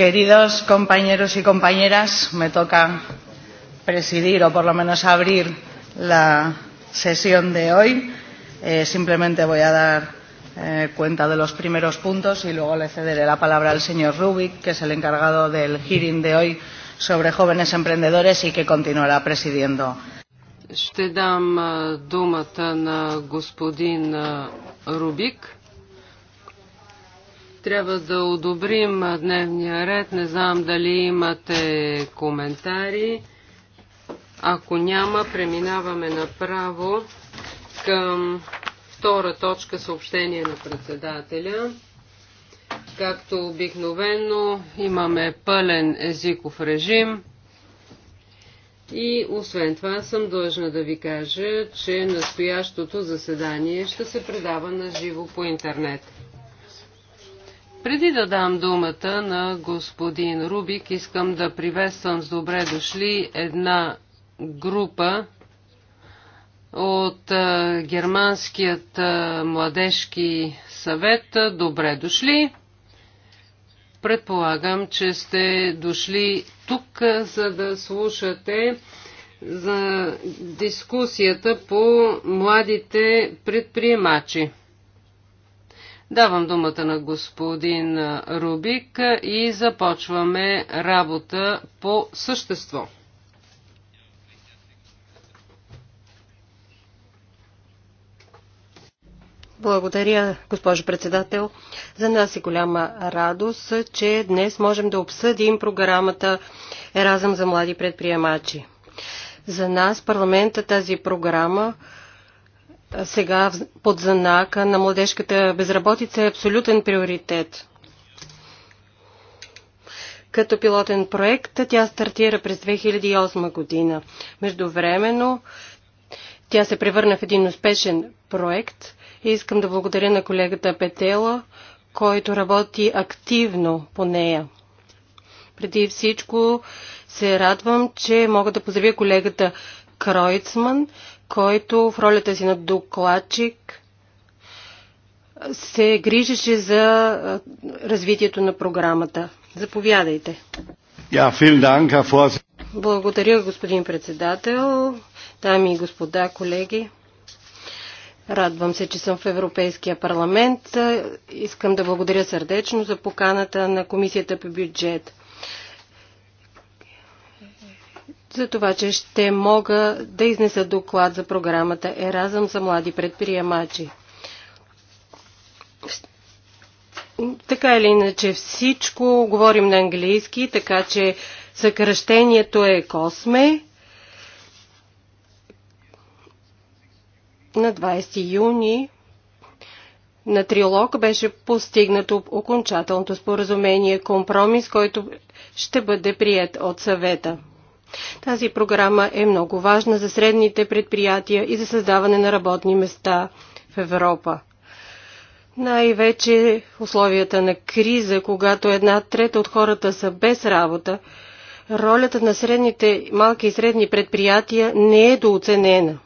Queridos compañeros y compañeras, me toca presidir o por lo menos abrir la sesión de hoy. Eh, simplemente voy a dar eh, cuenta de los primeros puntos y luego le cederé la palabra al señor Rubik, que es el encargado del hearing de hoy sobre jóvenes emprendedores y que continuará presidiendo. Ще дам думата на господин Рубик трябва да одобрим дневния ред. Не знам дали имате коментари. Ако няма, преминаваме направо към втора точка съобщение на председателя. Както обикновено имаме пълен езиков режим. И освен това съм длъжна да ви кажа, че настоящото заседание ще се предава на живо по интернет. Преди да дам думата на господин Рубик, искам да приветствам с добре дошли една група от Германският младежки съвет. Добре дошли! Предполагам, че сте дошли тук, за да слушате за дискусията по младите предприемачи. Давам думата на господин Рубик и започваме работа по същество. Благодаря, госпожо председател. За нас е голяма радост, че днес можем да обсъдим програмата Еразъм за млади предприемачи. За нас парламента тази програма сега под знака на младежката безработица е абсолютен приоритет. Като пилотен проект тя стартира през 2008 година. Междувременно тя се превърна в един успешен проект и искам да благодаря на колегата Петела, който работи активно по нея. Преди всичко се радвам, че мога да поздравя колегата Кройцман, който в ролята си на докладчик се грижеше за развитието на програмата. Заповядайте. Благодаря, господин председател, дами и господа, колеги. Радвам се, че съм в Европейския парламент. Искам да благодаря сърдечно за поканата на Комисията по бюджет. за това, че ще мога да изнеса доклад за програмата Еразъм за млади предприемачи. Така или иначе всичко говорим на английски, така че съкръщението е Косме. На 20 юни на трилог беше постигнато окончателното споразумение компромис, който ще бъде прият от съвета. Тази програма е много важна за средните предприятия и за създаване на работни места в Европа. Най-вече условията на криза, когато една трета от хората са без работа, ролята на средните, малки и средни предприятия не е дооценена.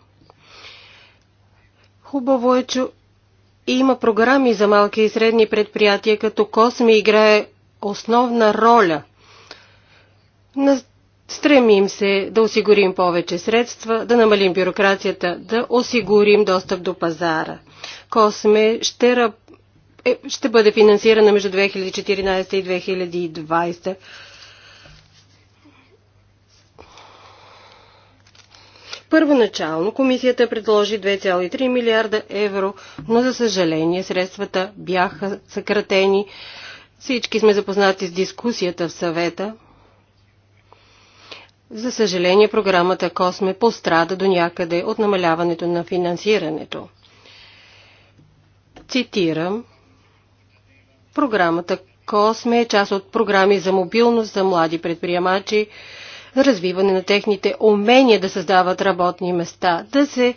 Хубаво е, че има програми за малки и средни предприятия, като Косми играе основна роля. На Стремим се да осигурим повече средства, да намалим бюрокрацията, да осигурим достъп до пазара. Косме ще, е, ще бъде финансирана между 2014 и 2020. Първоначално комисията предложи 2,3 милиарда евро, но за съжаление средствата бяха съкратени. Всички сме запознати с дискусията в съвета. За съжаление, програмата Косме пострада до някъде от намаляването на финансирането. Цитирам. Програмата Косме е част от програми за мобилност за млади предприемачи, за развиване на техните умения да създават работни места, да се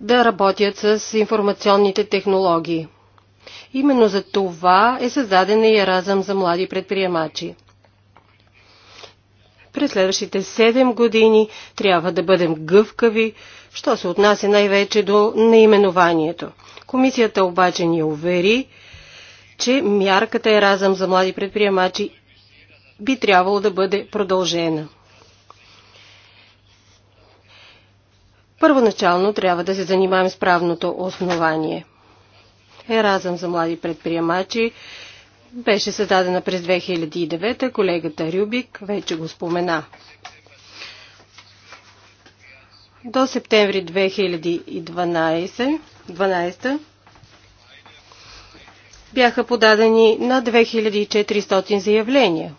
да работят с информационните технологии. Именно за това е създаден и Еразъм за млади предприемачи. През следващите 7 години трябва да бъдем гъвкави, що се отнася най-вече до наименованието. Комисията обаче ни увери, че мярката е разъм за млади предприемачи би трябвало да бъде продължена. Първоначално трябва да се занимаем с правното основание. Еразъм за млади предприемачи беше създадена през 2009. Колегата Рюбик вече го спомена. До септември 2012 12, бяха подадени на 2400 заявления.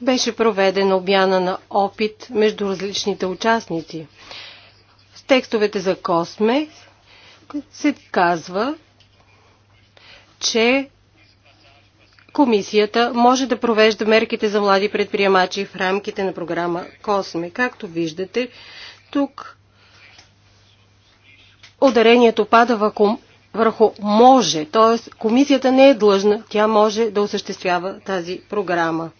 Беше проведена обмяна на опит между различните участници. В текстовете за Косме се казва, че Комисията може да провежда мерките за млади предприемачи в рамките на програма Косме. Както виждате, тук ударението пада върху може, т.е. комисията не е длъжна, тя може да осъществява тази програма.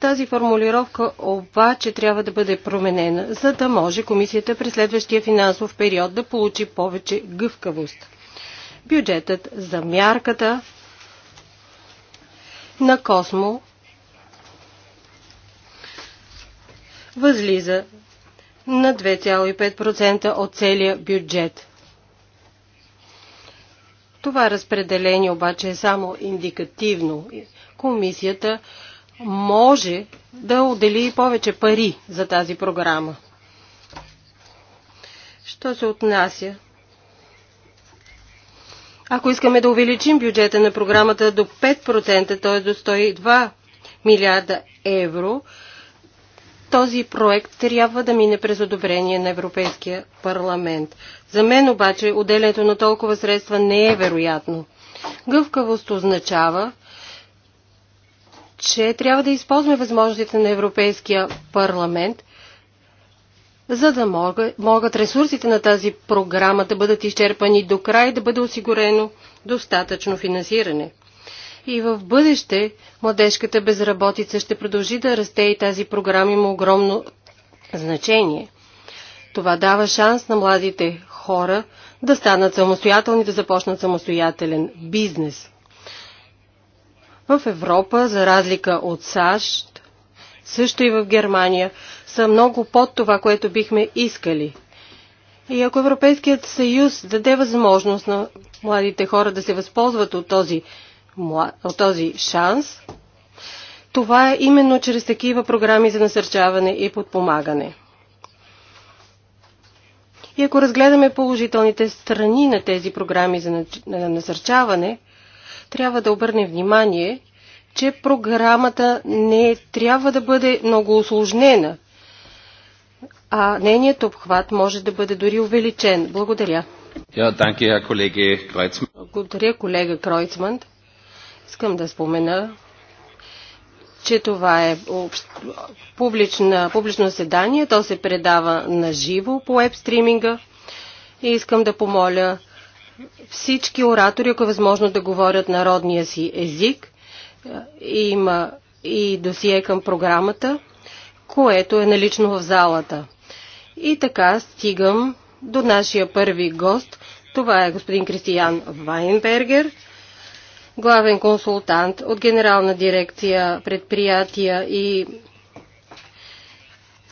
Тази формулировка обаче трябва да бъде променена, за да може комисията през следващия финансов период да получи повече гъвкавост бюджетът за мярката на Космо възлиза на 2,5% от целия бюджет. Това разпределение обаче е само индикативно. Комисията може да отдели повече пари за тази програма. Що се отнася ако искаме да увеличим бюджета на програмата до 5%, т.е. до 102 милиарда евро, този проект трябва да мине през одобрение на Европейския парламент. За мен обаче отделянето на толкова средства не е вероятно. Гъвкавост означава, че трябва да използваме възможностите на Европейския парламент за да могат, ресурсите на тази програма да бъдат изчерпани до край, да бъде осигурено достатъчно финансиране. И в бъдеще младежката безработица ще продължи да расте и тази програма има огромно значение. Това дава шанс на младите хора да станат самостоятелни, да започнат самостоятелен бизнес. В Европа, за разлика от САЩ, също и в Германия, са много под това, което бихме искали. И ако Европейският съюз даде възможност на младите хора да се възползват от този, от този шанс, това е именно чрез такива програми за насърчаване и подпомагане. И ако разгледаме положителните страни на тези програми за насърчаване, трябва да обърнем внимание, че програмата не трябва да бъде много осложнена а нейният обхват може да бъде дори увеличен. Благодаря. Благодаря, колега Кройцман. Искам да спомена, че това е публично, публично седание. То се предава на живо по веб стриминга. И искам да помоля всички оратори, ако е възможно да говорят народния си език. Е, има и досие към програмата, което е налично в залата. И така стигам до нашия първи гост. Това е господин Кристиян Вайнбергер, главен консултант от Генерална дирекция предприятия и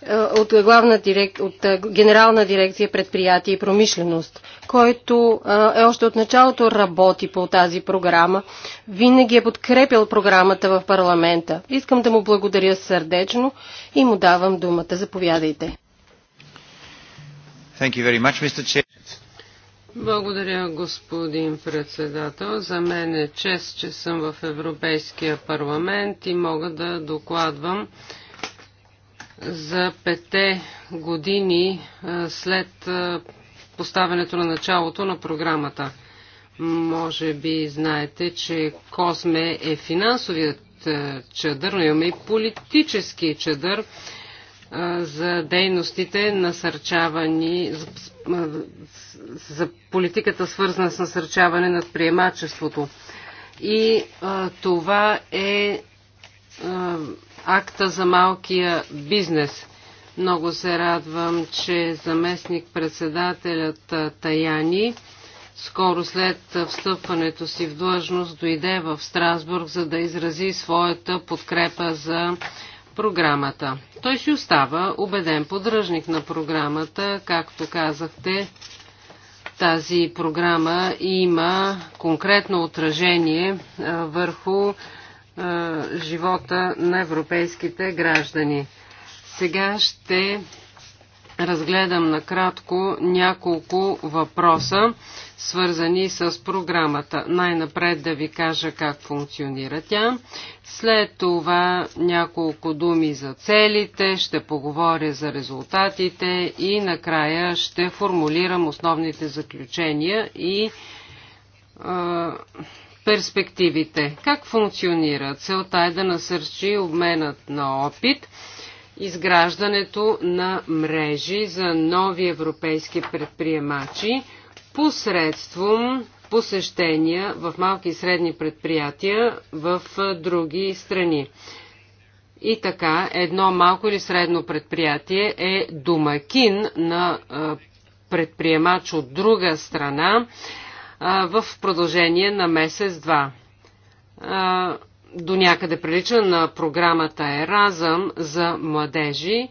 е, от, главна дирек, от е, Генерална дирекция предприятия и промишленост, който е, е още от началото работи по тази програма, винаги е подкрепил програмата в парламента. Искам да му благодаря сърдечно и му давам думата. Заповядайте. Благодаря, господин председател. За мен е чест, че съм в Европейския парламент и мога да докладвам за пете години след поставянето на началото на програмата. Може би знаете, че Косме е финансовият чадър, но имаме и политически чадър за дейностите, насърчавани за, политиката свързана с насърчаване на приемачеството. И а, това е а, акта за малкия бизнес. Много се радвам, че заместник председателят Таяни скоро след встъпването си в длъжност дойде в Страсбург, за да изрази своята подкрепа за програмата. Той си остава убеден поддръжник на програмата. Както казахте, тази програма има конкретно отражение върху живота на европейските граждани. Сега ще разгледам накратко няколко въпроса свързани с програмата. Най-напред да ви кажа как функционира тя. След това няколко думи за целите, ще поговоря за резултатите и накрая ще формулирам основните заключения и перспективите. Как функционира? Целта е да насърчи обменът на опит, изграждането на мрежи за нови европейски предприемачи, посредством посещения в малки и средни предприятия в други страни. И така, едно малко или средно предприятие е домакин на предприемач от друга страна в продължение на месец-два. До някъде прилича на програмата Еразъм за младежи,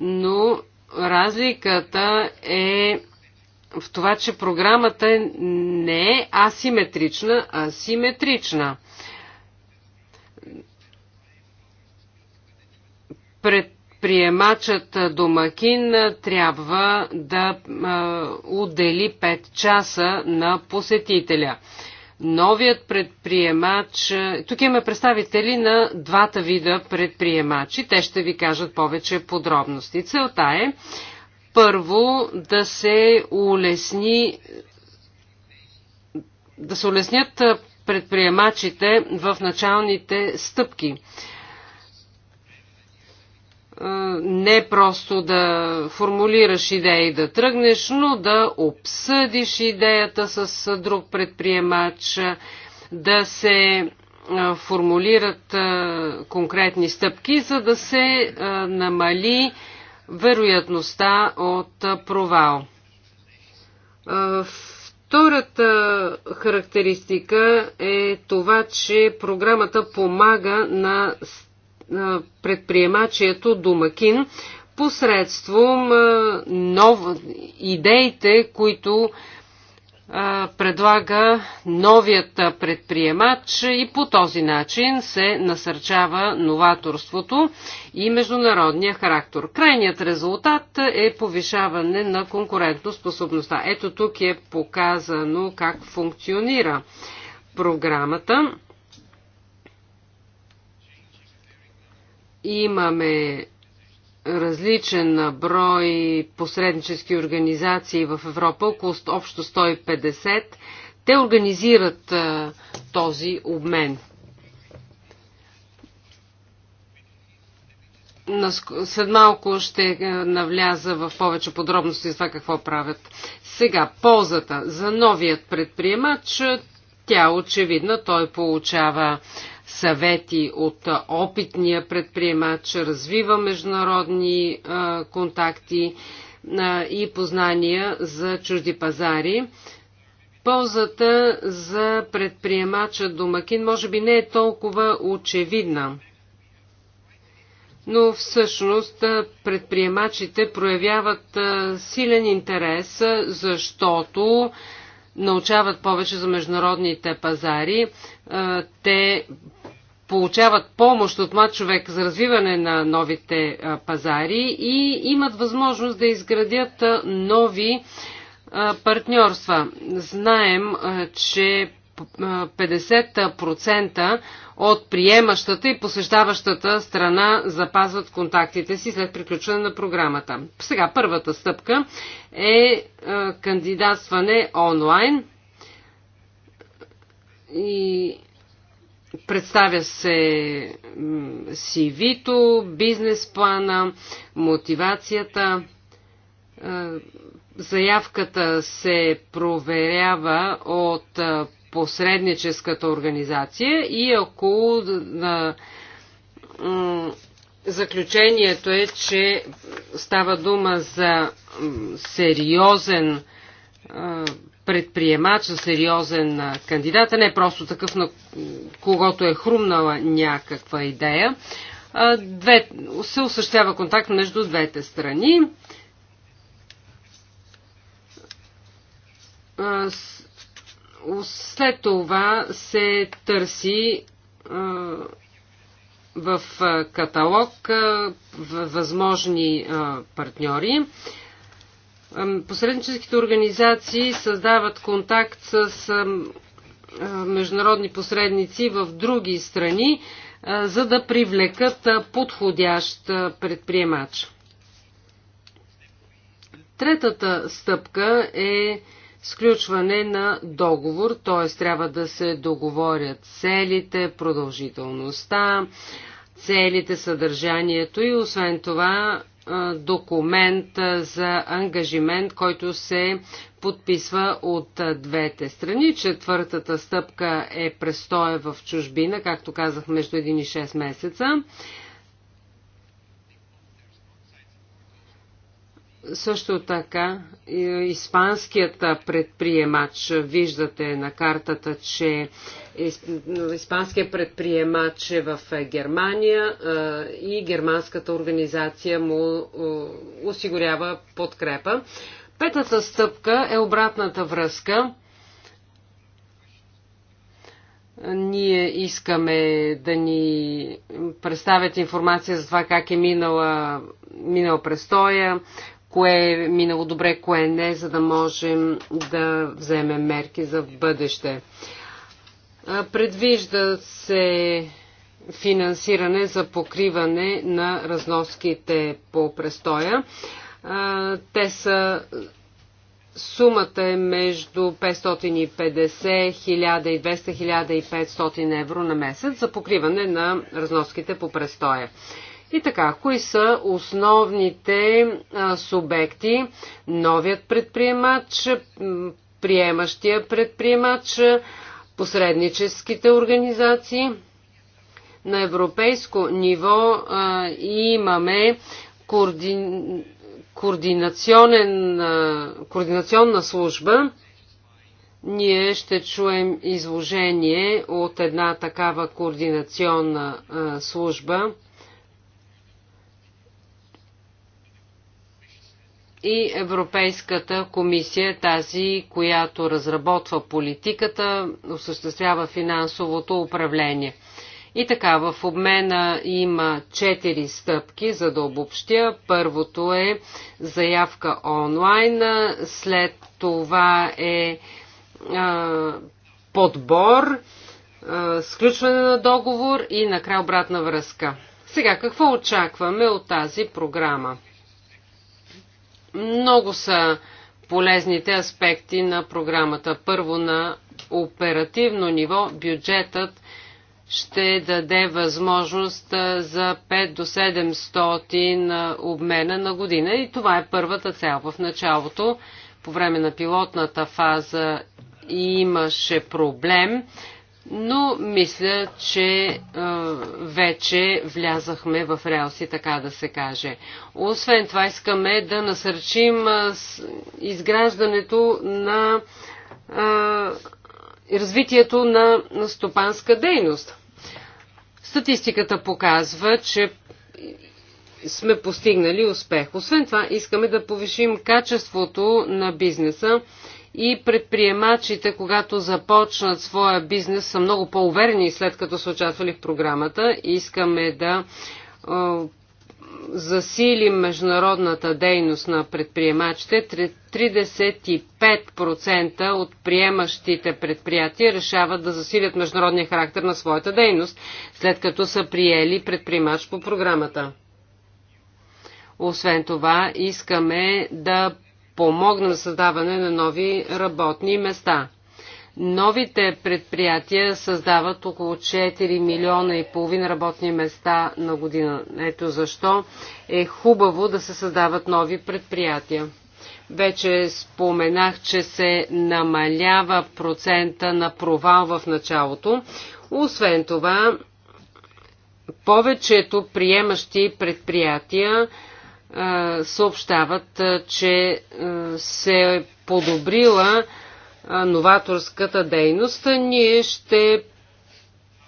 но разликата е в това, че програмата не е асиметрична, а симетрична. Предприемачът домакин трябва да отдели 5 часа на посетителя. Новият предприемач. Тук имаме представители на двата вида предприемачи. Те ще ви кажат повече подробности. Целта е първо, да се улесни да се улеснят предприемачите в началните стъпки. Е, не просто да формулираш идеи да тръгнеш, но да обсъдиш идеята с друг предприемач, да се е, формулират е, конкретни стъпки, за да се намали вероятността от провал. Втората характеристика е това, че програмата помага на предприемачието домакин посредством нов, идеите, които предлага новият предприемач и по този начин се насърчава новаторството и международния характер. Крайният резултат е повишаване на конкурентоспособността. Ето тук е показано как функционира програмата. Имаме различен брой посреднически организации в Европа, около общо 150. Те организират а, този обмен. След малко ще навляза в повече подробности за това какво правят. Сега, ползата за новият предприемач, тя очевидна, той получава съвети от опитния предприемач, развива международни а, контакти а, и познания за чужди пазари. Ползата за предприемача домакин може би не е толкова очевидна. Но всъщност предприемачите проявяват силен интерес, защото научават повече за международните пазари. Те получават помощ от млад човек за развиване на новите пазари и имат възможност да изградят нови партньорства. Знаем, че 50% от приемащата и посещаващата страна запазват контактите си след приключване на програмата. Сега първата стъпка е кандидатстване онлайн и Представя се CV-то, бизнес плана, мотивацията. Е, заявката се проверява от е, посредническата организация и ако на е, заключението е, че става дума за сериозен предприемач, за сериозен кандидат, а не просто такъв, на когото е хрумнала някаква идея. Две, се осъществява контакт между двете страни. След това се търси в каталог възможни партньори Посредническите организации създават контакт с международни посредници в други страни, за да привлекат подходящ предприемач. Третата стъпка е сключване на договор, т.е. трябва да се договорят целите, продължителността, целите, съдържанието и освен това документ за ангажимент, който се подписва от двете страни. Четвъртата стъпка е престоя в чужбина, както казах, между 1 и 6 месеца. Също така, испанският предприемач, виждате на картата, че испанският предприемач е в Германия и германската организация му осигурява подкрепа. Петата стъпка е обратната връзка. Ние искаме да ни представят информация за това как е минала, минал престоя, кое е минало добре, кое не, за да можем да вземем мерки за бъдеще. Предвижда се финансиране за покриване на разноските по престоя. Те са Сумата е между 550, 1200, 1500 евро на месец за покриване на разноските по престоя. И така, кои са основните а, субекти? Новият предприемач, приемащия предприемач, посредническите организации. На европейско ниво а, имаме коорди... координационен, а, координационна служба. Ние ще чуем изложение от една такава координационна а, служба. и Европейската комисия тази, която разработва политиката, осъществява финансовото управление. И така, в обмена има четири стъпки, за да обобщя. Първото е заявка онлайн, след това е а, подбор, а, сключване на договор и накрая обратна връзка. Сега, какво очакваме от тази програма? Много са полезните аспекти на програмата. Първо на оперативно ниво бюджетът ще даде възможност за 5 до 700 обмена на година и това е първата цел. В началото, по време на пилотната фаза, имаше проблем но мисля, че е, вече влязахме в релси, така да се каже. Освен това, искаме да насърчим е, изграждането на е, развитието на, на стопанска дейност. Статистиката показва, че сме постигнали успех. Освен това, искаме да повишим качеството на бизнеса и предприемачите, когато започнат своя бизнес, са много по-уверени след като са участвали в програмата. Искаме да засилим международната дейност на предприемачите. 35% от приемащите предприятия решават да засилят международния характер на своята дейност, след като са приели предприемач по програмата. Освен това, искаме да помогна за създаване на нови работни места. Новите предприятия създават около 4 милиона и половина работни места на година. Ето защо е хубаво да се създават нови предприятия. Вече споменах, че се намалява процента на провал в началото. Освен това, повечето приемащи предприятия съобщават, че се е подобрила новаторската дейност. Ние ще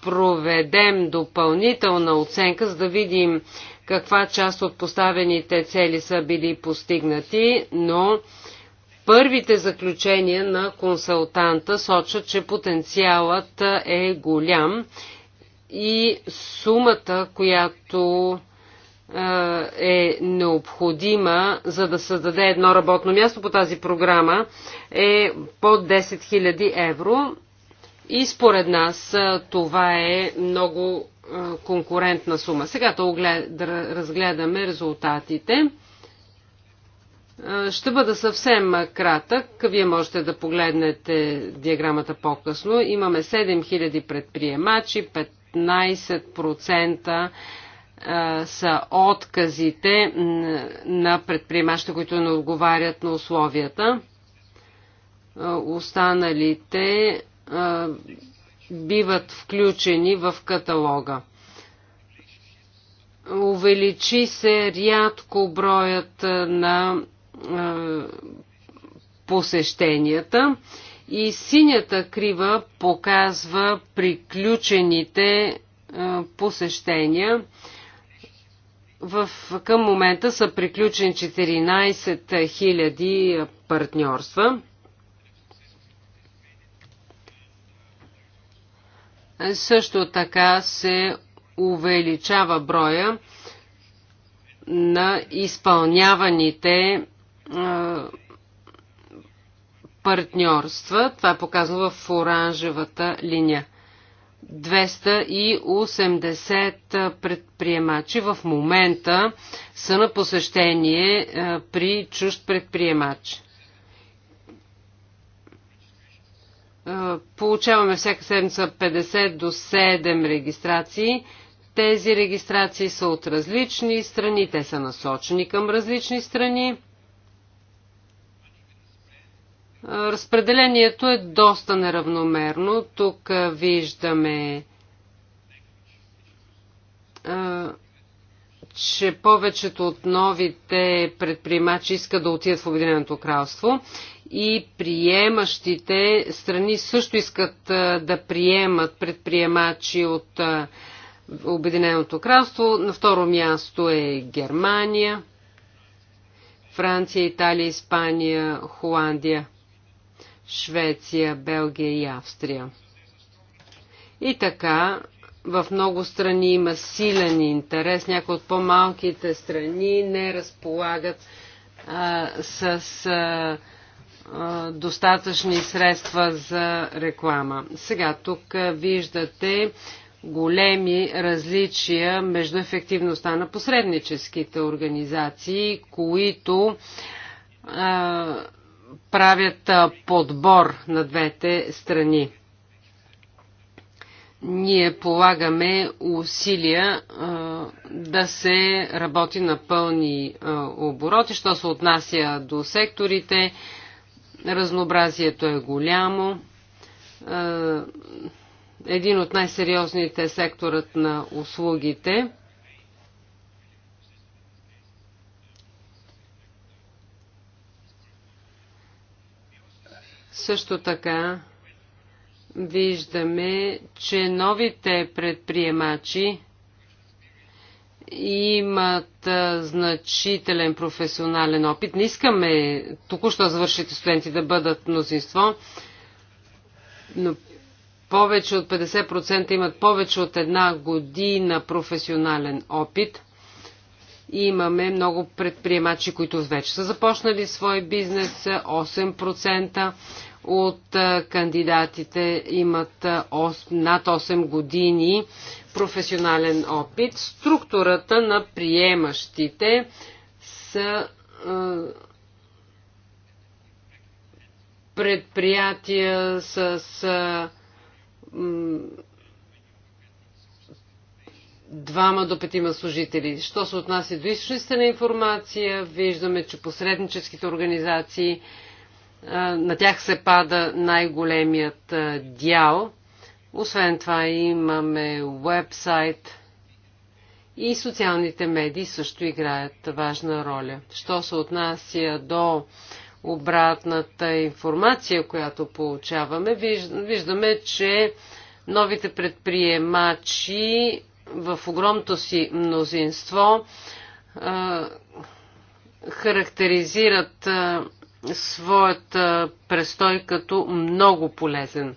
проведем допълнителна оценка, за да видим каква част от поставените цели са били постигнати, но първите заключения на консултанта сочат, че потенциалът е голям и сумата, която е необходима, за да създаде едно работно място по тази програма, е под 10 000 евро. И според нас това е много конкурентна сума. Сега да разгледаме резултатите. Ще бъда съвсем кратък. Вие можете да погледнете диаграмата по-късно. Имаме 7000 предприемачи, 15% са отказите на предприемачите, които не отговарят на условията. останалите биват включени в каталога. Увеличи се рядко броят на посещенията и синята крива показва приключените посещения. В, към момента са приключени 14 000 партньорства. Също така се увеличава броя на изпълняваните партньорства. Това е показано в оранжевата линия. 280 предприемачи в момента са на посещение е, при чужд предприемач. Е, получаваме всяка седмица 50 до 7 регистрации. Тези регистрации са от различни страни, те са насочени към различни страни. Разпределението е доста неравномерно. Тук виждаме, че повечето от новите предприемачи искат да отидат в Обединеното кралство и приемащите страни също искат да приемат предприемачи от Обединеното кралство. На второ място е Германия, Франция, Италия, Испания, Холандия. Швеция, Белгия и Австрия. И така, в много страни има силен интерес. Някои от по-малките страни не разполагат а, с а, а, достатъчни средства за реклама. Сега тук виждате големи различия между ефективността на посредническите организации, които а, правят подбор на двете страни. Ние полагаме усилия да се работи на пълни обороти, що се отнася до секторите. Разнообразието е голямо. Един от най-сериозните е секторът на услугите – Също така виждаме, че новите предприемачи имат значителен професионален опит. Не искаме току-що завършите студенти да бъдат мнозинство, но повече от 50% имат повече от една година професионален опит – Имаме много предприемачи, които вече са започнали свой бизнес. 8% от кандидатите имат над 8 години професионален опит. Структурата на приемащите са предприятия с двама до петима служители. Що се отнася до източниците на информация, виждаме, че посредническите организации, на тях се пада най-големият дял. Освен това имаме вебсайт и социалните медии също играят важна роля. Що се отнася до обратната информация, която получаваме, виждаме, че новите предприемачи в огромното си мнозинство характеризират своят престой като много полезен.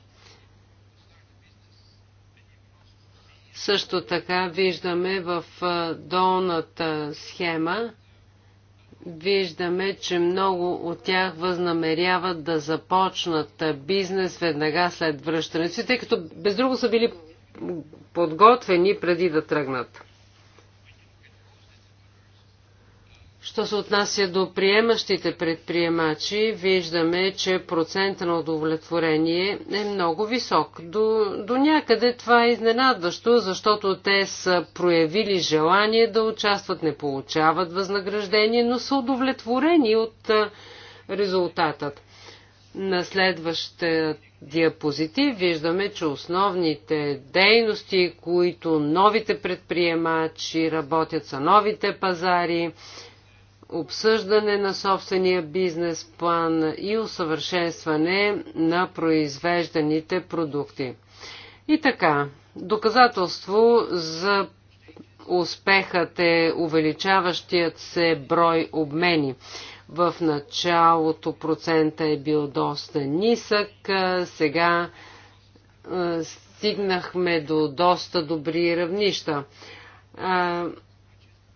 Също така виждаме в долната схема, виждаме, че много от тях възнамеряват да започнат бизнес веднага след връщането си, тъй като без друго са били подготвени преди да тръгнат. Що се отнася до приемащите предприемачи, виждаме, че процента на удовлетворение е много висок. До, до някъде това е изненадващо, защото те са проявили желание да участват, не получават възнаграждение, но са удовлетворени от резултатът. На следващият диапозитив виждаме, че основните дейности, които новите предприемачи работят са новите пазари, обсъждане на собствения бизнес план и усъвършенстване на произвежданите продукти. И така, доказателство за успехът е увеличаващият се брой обмени. В началото процента е бил доста нисък, сега стигнахме до доста добри равнища.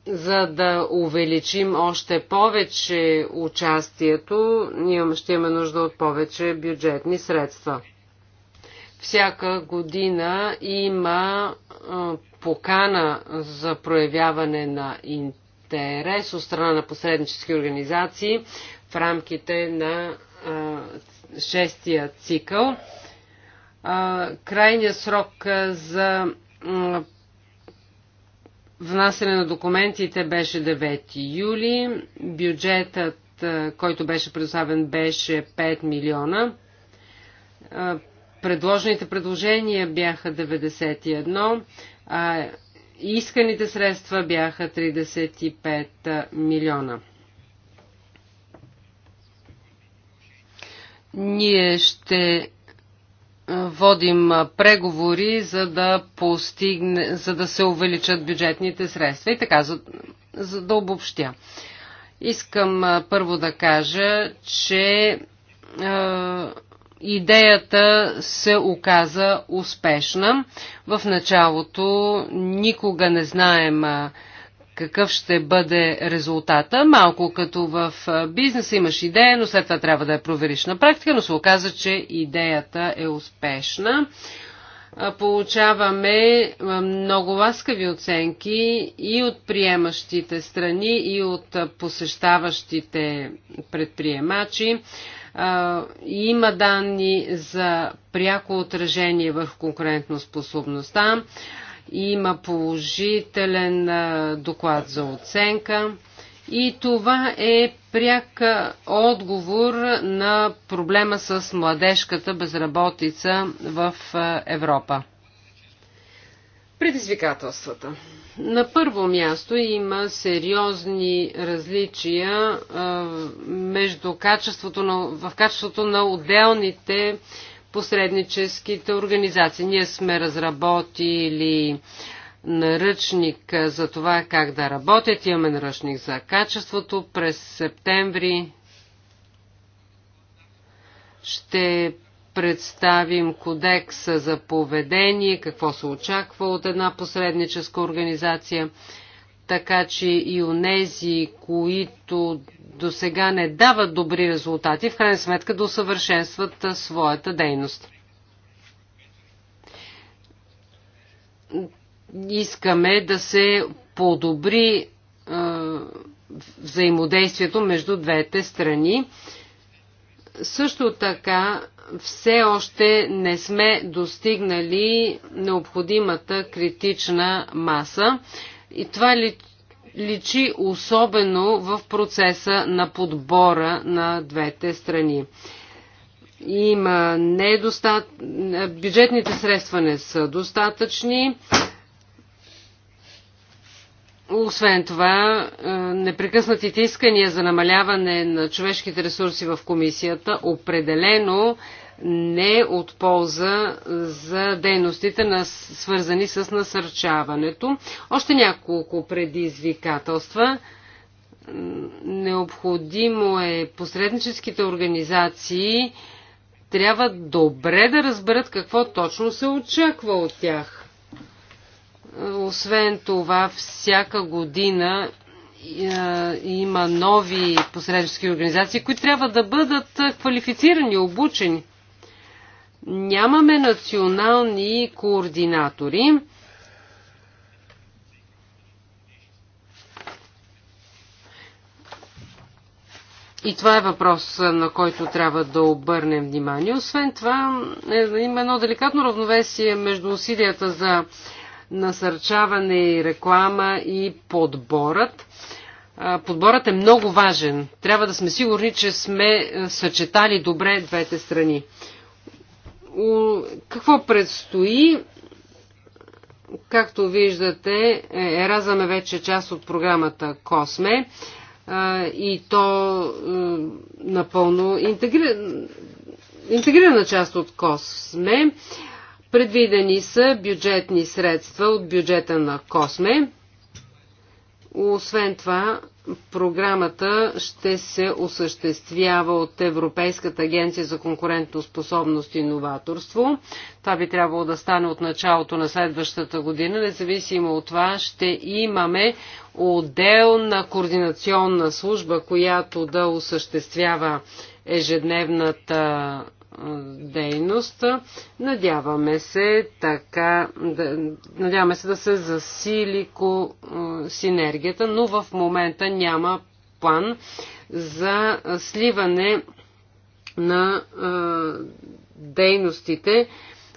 За да увеличим още повече участието, ние ще имаме нужда от повече бюджетни средства. Всяка година има покана за проявяване на интерес интерес от страна на посреднически организации в рамките на шестия цикъл. Крайният срок за внасяне на документите беше 9 юли. Бюджетът, който беше предоставен, беше 5 милиона. Предложените предложения бяха 91, а исканите средства бяха 35 милиона. Ние ще водим преговори, за да, постигне, за да се увеличат бюджетните средства. И така, за, за да обобщя. Искам първо да кажа, че Идеята се оказа успешна. В началото никога не знаем какъв ще бъде резултата. Малко като в бизнеса имаш идея, но след това трябва да я провериш на практика, но се оказа, че идеята е успешна. Получаваме много ласкави оценки и от приемащите страни, и от посещаващите предприемачи. Има данни за пряко отражение в конкурентоспособността. Има положителен доклад за оценка. И това е пряк отговор на проблема с младежката безработица в Европа. Предизвикателствата. На първо място има сериозни различия а, между качеството на, в качеството на отделните посредническите организации. Ние сме разработили наръчник за това как да работят. Имаме наръчник за качеството. През септември ще представим кодекса за поведение, какво се очаква от една посредническа организация, така че и онези, които до сега не дават добри резултати, в крайна сметка да усъвършенстват своята дейност. Искаме да се подобри е, взаимодействието между двете страни. Също така все още не сме достигнали необходимата критична маса и това ли, личи особено в процеса на подбора на двете страни. Има недостат... Бюджетните средства не са достатъчни. Освен това, е, непрекъснатите искания за намаляване на човешките ресурси в комисията определено не е от полза за дейностите на, свързани с насърчаването. Още няколко предизвикателства. Необходимо е посредническите организации трябва добре да разберат какво точно се очаква от тях. Освен това, всяка година е, има нови посреднически организации, които трябва да бъдат квалифицирани, обучени. Нямаме национални координатори. И това е въпрос, на който трябва да обърнем внимание. Освен това, е, има едно деликатно равновесие между усилията за насърчаване и реклама и подборът. Подборът е много важен. Трябва да сме сигурни, че сме е, съчетали добре двете страни какво предстои? Както виждате, е, Еразъм е вече част от програмата Косме и то е, напълно интегри... интегрирана част от Косме. Предвидени са бюджетни средства от бюджета на Косме. Освен това, Програмата ще се осъществява от Европейската агенция за конкурентоспособност и новаторство. Това би трябвало да стане от началото на следващата година. Независимо от това, ще имаме отделна координационна служба, която да осъществява ежедневната дейност. Надяваме се така, да, надяваме се да се засили ко, синергията, но в момента няма план за сливане на е, дейностите,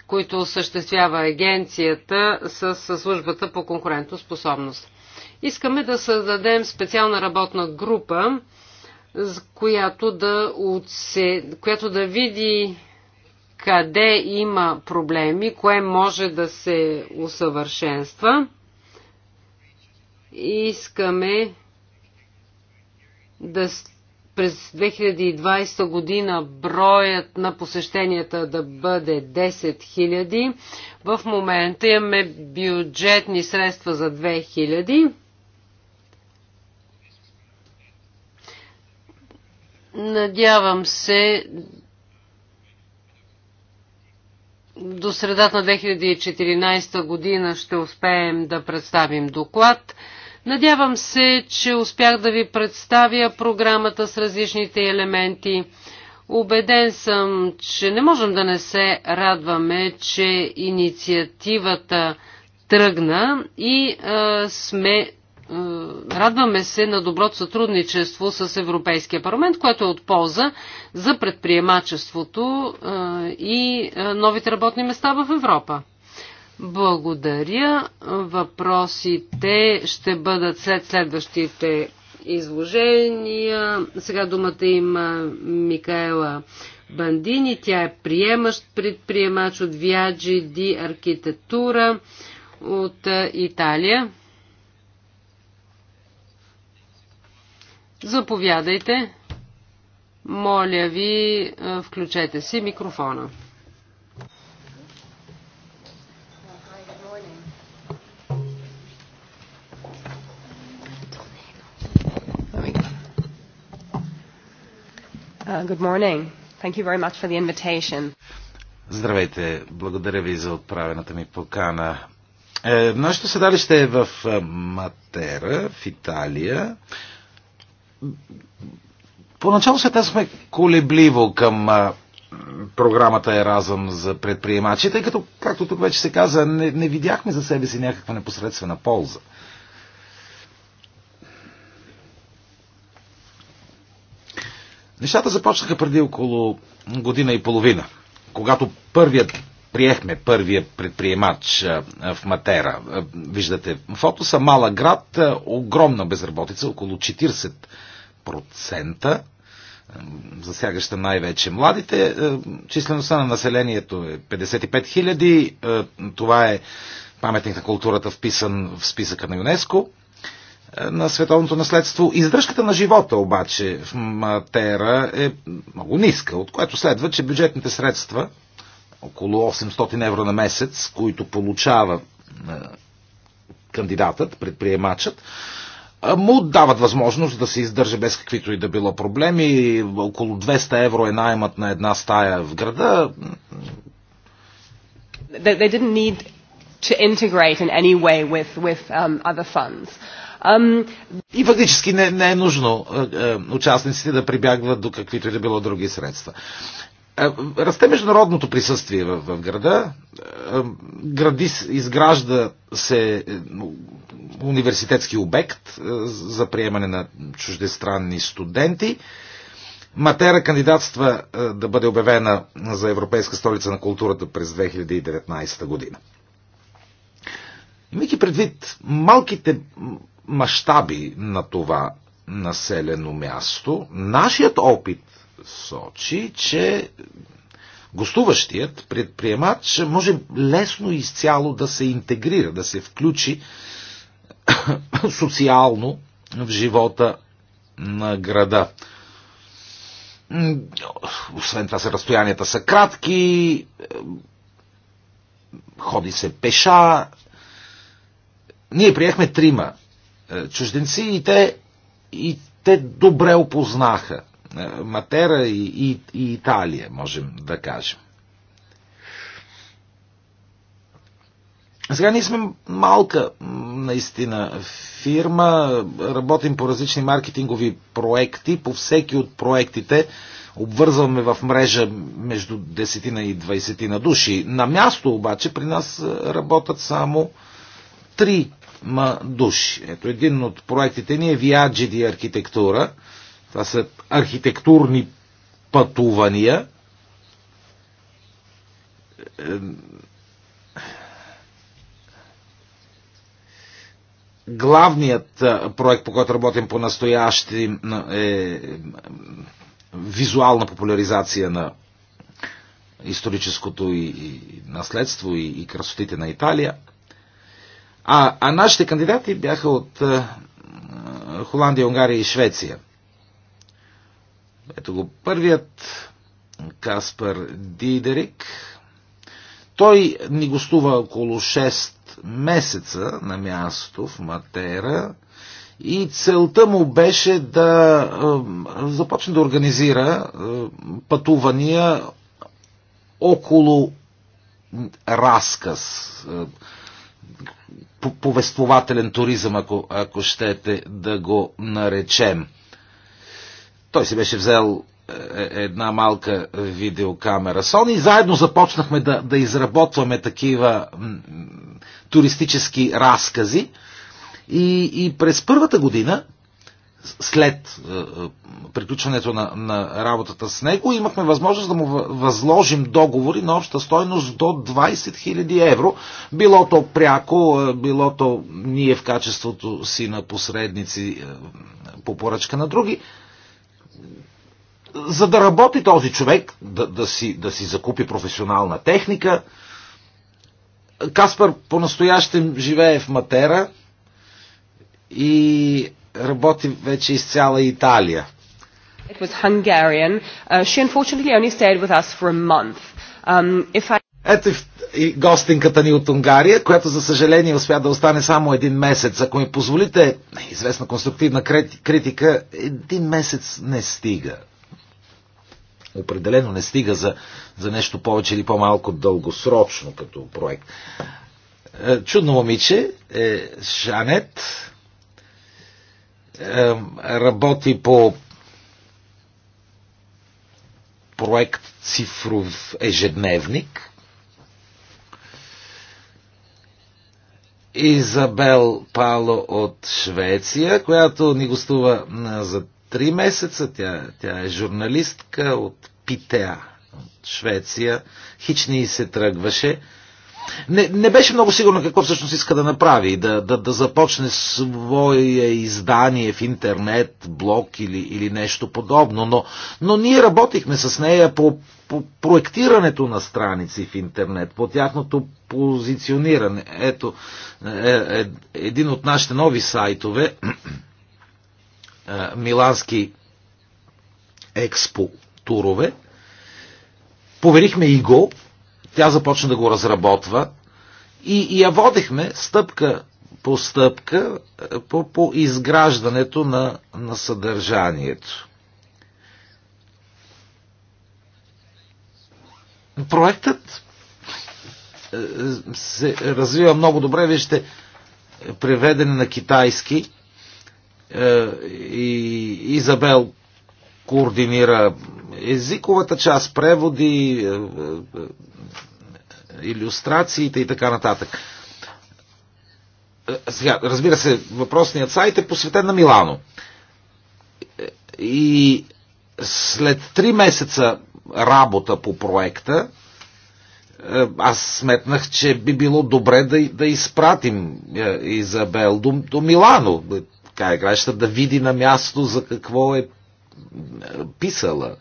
които осъществява агенцията с, с службата по конкурентоспособност. Искаме да създадем специална работна група, която да, отсе, която да види къде има проблеми, кое може да се усъвършенства. Искаме да през 2020 година броят на посещенията да бъде 10 000. В момента имаме бюджетни средства за 2000. Надявам се до средата на 2014 година ще успеем да представим доклад. Надявам се, че успях да ви представя програмата с различните елементи. Обеден съм, че не можем да не се радваме, че инициативата тръгна и а, сме е, радваме се на доброто сътрудничество с Европейския парламент, което е от полза за предприемачеството е, и е, новите работни места в Европа. Благодаря. Въпросите ще бъдат след следващите изложения. Сега думата има Микаела Бандини. Тя е приемащ предприемач от Viaggi di Архитектура от Италия. Заповядайте. Моля ви, включете си микрофона. Uh, good morning. Thank you very much for the invitation. Здравейте, благодаря ви за отправената ми покана. Е, нашето седалище е в Матера, в Италия. Поначало се тесме колебливо към програмата Еразъм за предприемачи, тъй като, както тук вече се каза, не, не видяхме за себе си някаква непосредствена полза. Нещата започнаха преди около година и половина, когато първият приехме първия предприемач в Матера. Виждате, фото са малък град, огромна безработица, около 40 засягаща най-вече младите. Е, числеността на населението е 55 хиляди. Е, това е паметник на културата, вписан в списъка на ЮНЕСКО е, на световното наследство. Издръжката на живота обаче в Матера е много ниска, от което следва, че бюджетните средства, около 800 евро на месец, които получава кандидатът, предприемачът, му дават възможност да се издържа без каквито и да било проблеми. Около 200 евро е наймат на една стая в града. They didn't need to integrate in any way with, with um, other funds. Um... И фактически не, не е нужно е, е участниците да прибягват до каквито и да било други средства. Е, расте международното присъствие в, в града. Е, гради изгражда се е, университетски обект за приемане на чуждестранни студенти. Матера кандидатства да бъде обявена за Европейска столица на културата през 2019 година. Имайки предвид малките мащаби на това населено място, нашият опит сочи, че гостуващият предприемач може лесно изцяло да се интегрира, да се включи социално в живота на града. Освен това, разстоянията са кратки, ходи се пеша. Ние приехме трима е, чужденци и те, и те добре опознаха е, Матера и, и, и Италия, можем да кажем. Сега ние сме малка, наистина, фирма, работим по различни маркетингови проекти, по всеки от проектите обвързваме в мрежа между 10 и 20 на души. На място обаче при нас е, работят само 3 души. Ето един от проектите ни е VIA архитектура – това са архитектурни пътувания. Главният проект, по който работим по настоящи, е, е визуална популяризация на историческото и, наследство и, красотите на Италия. А, а нашите кандидати бяха от Холандия, Унгария и Швеция. Ето го първият, Каспар Дидерик. Той ни гостува около 6 месеца на място в Матера и целта му беше да е, започне да организира е, пътувания около разказ, е, повествователен туризъм, ако, ако щете да го наречем. Той си беше взел е, е, една малка видеокамера и Заедно започнахме да, да изработваме такива туристически разкази. И, и през първата година, след е, е, приключването на, на работата с него, имахме възможност да му възложим договори на обща стойност до 20 000 евро. Било то пряко, било то ние в качеството си на посредници е, по поръчка на други за да работи този човек, да, да, си, да си закупи професионална техника. Каспар по-настоящем живее в Матера и работи вече из цяла Италия. It was Hungarian. Uh, she unfortunately only stayed with us for a month. Um, if I... Ето и в и гостинката ни от Унгария, която за съжаление успя да остане само един месец. Ако ми позволите, известна конструктивна критика, един месец не стига. Определено не стига за, за нещо повече или по-малко дългосрочно като проект. Е, чудно момиче е Жанет. Е, работи по проект Цифров ежедневник, Изабел Пало от Швеция, която ни гостува за три месеца. Тя, тя е журналистка от Питеа, от Швеция. Хични се тръгваше не, не беше много сигурно какво всъщност иска да направи. Да, да, да започне свое издание в интернет, блог или, или нещо подобно. Но, но ние работихме с нея по, по проектирането на страници в интернет, по тяхното позициониране. Ето, е, е, един от нашите нови сайтове, е, Милански експо турове, поверихме и го тя започна да го разработва и, и я водихме стъпка по стъпка е, по, по изграждането на, на съдържанието. Проектът е, се развива много добре. Вижте, преведен на китайски. Е, и Изабел координира езиковата част, преводи, е, е, е, иллюстрациите и така нататък. Сега, разбира се, въпросният сайт е посветен на Милано. И след три месеца работа по проекта, аз сметнах, че би било добре да, да изпратим Изабел до, до Милано. Така е да види на място за какво е писала.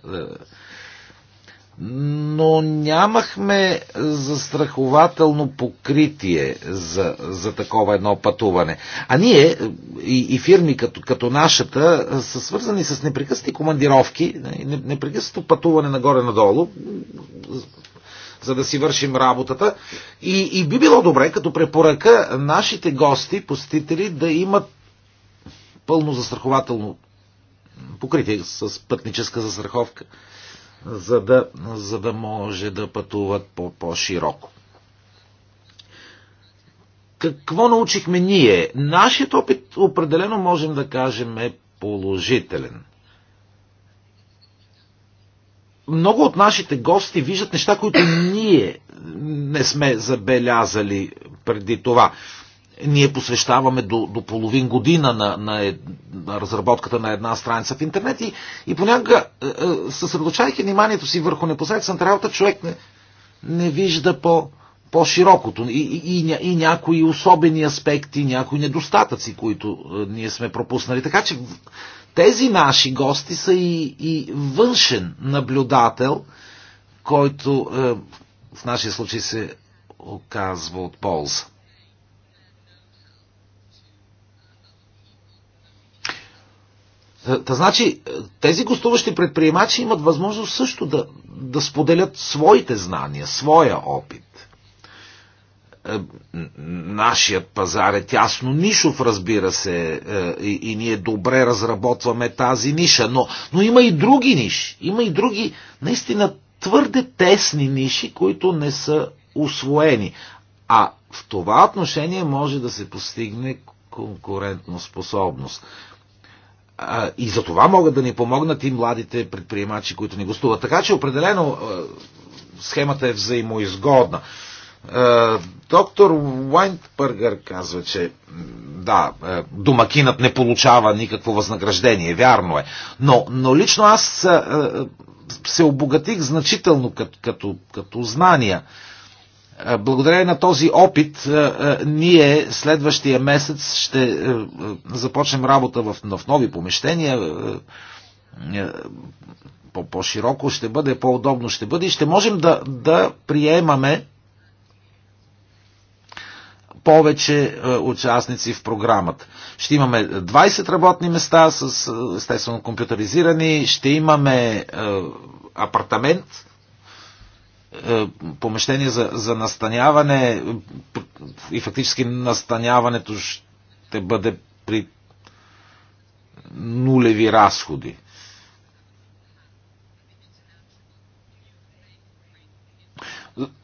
Но нямахме застрахователно покритие за, за такова едно пътуване. А ние и, и фирми като, като нашата са свързани с непрекъснати командировки, непрекъснато пътуване нагоре-надолу, за да си вършим работата. И, и би било добре, като препоръка, нашите гости, посетители да имат пълно застрахователно Покрити с пътническа застраховка, за да, за да може да пътуват по-широко. -по Какво научихме ние? Нашият опит определено можем да кажем е положителен. Много от нашите гости виждат неща, които ние не сме забелязали преди това ние посвещаваме до, до половин година на, на, е, на разработката на една страница в интернет и, и понякога, е, е, съсредочайки вниманието си върху непосредствената работа, човек не, не вижда по, по-широкото и, и, и, и някои особени аспекти, някои недостатъци, които е, ние сме пропуснали. Така че тези наши гости са и, и външен наблюдател, който е, в нашия случай се оказва от полза. Та, значи, тези гостуващи предприемачи имат възможност също да, да споделят своите знания, своя опит. Е, нашият пазар е тясно нишов, разбира се, е, и, и ние добре разработваме тази ниша, но, но има и други ниши, има и други наистина твърде тесни ниши, които не са освоени. А в това отношение може да се постигне конкурентно способност. А, и за това могат да ни помогнат и младите предприемачи, които ни гостуват. Така че определено а, схемата е взаимоизгодна. А, доктор Уайнтбъргър казва, че да, домакинът не получава никакво възнаграждение, вярно е. Но, но лично аз а, се обогатих значително като, като, като знания. Благодарение на този опит, ние следващия месец ще започнем работа в, в нови помещения, по-широко ще бъде, по-удобно ще бъде и ще можем да, да приемаме повече участници в програмата. Ще имаме 20 работни места с естествено компютъризирани, ще имаме апартамент, е, помещения за, за настаняване и фактически настаняването ще бъде при нулеви разходи.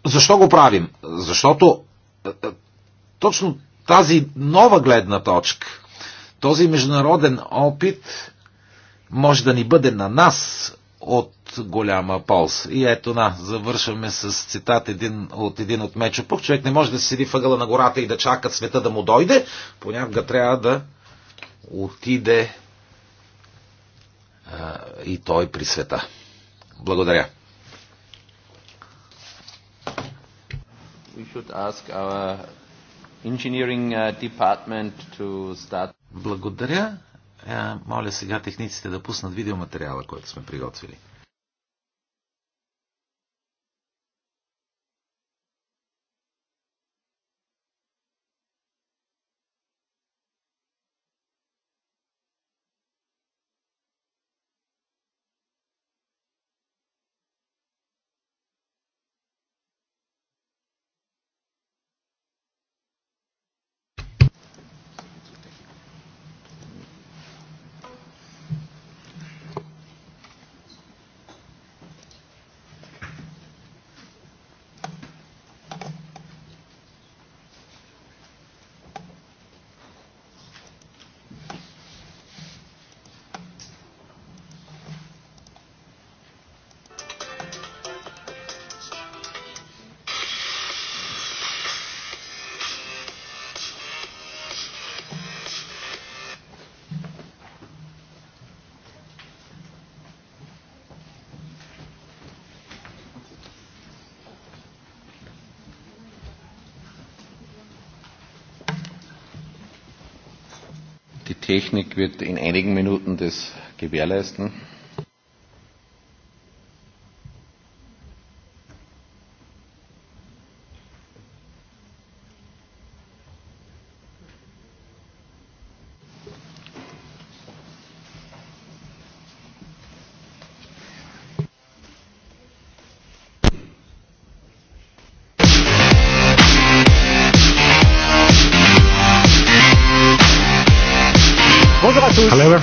Защо го правим? Защото е, е, точно тази нова гледна точка, този международен опит може да ни бъде на нас от голяма полза. И ето на, завършваме с цитат един, от един от Мечопух. Човек не може да седи въгъла на гората и да чака света да му дойде. Понякога трябва да отиде а, и той при света. Благодаря. We should ask our engineering uh, department to start. Благодаря. Е, моля сега техниците да пуснат видеоматериала, който сме приготвили. technik wird in einigen minuten das gewährleisten.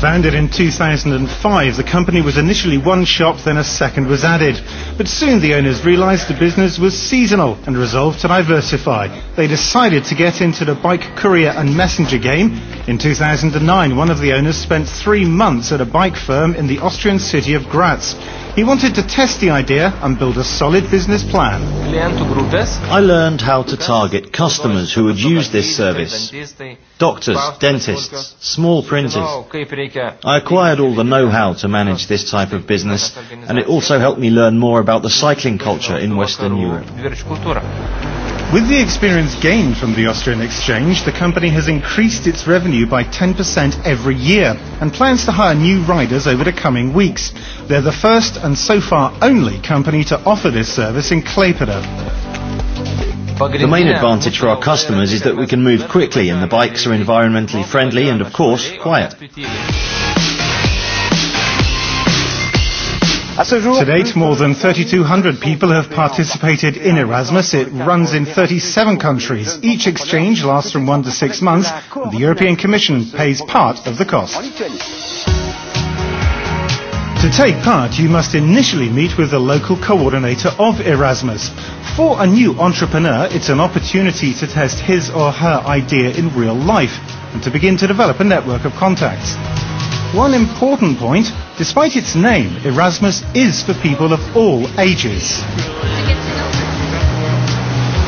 Founded in 2005, the company was initially one shop, then a second was added. But soon the owners realized the business was seasonal and resolved to diversify. They decided to get into the bike courier and messenger game. In 2009, one of the owners spent three months at a bike firm in the Austrian city of Graz. He wanted to test the idea and build a solid business plan. I learned how to target customers who would use this service. Doctors, dentists, small printers. I acquired all the know-how to manage this type of business, and it also helped me learn more about the cycling culture in Western Europe. With the experience gained from the Austrian exchange, the company has increased its revenue by 10% every year and plans to hire new riders over the coming weeks. They're the first and so far only company to offer this service in Klaipeda. The main advantage for our customers is that we can move quickly and the bikes are environmentally friendly and, of course, quiet. To date, more than 3,200 people have participated in Erasmus. It runs in 37 countries. Each exchange lasts from one to six months, the European Commission pays part of the cost. To take part, you must initially meet with the local coordinator of Erasmus. For a new entrepreneur, it's an opportunity to test his or her idea in real life and to begin to develop a network of contacts. One important point, despite its name, Erasmus is for people of all ages.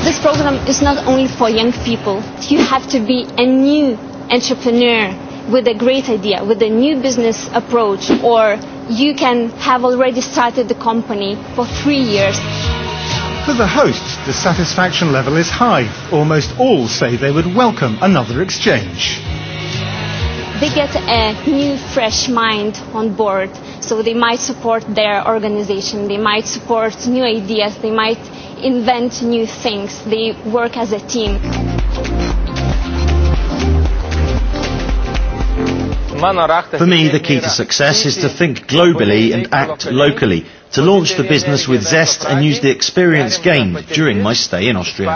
This program is not only for young people. You have to be a new entrepreneur with a great idea, with a new business approach, or you can have already started the company for three years. For the hosts, the satisfaction level is high. Almost all say they would welcome another exchange. They get a new, fresh mind on board, so they might support their organization, they might support new ideas, they might invent new things, they work as a team. For me, the key to success is to think globally and act locally, to launch the business with zest and use the experience gained during my stay in Austria.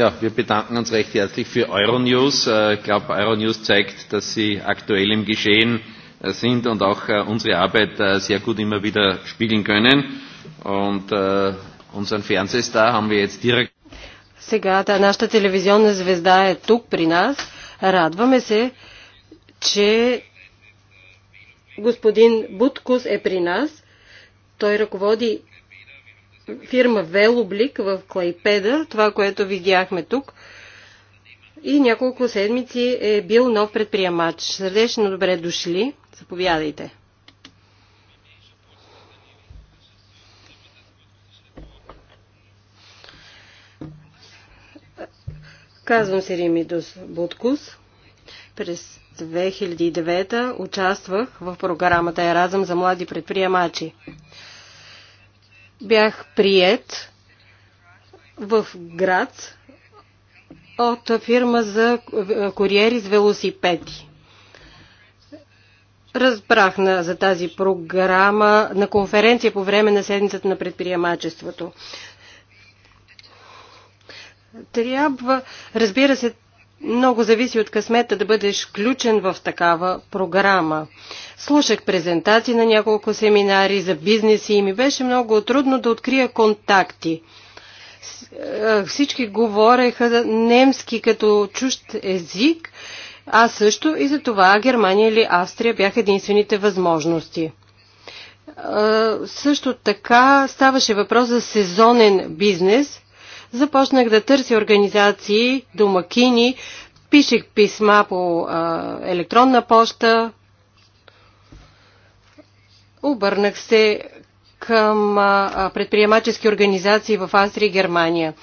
Ja, wir bedanken uns recht herzlich für Euronews. Ich glaube, Euronews zeigt, dass Sie aktuell im Geschehen sind und auch unsere Arbeit sehr gut immer wieder spiegeln können. Und unseren Fernsehstar haben wir jetzt direkt. Сега да, нашата телевизионна звезда е тук при нас. Радваме се, че господин Буткус е при нас. Той ръководи фирма Велоблик в Клайпеда, това, което видяхме тук. И няколко седмици е бил нов предприемач. Сърдечно добре дошли. Заповядайте. Казвам се Римидос Буткус. През 2009 участвах в програмата Еразъм за млади предприемачи бях прият в град от фирма за е, куриери с велосипеди. Разбрах на, за тази програма на конференция по време на седмицата на предприемачеството. Трябва, разбира се, много зависи от късмета да бъдеш включен в такава програма. Слушах презентации на няколко семинари за бизнеси и ми беше много трудно да открия контакти. Всички говореха немски като чужд език, а също и за това Германия или Австрия бяха единствените възможности също така ставаше въпрос за сезонен бизнес. Започнах да търся организации, домакини, пишех писма по електронна поща, Обърнах се към предприемачески организации в Австрия и Германия.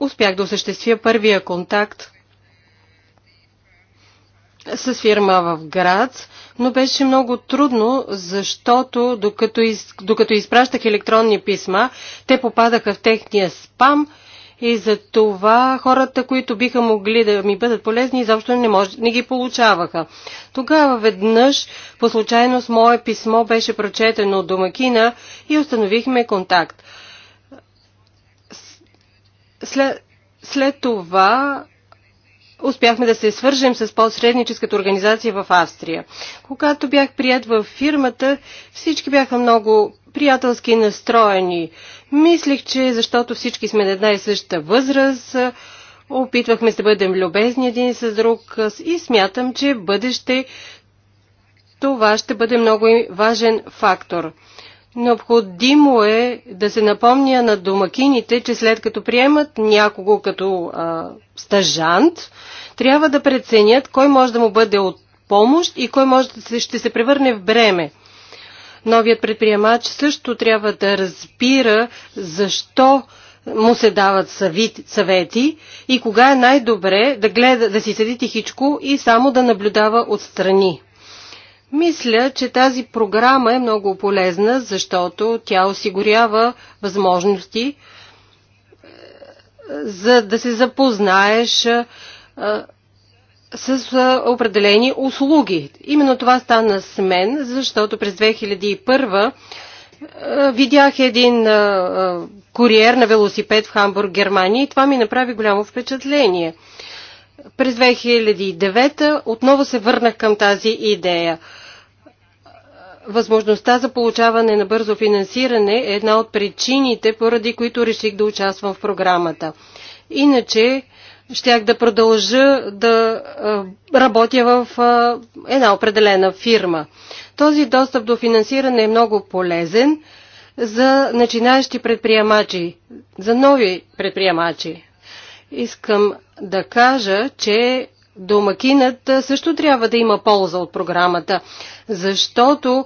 Успях да осъществя първия контакт с фирма в град, но беше много трудно, защото докато, из, докато изпращах електронни писма, те попадаха в техния спам и за това хората, които биха могли да ми бъдат полезни, изобщо не, мож... не ги получаваха. Тогава веднъж, по случайност, мое писмо беше прочетено от домакина и установихме контакт. След, след това успяхме да се свържем с посредническата организация в Австрия. Когато бях прият в фирмата, всички бяха много приятелски настроени. Мислих, че защото всички сме на една и съща възраст, опитвахме се да бъдем любезни един с друг и смятам, че бъдеще това ще бъде много важен фактор. Необходимо е да се напомня на домакините, че след като приемат някого като а, стажант, трябва да преценят кой може да му бъде от помощ и кой може да се, ще се превърне в бреме. Новият предприемач също трябва да разбира защо му се дават съвети и кога е най-добре да, гледа, да си седи тихичко и само да наблюдава отстрани. Мисля, че тази програма е много полезна, защото тя осигурява възможности е, за да се запознаеш е, с е, определени услуги. Именно това стана с мен, защото през 2001 видях един куриер на велосипед в Хамбург, Германия и това ми направи голямо впечатление. През 2009 отново се върнах към тази идея. Възможността за получаване на бързо финансиране е една от причините, поради които реших да участвам в програмата. Иначе щях да продължа да работя в една определена фирма. Този достъп до финансиране е много полезен за начинаещи предприемачи, за нови предприемачи. Искам да кажа, че Домакинът също трябва да има полза от програмата, защото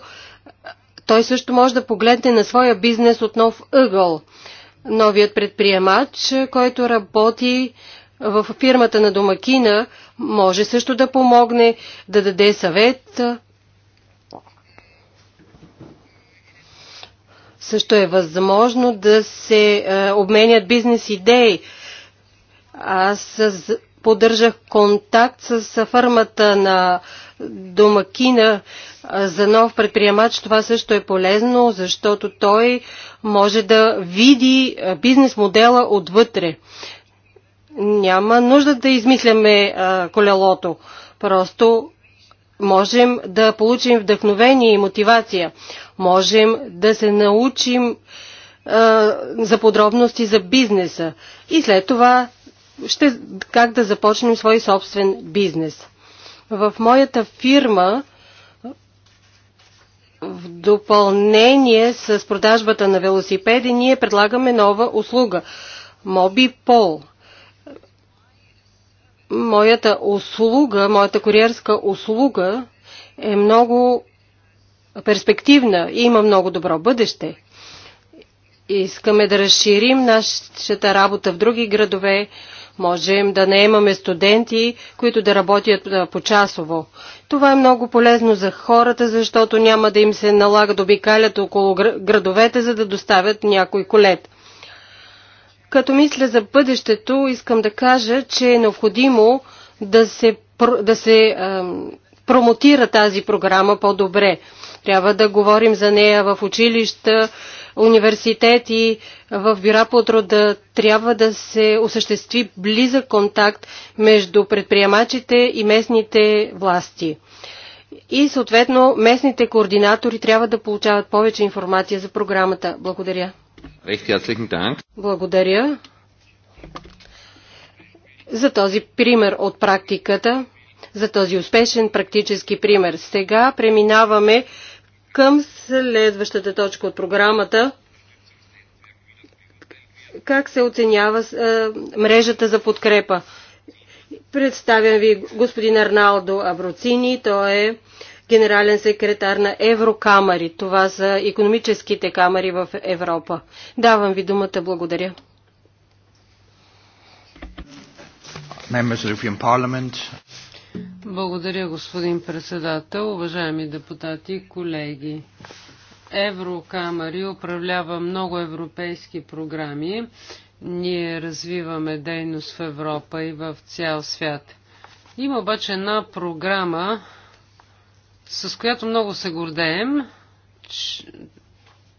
той също може да погледне на своя бизнес от нов ъгъл. Новият предприемач, който работи в фирмата на домакина, може също да помогне, да даде съвет. Също е възможно да се обменят бизнес идеи. Аз поддържах контакт с фърмата на домакина за нов предприемач. Това също е полезно, защото той може да види бизнес модела отвътре. Няма нужда да измисляме колелото. Просто можем да получим вдъхновение и мотивация. Можем да се научим за подробности за бизнеса. И след това ще, как да започнем свой собствен бизнес. В моята фирма в допълнение с продажбата на велосипеди ние предлагаме нова услуга. Моби Пол. Моята услуга, моята куриерска услуга е много перспективна и има много добро бъдеще. Искаме да разширим нашата работа в други градове, Можем да наемаме студенти, които да работят почасово. Това е много полезно за хората, защото няма да им се налага да обикалят около градовете, за да доставят някой колет. Като мисля за бъдещето, искам да кажа, че е необходимо да се, да се промотира тази програма по-добре. Трябва да говорим за нея в училища, университети, в бюра по труда трябва да се осъществи близък контакт между предприемачите и местните власти. И съответно местните координатори трябва да получават повече информация за програмата. Благодаря. Благодаря за този пример от практиката, за този успешен практически пример. Сега преминаваме към следващата точка от програмата. Как се оценява мрежата за подкрепа? Представям ви господин Арналдо Аброцини. Той е генерален секретар на Еврокамари. Това са економическите камери в Европа. Давам ви думата. Благодаря. Members of the European Parliament, благодаря, господин председател, уважаеми депутати, колеги. Еврокамари управлява много европейски програми. Ние развиваме дейност в Европа и в цял свят. Има обаче една програма, с която много се гордеем,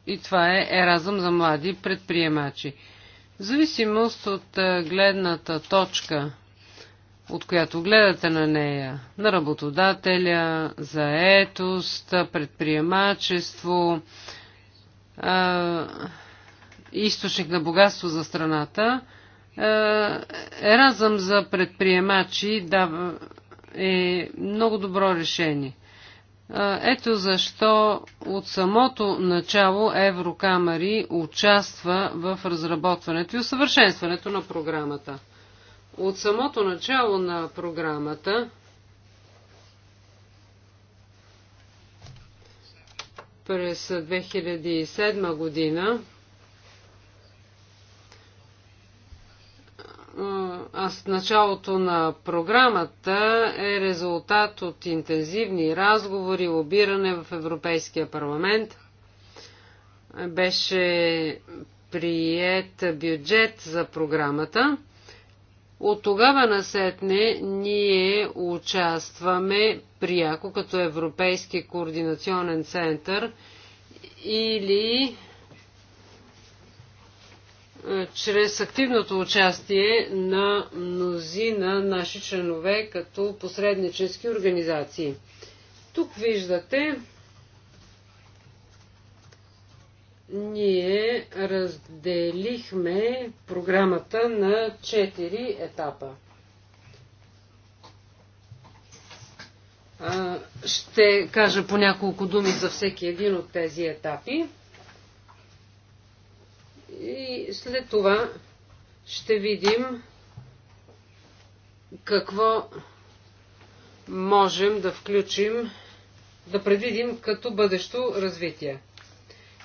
и това е Еразъм за млади предприемачи. В зависимост от гледната точка от която гледате на нея, на работодателя, заетост, предприемачество, източник на богатство за страната, Еразъм за предприемачи да, е много добро решение. Ето защо от самото начало Еврокамери участва в разработването и усъвършенстването на програмата. От самото начало на програмата през 2007 година аз началото на програмата е резултат от интензивни разговори, лобиране в Европейския парламент. Беше прият бюджет за програмата от тогава насетне ние участваме пряко като Европейски координационен център или е, чрез активното участие на мнозина наши членове като посреднически организации. Тук виждате ние разделихме програмата на четири етапа. Ще кажа по няколко думи за всеки един от тези етапи. И след това ще видим какво можем да включим, да предвидим като бъдещо развитие.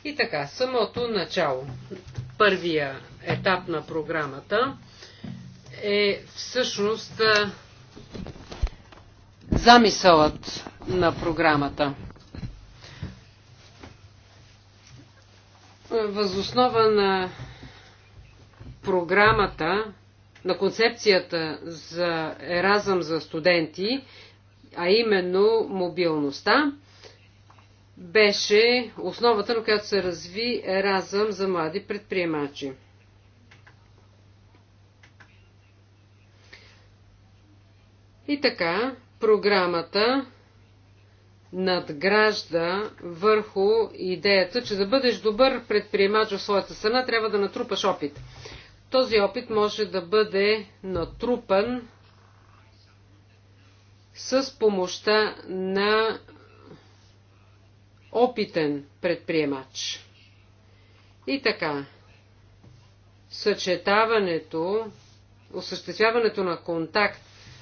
И така, самото начало. Първия етап на програмата е всъщност замисълът на програмата. Възоснова на програмата, на концепцията за еразъм за студенти, а именно мобилността, беше основата, на която се разви Еразъм за млади предприемачи. И така, програмата надгражда върху идеята, че да бъдеш добър предприемач в своята страна, трябва да натрупаш опит. Този опит може да бъде натрупан с помощта на опитен предприемач. И така, съчетаването, осъществяването на контакт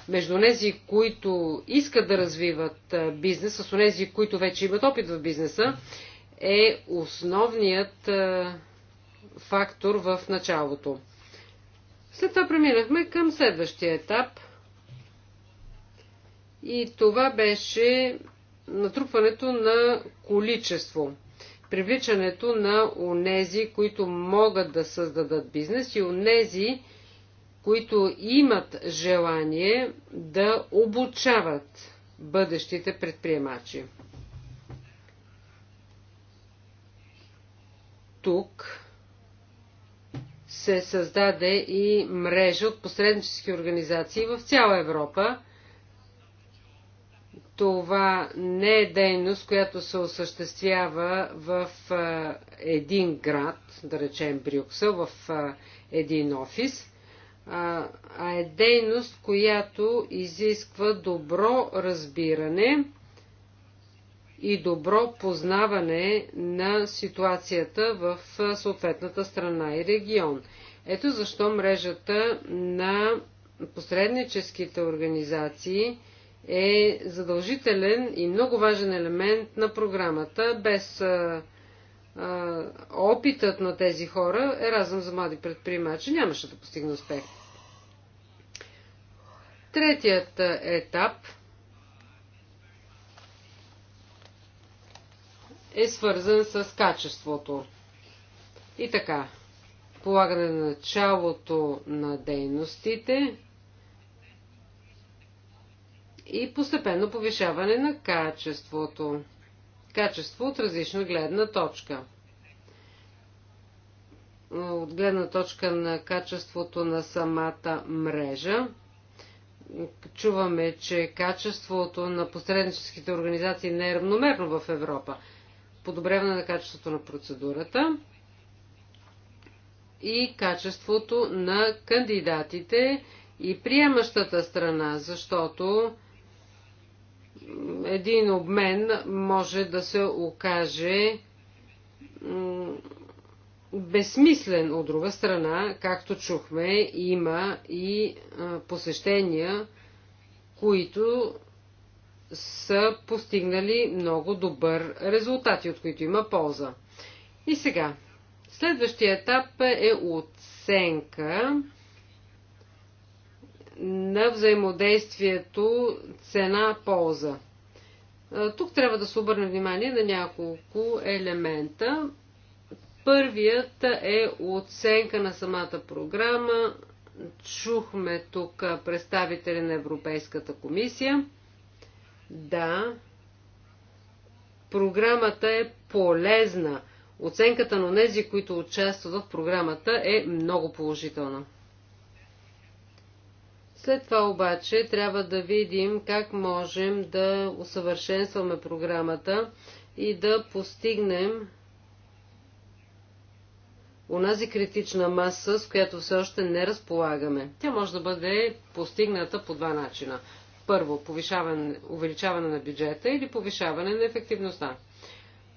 между тези, които искат да развиват бизнес, с тези, които вече имат опит в бизнеса, е основният фактор в началото. След това преминахме към следващия етап. И това беше натрупването на количество, привличането на онези, които могат да създадат бизнес и онези, които имат желание да обучават бъдещите предприемачи. Тук се създаде и мрежа от посреднически организации в цяла Европа – това не е дейност, която се осъществява в един град, да речем Брюксел, в един офис, а е дейност, която изисква добро разбиране и добро познаване на ситуацията в съответната страна и регион. Ето защо мрежата на посредническите организации – е задължителен и много важен елемент на програмата. Без а, а, опитът на тези хора, е разъм за млади предприемачи нямаше да постигне успех. Третият етап е свързан с качеството. И така, полагане на началото на дейностите, и постепенно повишаване на качеството. Качество от различна гледна точка. От гледна точка на качеството на самата мрежа, чуваме, че качеството на посредническите организации не е равномерно в Европа. Подобряване на качеството на процедурата и качеството на кандидатите и приемащата страна, защото един обмен може да се окаже безсмислен от друга страна, както чухме, има и посещения, които са постигнали много добър резултат и от които има полза. И сега, следващия етап е оценка на взаимодействието цена-полза. Тук трябва да се обърне внимание на няколко елемента. Първият е оценка на самата програма. Чухме тук представители на Европейската комисия. Да, програмата е полезна. Оценката на тези, които участват в програмата е много положителна. След това обаче трябва да видим как можем да усъвършенстваме програмата и да постигнем онази критична маса, с която все още не разполагаме. Тя може да бъде постигната по два начина. Първо, повишаване, увеличаване на бюджета или повишаване на ефективността.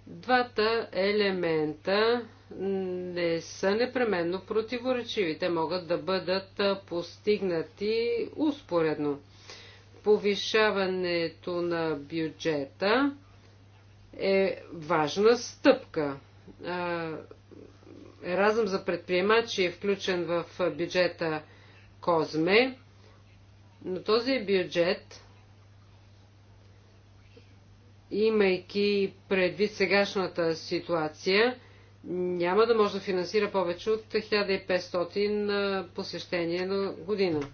Двата елемента не са непременно противоречиви. Те могат да бъдат постигнати успоредно. Повишаването на бюджета е важна стъпка. Разъм за предприемачи е включен в бюджета Козме, но този бюджет имайки предвид сегашната ситуация, няма да може да финансира повече от 1500 посещения на година.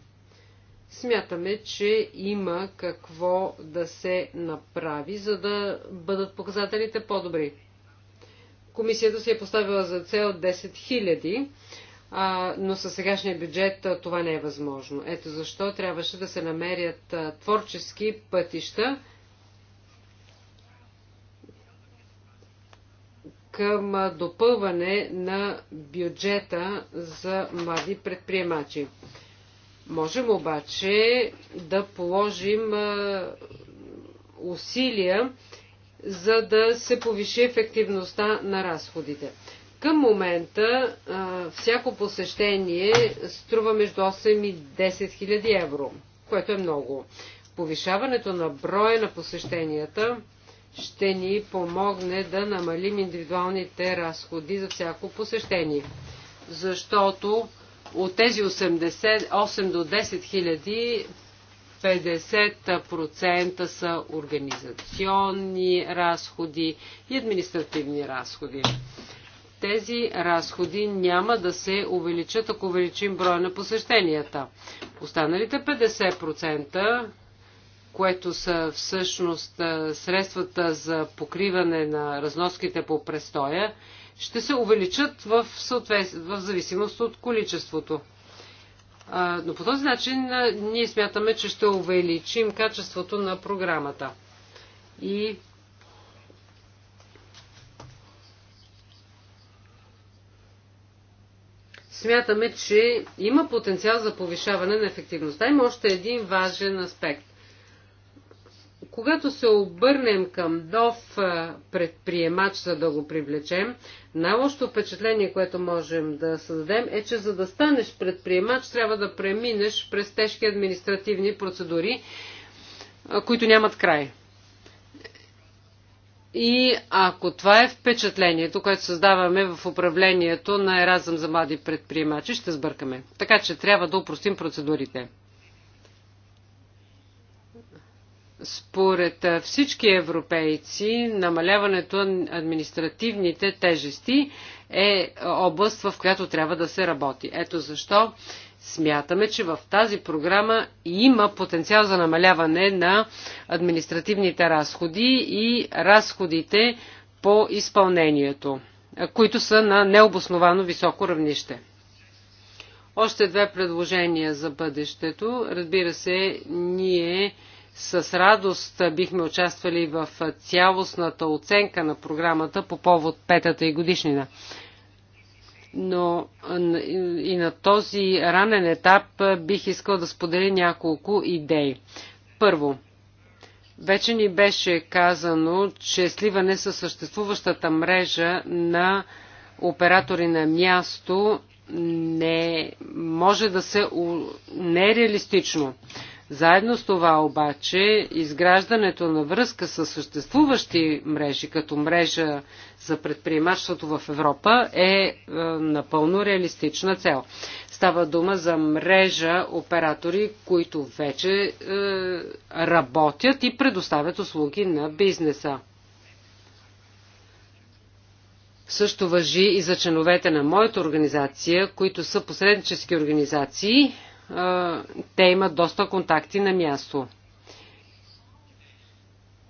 Смятаме, че има какво да се направи, за да бъдат показателите по-добри. Комисията си е поставила за цел 10 000 но със сегашния бюджет това не е възможно. Ето защо трябваше да се намерят творчески пътища, към допълване на бюджета за млади предприемачи. Можем обаче да положим усилия, за да се повиши ефективността на разходите. Към момента всяко посещение струва между 8 и 10 хиляди евро, което е много. Повишаването на броя на посещенията ще ни помогне да намалим индивидуалните разходи за всяко посещение. Защото от тези 80, 8 до 10 хиляди 50% са организационни разходи и административни разходи. Тези разходи няма да се увеличат, ако увеличим броя на посещенията. Останалите 50% което са всъщност средствата за покриване на разноските по престоя, ще се увеличат в, в зависимост от количеството. Но по този начин ние смятаме, че ще увеличим качеството на програмата. И смятаме, че има потенциал за повишаване на ефективността. Има още един важен аспект когато се обърнем към ДОВ предприемач, за да го привлечем, най-лошото впечатление, което можем да създадем е, че за да станеш предприемач, трябва да преминеш през тежки административни процедури, които нямат край. И ако това е впечатлението, което създаваме в управлението на Еразъм за млади предприемачи, ще сбъркаме. Така че трябва да упростим процедурите. Според всички европейци, намаляването на административните тежести е област, в която трябва да се работи. Ето защо смятаме, че в тази програма има потенциал за намаляване на административните разходи и разходите по изпълнението, които са на необосновано високо равнище. Още две предложения за бъдещето. Разбира се, ние с радост бихме участвали в цялостната оценка на програмата по повод петата и годишнина. Но и на този ранен етап бих искал да споделя няколко идеи. Първо, вече ни беше казано, че сливане със съществуващата мрежа на оператори на място не може да се не е реалистично. Заедно с това обаче, изграждането на връзка с съществуващи мрежи, като мрежа за предприемачеството в Европа, е, е напълно реалистична цел. Става дума за мрежа оператори, които вече е, работят и предоставят услуги на бизнеса. Също въжи и за членовете на моята организация, които са посреднически организации, те имат доста контакти на място.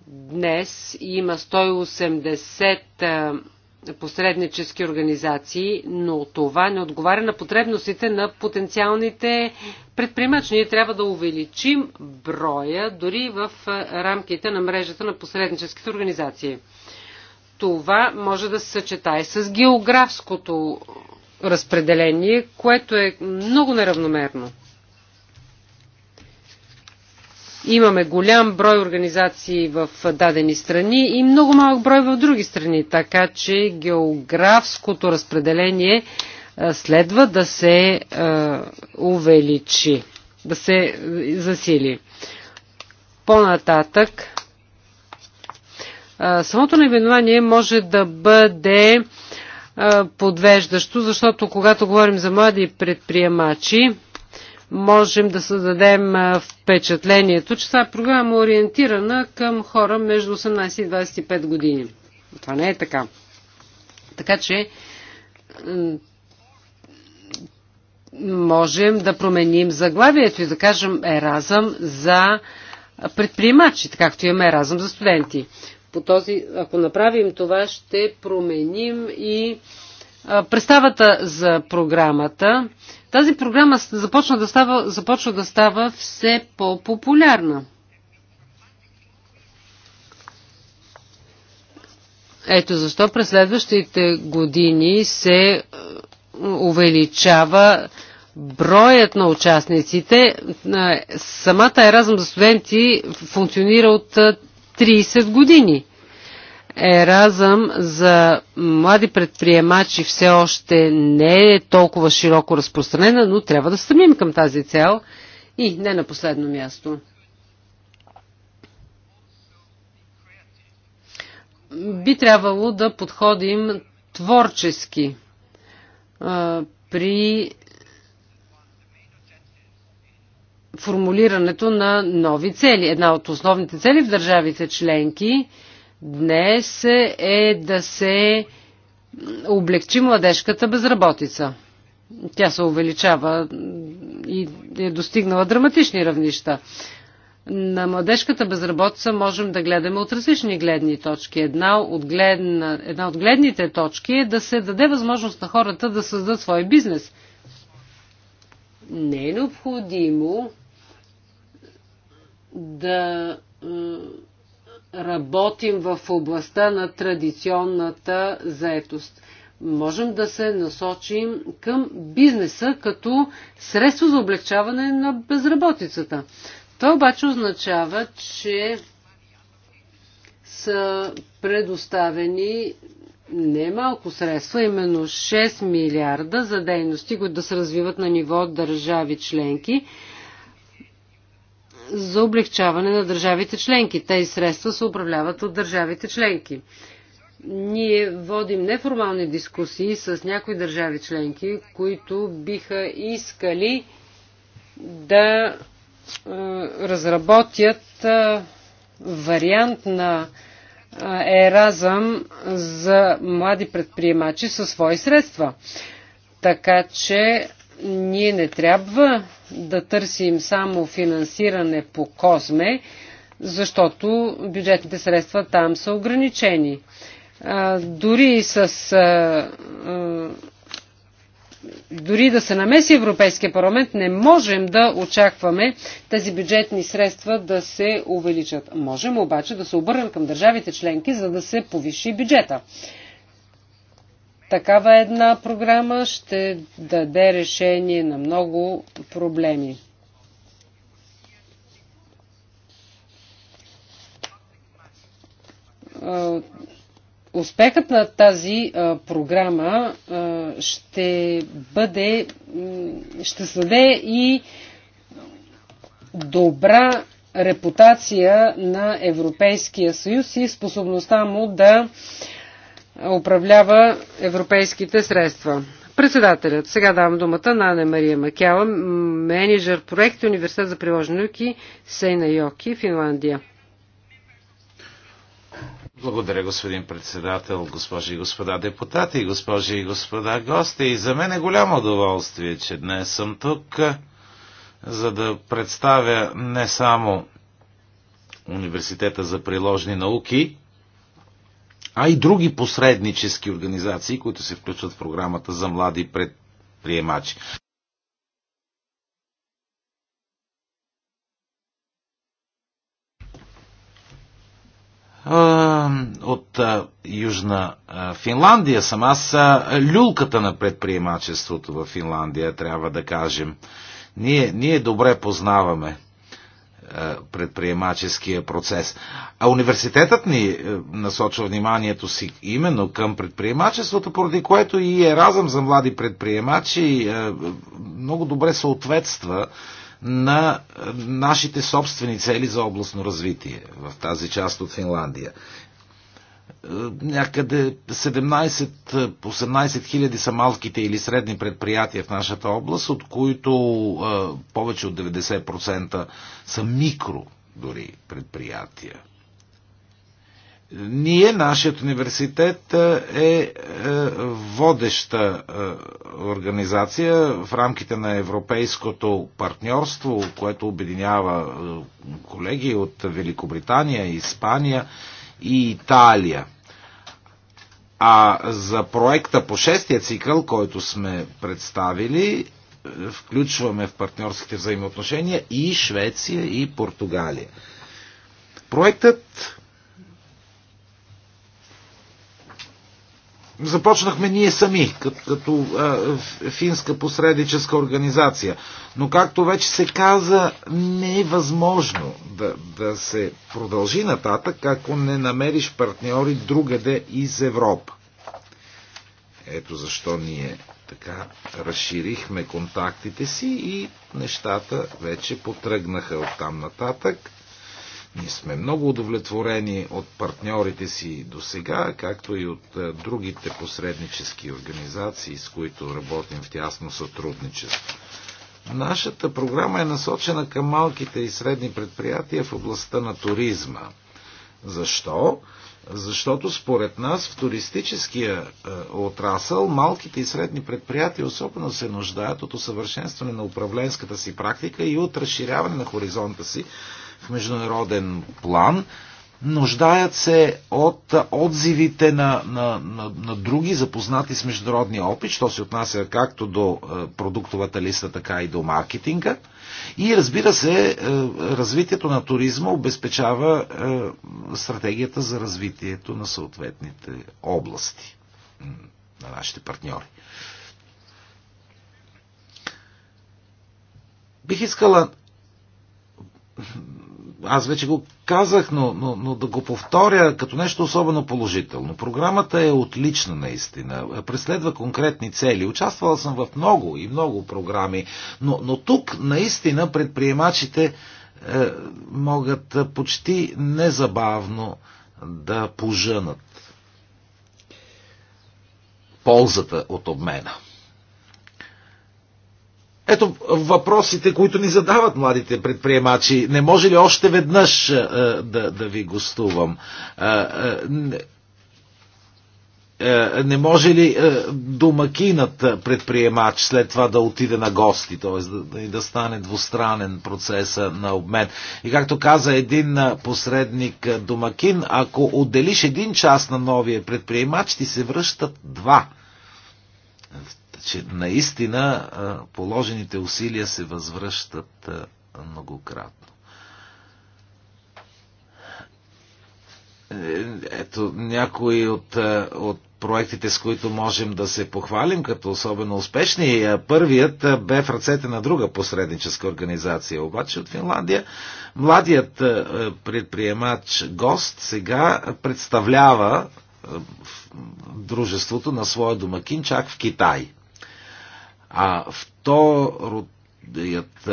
Днес има 180 посреднически организации, но това не отговаря на потребностите на потенциалните предприемачи. Ние трябва да увеличим броя дори в рамките на мрежата на посредническите организации. Това може да се съчетае с географското разпределение, което е много неравномерно. Имаме голям брой организации в дадени страни и много малък брой в други страни, така че географското разпределение следва да се увеличи, да се засили. По-нататък, самото наименование може да бъде подвеждащо, защото когато говорим за млади предприемачи, можем да създадем впечатлението, че това е програма ориентирана към хора между 18 и 25 години. Това не е така. Така че можем да променим заглавието и да кажем Еразъм за предприемачи, както имаме Еразъм за студенти. По този, ако направим това, ще променим и представата за програмата. Тази програма започна да става, започва да става все по-популярна. Ето защо през следващите години се е, увеличава броят на участниците. Е, самата Еразъм за студенти функционира от 30 е, години. Еразъм за млади предприемачи все още не е толкова широко разпространена, но трябва да стремим към тази цел и не на последно място. Би трябвало да подходим творчески а, при формулирането на нови цели. Една от основните цели в държавите членки е днес е да се облегчи младежката безработица. Тя се увеличава и е достигнала драматични равнища. На младежката безработица можем да гледаме от различни гледни точки. Една от, гледна, една от гледните точки е да се даде възможност на хората да създадат свой бизнес. Не е необходимо да е, работим в областта на традиционната заетост. Можем да се насочим към бизнеса като средство за облегчаване на безработицата. Това обаче означава, че са предоставени немалко средства, именно 6 милиарда за дейности, които да се развиват на ниво държави членки за облегчаване на държавите членки. Тези средства се управляват от държавите членки. Ние водим неформални дискусии с някои държави членки, които биха искали да разработят вариант на еразъм за млади предприемачи със свои средства. Така че ние не трябва да търсим само финансиране по Козме, защото бюджетните средства там са ограничени. дори с. дори да се намеси Европейския парламент, не можем да очакваме тези бюджетни средства да се увеличат. Можем обаче да се обърнем към държавите членки, за да се повиши бюджета. Такава една програма ще даде решение на много проблеми. Успехът на тази програма ще бъде, ще съде и добра репутация на Европейския съюз и способността му да а, управлява европейските средства. Председателят. Сега давам думата на Ана Мария Макяла, менеджер проект Университет за приложни науки Сейна Йоки, Финландия. Благодаря, господин председател, госпожи и господа депутати, госпожи и господа гости. И за мен е голямо удоволствие, че днес съм тук, за да представя не само Университета за приложни науки, а и други посреднически организации, които се включват в програмата за млади предприемачи. от Южна Финландия съм аз. Люлката на предприемачеството в Финландия, трябва да кажем. Ние, ние добре познаваме е, предприемаческия процес. А университетът ни е, насочва вниманието си именно към предприемачеството, поради което и Еразъм за млади предприемачи е, много добре съответства на нашите собствени цели за областно развитие в тази част от Финландия някъде 17-18 хиляди са малките или средни предприятия в нашата област, от които повече от 90% са микро дори предприятия. Ние, нашият университет е, е водеща организация в рамките на европейското партньорство, което обединява колеги от Великобритания, Испания, и Италия. А за проекта по шестия цикъл, който сме представили, включваме в партньорските взаимоотношения и Швеция и Португалия. Проектът започнахме ние сами, като, като а, финска посредническа организация. Но както вече се каза, не е възможно да, да се продължи нататък, ако не намериш партньори другаде из Европа. Ето защо ние така разширихме контактите си и нещата вече потръгнаха от там нататък. Ние сме много удовлетворени от партньорите си до сега, както и от другите посреднически организации, с които работим в тясно сътрудничество. Нашата програма е насочена към малките и средни предприятия в областта на туризма. Защо? Защото според нас в туристическия отрасъл малките и средни предприятия особено се нуждаят от усъвършенстване на управленската си практика и от разширяване на хоризонта си в международен план, нуждаят се от отзивите на, на, на, на други запознати с международния опит, що се отнася както до е, продуктовата листа, така и до маркетинга. И разбира се, е, развитието на туризма обезпечава е, стратегията за развитието на съответните области на нашите партньори. Бих искала аз вече го казах, но, но, но да го повторя като нещо особено положително. Програмата е отлична наистина. Преследва конкретни цели. Участвала съм в много и много програми, но, но тук наистина предприемачите е, могат почти незабавно да пожънат ползата от обмена. Ето въпросите, които ни задават младите предприемачи. Не може ли още веднъж а, е, е, да, да ви гостувам? А, е, а, не може ли домакинът предприемач след това да отиде на гости, т.е. Да, да стане двустранен процеса на обмен? И както каза един посредник домакин, ако отделиш един час на новия предприемач, ти се връщат два – че наистина положените усилия се възвръщат многократно. Е, ето някои от, от проектите, с които можем да се похвалим като особено успешни. Първият бе в ръцете на друга посредническа организация, обаче от Финландия. Младият предприемач гост сега представлява дружеството на своя домакин чак в Китай. А вторият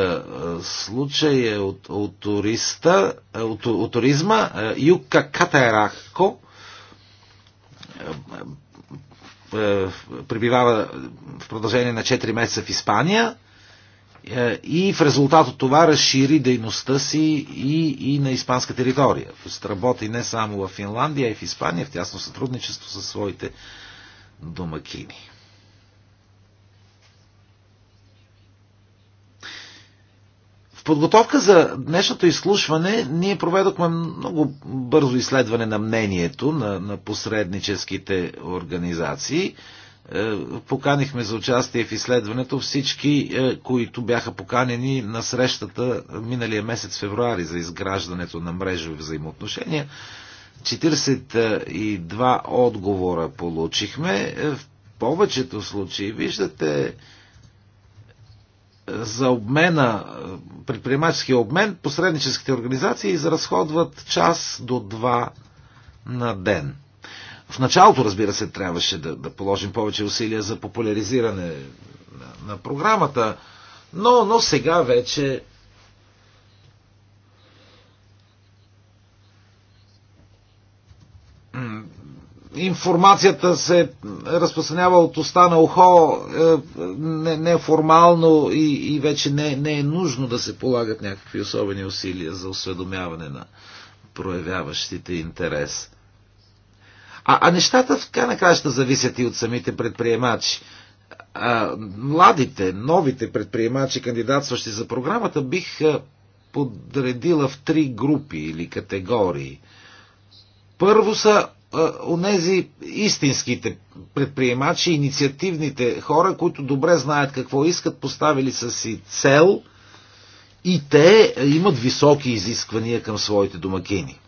случай е от, от, туриста, е, от, от туризма е, Юка Катерако е, пребивава в продължение на 4 месеца в Испания и в резултат от това разшири дейността си и, и на испанска територия. Тоест работи не само в Финландия, а и в Испания в тясно сътрудничество със своите домакини. подготовка за днешното изслушване ние проведохме много бързо изследване на мнението на, на посредническите организации. Е, поканихме за участие в изследването всички, е, които бяха поканени на срещата миналия месец февруари за изграждането на мрежови взаимоотношения. 42 отговора получихме. В повечето случаи, виждате, за обмена, предприемаческия обмен, посредническите организации изразходват час до два на ден. В началото, разбира се, трябваше да, да положим повече усилия за популяризиране на, на програмата, но, но сега вече информацията се разпространява от уста на ухо е, неформално не и, и вече не, не е нужно да се полагат някакви особени усилия за осведомяване на проявяващите интерес. А, а нещата в край на краща зависят и от самите предприемачи. А, младите, новите предприемачи, кандидатстващи за програмата, бих е, подредила в три групи или категории. Първо са е, онези истинските предприемачи, инициативните хора, които добре знаят какво искат, поставили са си цел и те имат високи изисквания към своите домакини.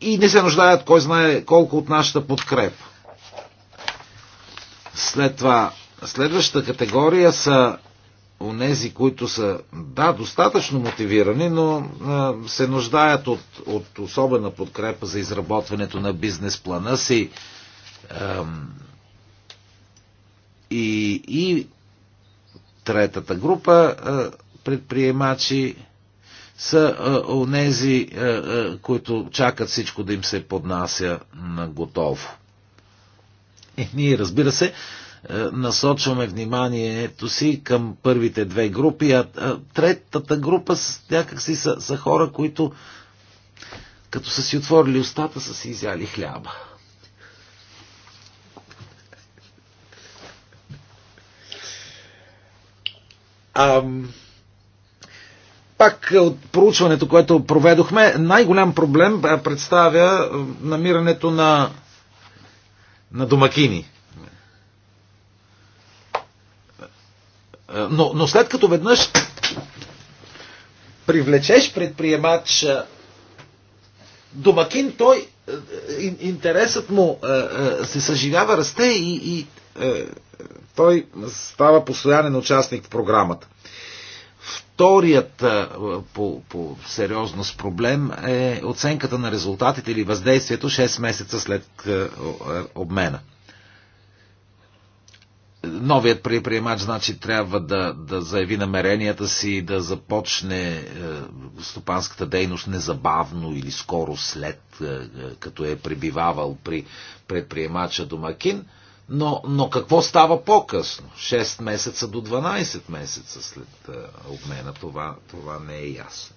И не се нуждаят кой знае колко от нашата подкрепа. След това, следващата категория са онези, които са, да, достатъчно мотивирани, но а, се нуждаят от, от особена подкрепа за изработването на бизнес плана си а, и, и третата група а, предприемачи са а, онези, а, а, които чакат всичко да им се поднася на готово. Е, ние, разбира се, е, насочваме вниманието си към първите две групи, а третата група някак си са, са хора, които като са си отворили устата, са си изяли хляба. Ам... Пак от проучването, което проведохме, най-голям проблем представя намирането на, на домакини Е, но, но след като веднъж привлечеш предприемач е, домакин, той е, интересът му се съживява, расте и, и той става постоянен участник в програмата. Вторият по, по сериозност проблем е оценката на резултатите или въздействието 6 месеца след обмена новият предприемач значи трябва да, да заяви намеренията си и да започне е, стопанската дейност незабавно или скоро след е, е като е пребивавал при предприемача домакин. Но, но какво става по-късно? 6 месеца до 12 месеца след е, обмена, това, това не е ясно.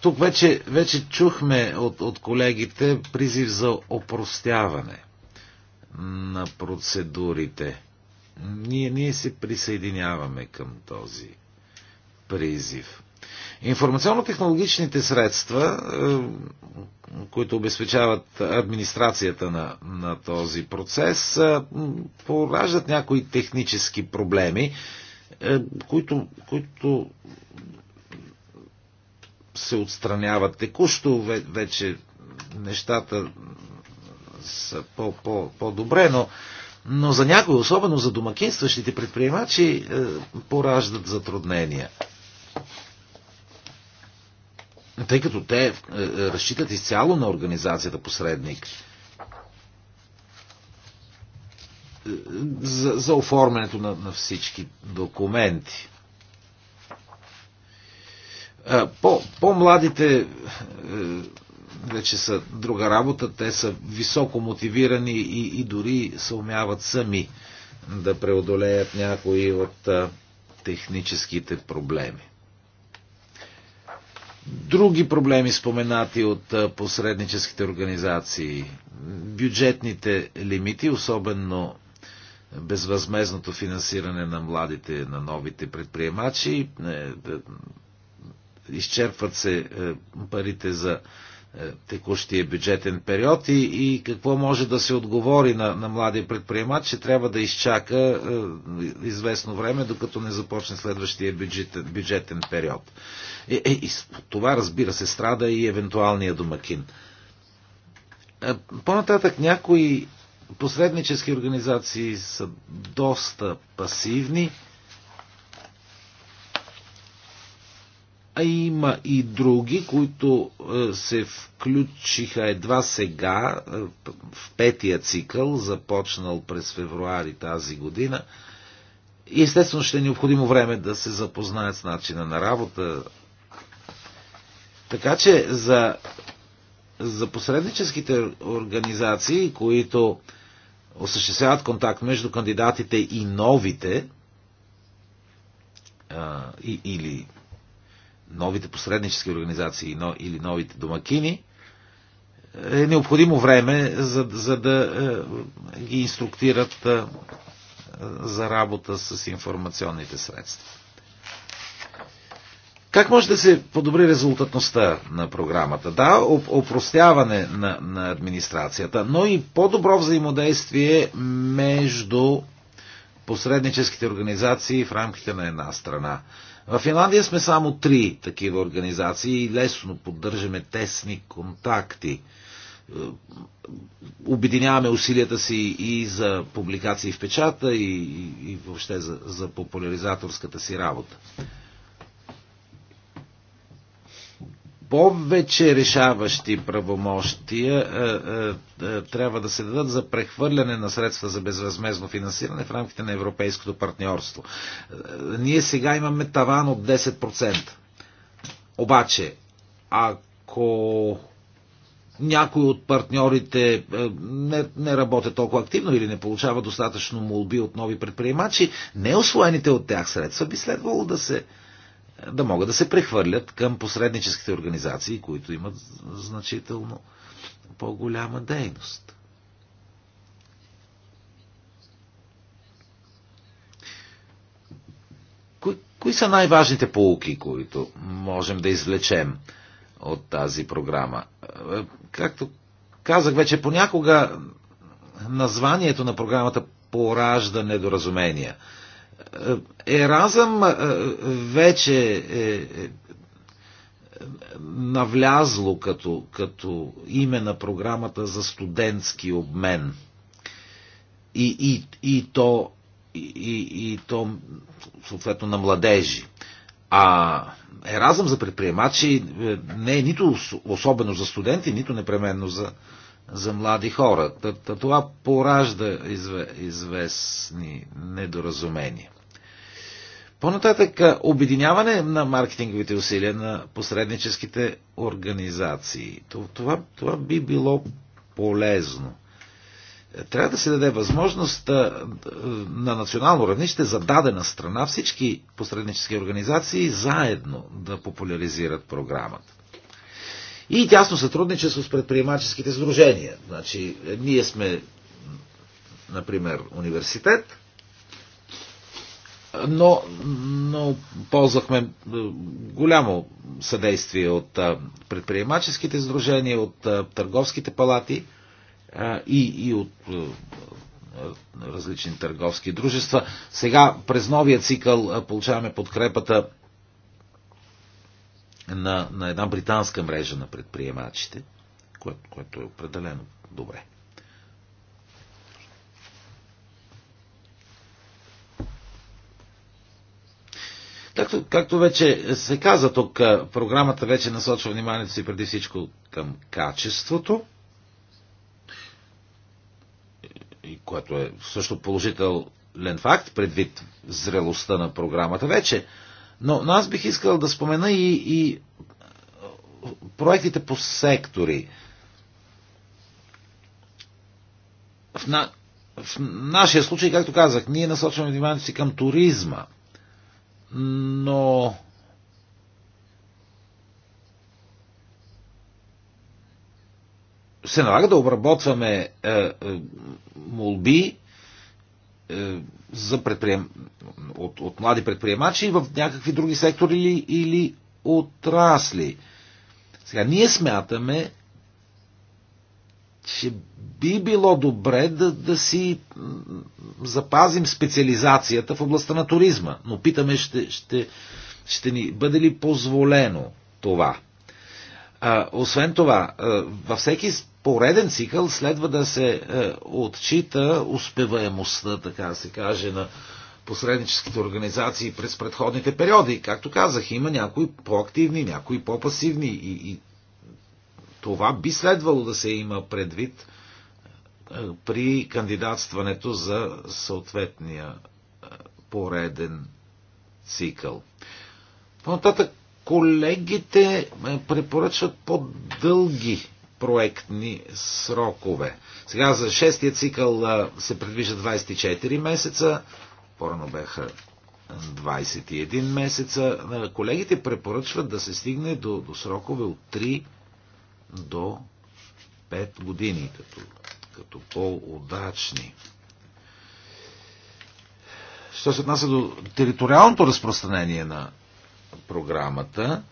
Тук вече, вече чухме от, от колегите призив за опростяване на процедурите. Ние, ние се присъединяваме към този призив. Информационно-технологичните средства, е, които обезпечават администрацията на, на този процес, е, пораждат някои технически проблеми, е, които, които се отстраняват текущо, вече нещата са по-добре, -по -по но, но за някои, особено за домакинстващите предприемачи, е, пораждат затруднения. Тъй като те е, разчитат изцяло на организацията посредник е, за, за оформянето на, на всички документи. По, по-младите е, вече са друга работа, те са високо мотивирани и, и дори се умяват сами да преодолеят някои от а, техническите проблеми. Други проблеми споменати от а, посредническите организации. Бюджетните лимити, особено безвъзмезното финансиране на младите, на новите предприемачи, е, изчерпват се е, парите за е, текущия бюджетен период и, и какво може да се отговори на, на младия предприемач, че трябва да изчака е, известно време, докато не започне следващия бюджетен, бюджетен период. Е, е, и това, разбира се, страда и евентуалния домакин. Е, по-нататък някои посреднически организации са доста пасивни а има и други, които е, се включиха едва сега, е, в петия цикъл, започнал през февруари тази година. И естествено ще е необходимо време да се запознаят с начина на работа. Така че за, за посредническите организации, които осъществяват контакт между кандидатите и новите, а, и, или новите посреднически организации но, или новите домакини, е необходимо време, за, за да е, ги инструктират е, за работа с информационните средства. Как може да се подобри резултатността на програмата? Да, опростяване на, на администрацията, но и по-добро взаимодействие между посредническите организации в рамките на една страна. В Финландия сме само три такива организации и лесно поддържаме тесни контакти. Е, обединяваме усилията си и за публикации в печата, и, и въобще за, за популяризаторската си работа. повече решаващи правомощия е, е, е, трябва да се дадат за прехвърляне на средства за безвъзмезно финансиране в рамките на европейското партньорство. Ние сега имаме таван от 10%. Обаче, ако някой от партньорите не, не работят толкова активно или не получава достатъчно молби от нови предприемачи, неосвоените от тях средства би следвало да се да могат да се прехвърлят към посредническите организации, които имат значително по-голяма дейност. Кои, кои са най-важните полуки, които можем да извлечем от тази програма? Е, както казах вече, понякога названието на програмата поражда недоразумения – Еразъм е, вече е, е навлязло като, като име на програмата за студентски обмен. И, и, и то, и, и то съответно на младежи. А Еразъм за предприемачи е, не е нито особено за студенти, нито непременно за, за млади хора. Това поражда известни недоразумения. По-нататък, обединяване на маркетинговите усилия на посредническите организации. Това, това би било полезно. Трябва да се даде възможност на национално равнище за дадена страна всички посреднически организации заедно да популяризират програмата. И тясно сътрудничество с предприемаческите сдружения. Значи, е, ние сме, например, университет, но, но ползвахме голямо съдействие от предприемаческите сдружения, от търговските палати и, и от различни търговски дружества. Сега през новия цикъл получаваме подкрепата на, на една британска мрежа на предприемачите, което, което е определено добре. Както, както вече се каза тук, програмата вече насочва вниманието си преди всичко към качеството, и което е също положителен факт, предвид зрелостта на програмата вече. Но, но аз бих искал да спомена и, и е, проектите по сектори. В, на, в нашия случай, както казах, ние насочваме вниманието си към туризма. Но. Се налага да обработваме е, е, молби е, за предприем... от, от млади предприемачи в някакви други сектори или, или отрасли. Сега, ние смятаме, че би било добре да, да си запазим специализацията в областта на туризма, но питаме, ще, ще, ще ни бъде ли позволено това? Освен това, във всеки пореден цикъл следва да се отчита успеваемостта, така да се каже, на посредническите организации през предходните периоди. Както казах, има някои по-активни, някои по-пасивни и, и това би следвало да се има предвид при кандидатстването за съответния пореден цикъл. нататък колегите е, препоръчват по-дълги проектни срокове. Сега за шестия цикъл е, се предвижда 24 месеца, порано беха 21 месеца. Е, колегите препоръчват да се стигне до, до срокове от 3 до 5 години, като, като по-удачни. Що се отнася до териториалното разпространение на, програмата.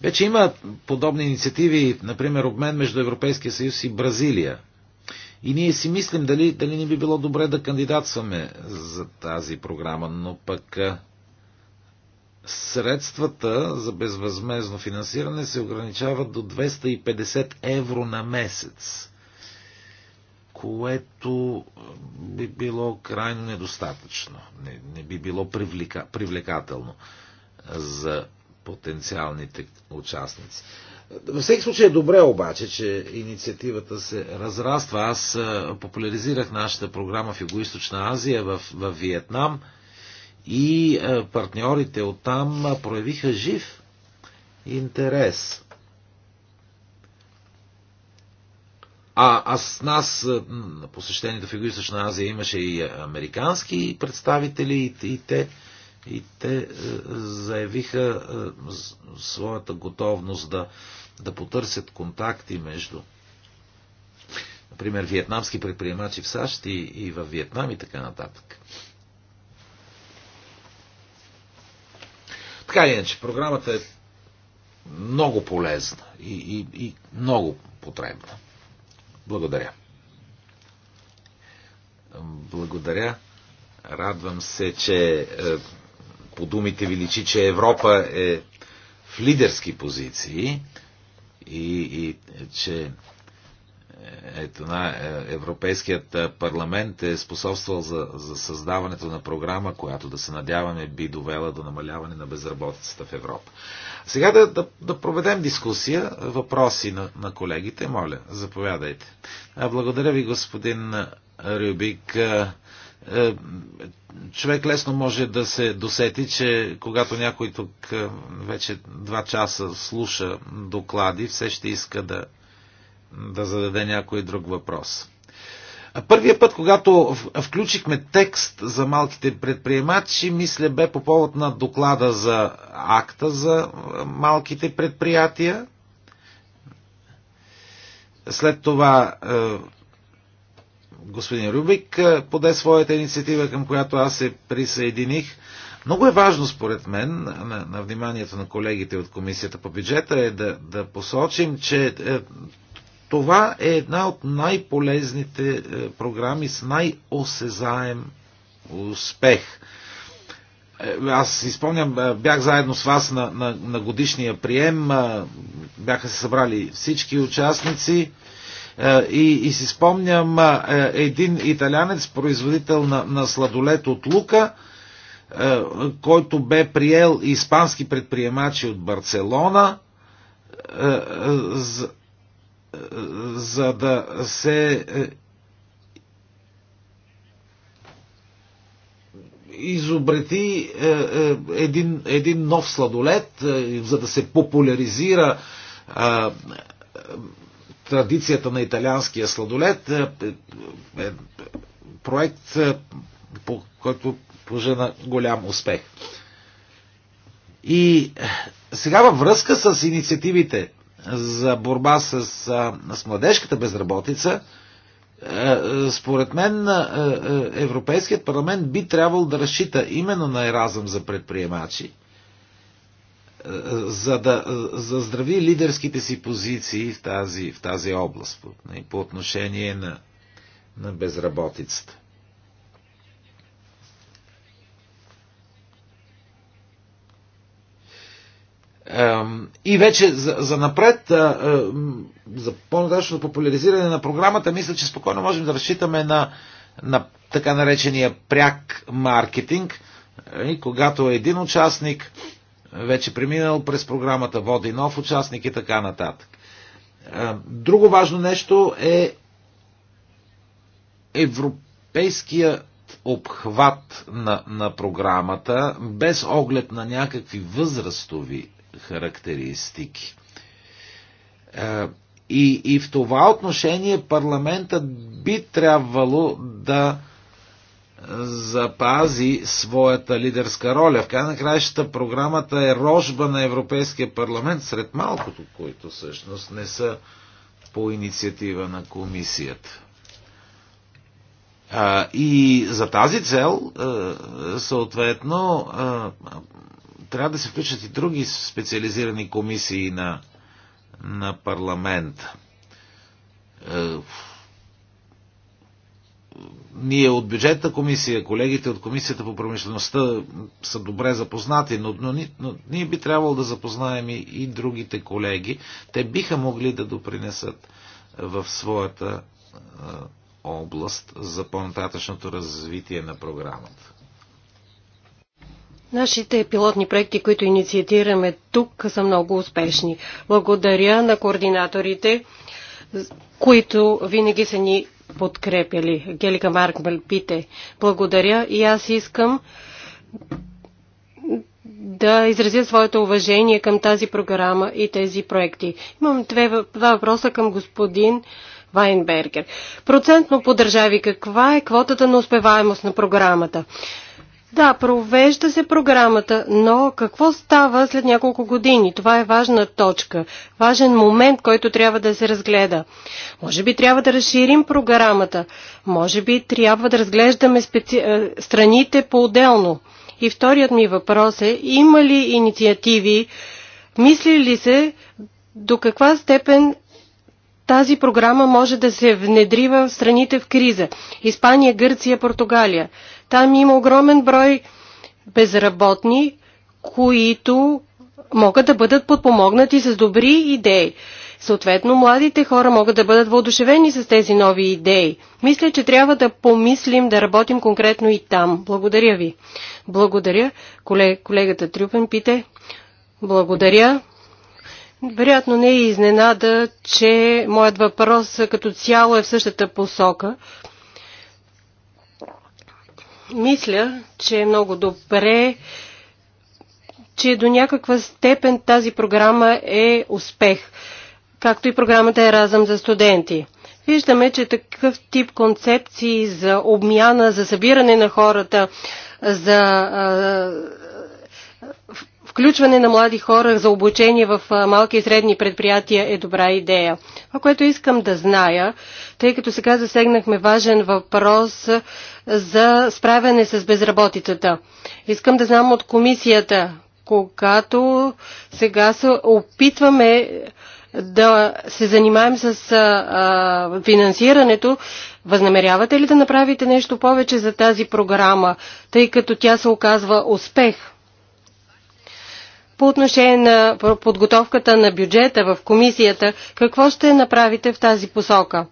Вече има подобни инициативи, например обмен между Европейския съюз и Бразилия. И ние си мислим дали, дали не би било добре да кандидатстваме за тази програма, но пък средствата за безвъзмезно финансиране се ограничават до 250 евро на месец което би било крайно недостатъчно, не, не би било привлека, привлекателно за потенциалните участници. Във всеки случай е добре обаче, че инициативата се разраства. Аз популяризирах нашата програма в Юго-Источна Азия, в, в Виетнам и партньорите оттам проявиха жив интерес. А, аз с нас на посещението в Юго-Источна Азия имаше и американски представители и, и те, и те е, заявиха е, своята готовност да, да потърсят контакти между например, виетнамски предприемачи в САЩ и, и в Виетнам и така нататък. Така иначе, програмата е много полезна и, и, и много потребна. Благодаря. Благодаря. Радвам се, че е, по думите ви личи, че Европа е в лидерски позиции и, и че ето, на, е, Европейският е, парламент е способствал за, за създаването на програма, която да се надяваме би довела до намаляване на безработицата в Европа. Сега да, да, да проведем дискусия, въпроси на, на колегите, моля, заповядайте. Благодаря ви, господин Рюбик е, човек лесно може да се досети, че когато някой тук вече два часа слуша доклади, все ще иска да да зададе някой друг въпрос. Първия път, когато включихме текст за малките предприемачи, мисля бе по повод на доклада за акта за малките предприятия. След това господин Рубик поде своята инициатива, към която аз се присъединих. Много е важно, според мен, на, на вниманието на колегите от Комисията по бюджета е да, да посочим, че е, това е една от най-полезните е, програми с най-осезаем успех. Е, аз си спомням, е, бях заедно с вас на, на, на годишния прием, бяха се събрали всички участници и, и си спомням един италянец, производител на, на сладолет от Лука, който бе приел испански предприемачи от Барселона, за да се е, е, изобрети е, един, един нов сладолет, за да се популяризира традицията на италианския сладолет. Проект, по който пожена голям успех. И сега във връзка с инициативите за борба с, с младежката безработица, е, според мен е, е, Европейският парламент би трябвало да разчита именно на еразъм за предприемачи, за да заздрави лидерските си позиции в тази, в тази област по, нали, по отношение на, на безработицата. И вече за, за напред, за по-нататъчно популяризиране на програмата, мисля, че спокойно можем да разчитаме на, на така наречения пряк маркетинг, и когато е един участник вече преминал през програмата, води нов участник и така нататък. Е, друго важно нещо е европейският обхват на, на програмата, без оглед на някакви възрастови характеристики. Е, и, и в това отношение парламентът би трябвало да е, запази своята лидерска роля. В край на краищата програмата е рожба на Европейския парламент сред малкото, които всъщност не са по инициатива на комисията. И за тази цел, е, съответно, трябва да се включат и други специализирани комисии на, на парламента. Е, ние от бюджетна комисия, колегите от комисията по промишлеността са добре запознати, но, но, но ние би трябвало да запознаем и, и другите колеги. Те биха могли да допринесат в своята е, област за по-нататъчното развитие на програмата. Нашите пилотни проекти, които инициатираме тук, са много успешни. Благодаря на координаторите, които винаги са ни подкрепили. Гелика Марк пите. благодаря и аз искам да изразя своето уважение към тази програма и тези проекти. Имам две, два въпроса към господин Вайнбергер. Процентно по държави каква е квотата на успеваемост на програмата? Да, провежда се програмата, но какво става след няколко години? Това е важна точка, важен момент, който трябва да се разгледа. Може би трябва да разширим програмата, може би трябва да разглеждаме специ... Е, страните по-отделно. И вторият ми въпрос е, има ли инициативи, мисли ли се до каква степен тази програма може да се внедрива в страните в криза? Испания, Гърция, Португалия – там има огромен брой безработни, които могат да бъдат подпомогнати с добри идеи. Съответно, младите хора могат да бъдат въодушевени с тези нови идеи. Мисля, че трябва да помислим да работим конкретно и там. Благодаря ви. Благодаря. Колегата Трюпен пите. Благодаря. Вероятно не е изненада, че моят въпрос като цяло е в същата посока. Мисля, че е много добре, че до някаква степен тази програма е успех, както и програмата Е Разъм за студенти. Виждаме, че такъв тип концепции за обмяна, за събиране на хората, за Включване на млади хора за обучение в малки и средни предприятия е добра идея. Това, което искам да зная, тъй като сега засегнахме важен въпрос за справяне с безработицата. Искам да знам от комисията, когато сега се опитваме да се занимаем с а, финансирането, възнамерявате ли да направите нещо повече за тази програма, тъй като тя се оказва успех? По отношение на подготовката на бюджета в комисията, какво ще направите в тази посока?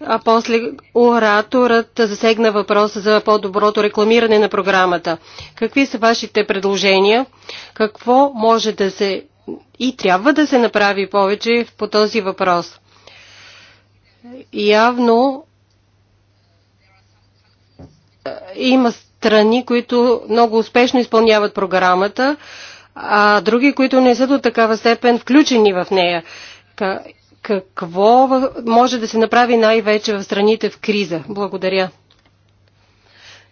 А после ораторът засегна въпроса за по-доброто рекламиране на програмата. Какви са вашите предложения? Какво може да се и трябва да се направи повече по този въпрос? Явно е, има страни, които много успешно изпълняват програмата, а други, които не са до такава степен включени в нея. Какво може да се направи най-вече в страните в криза? Благодаря.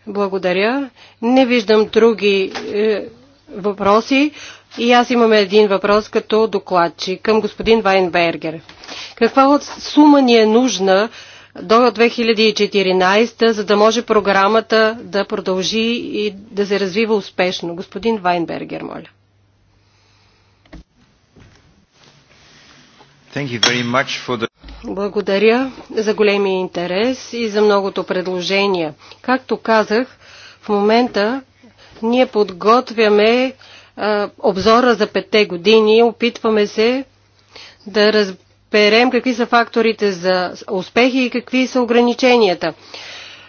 Благодаря. Не виждам други е, въпроси. И аз имам един въпрос като докладчик към господин Вайнбергер. Каква сума ни е нужна, до 2014, за да може програмата да продължи и да се развива успешно. Господин Вайнбергер, моля. The... Благодаря за големия интерес и за многото предложения. Както казах, в момента ние подготвяме а, обзора за петте години, опитваме се да разберем разберем какви са факторите за успехи и какви са ограниченията.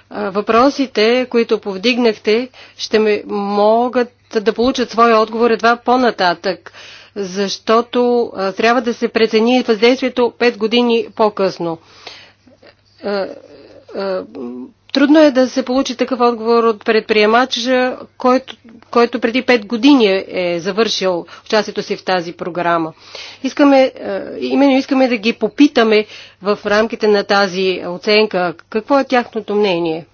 Въпросите, които повдигнахте, ще могат да получат своя отговор едва по-нататък, защото трябва да се прецени въздействието 5 години по-късно Трудно е да се получи такъв отговор от предприемач, който, който преди 5 години е завършил участието си в тази програма. Искаме, е, именно искаме да ги попитаме в рамките на тази оценка какво е тяхното мнение.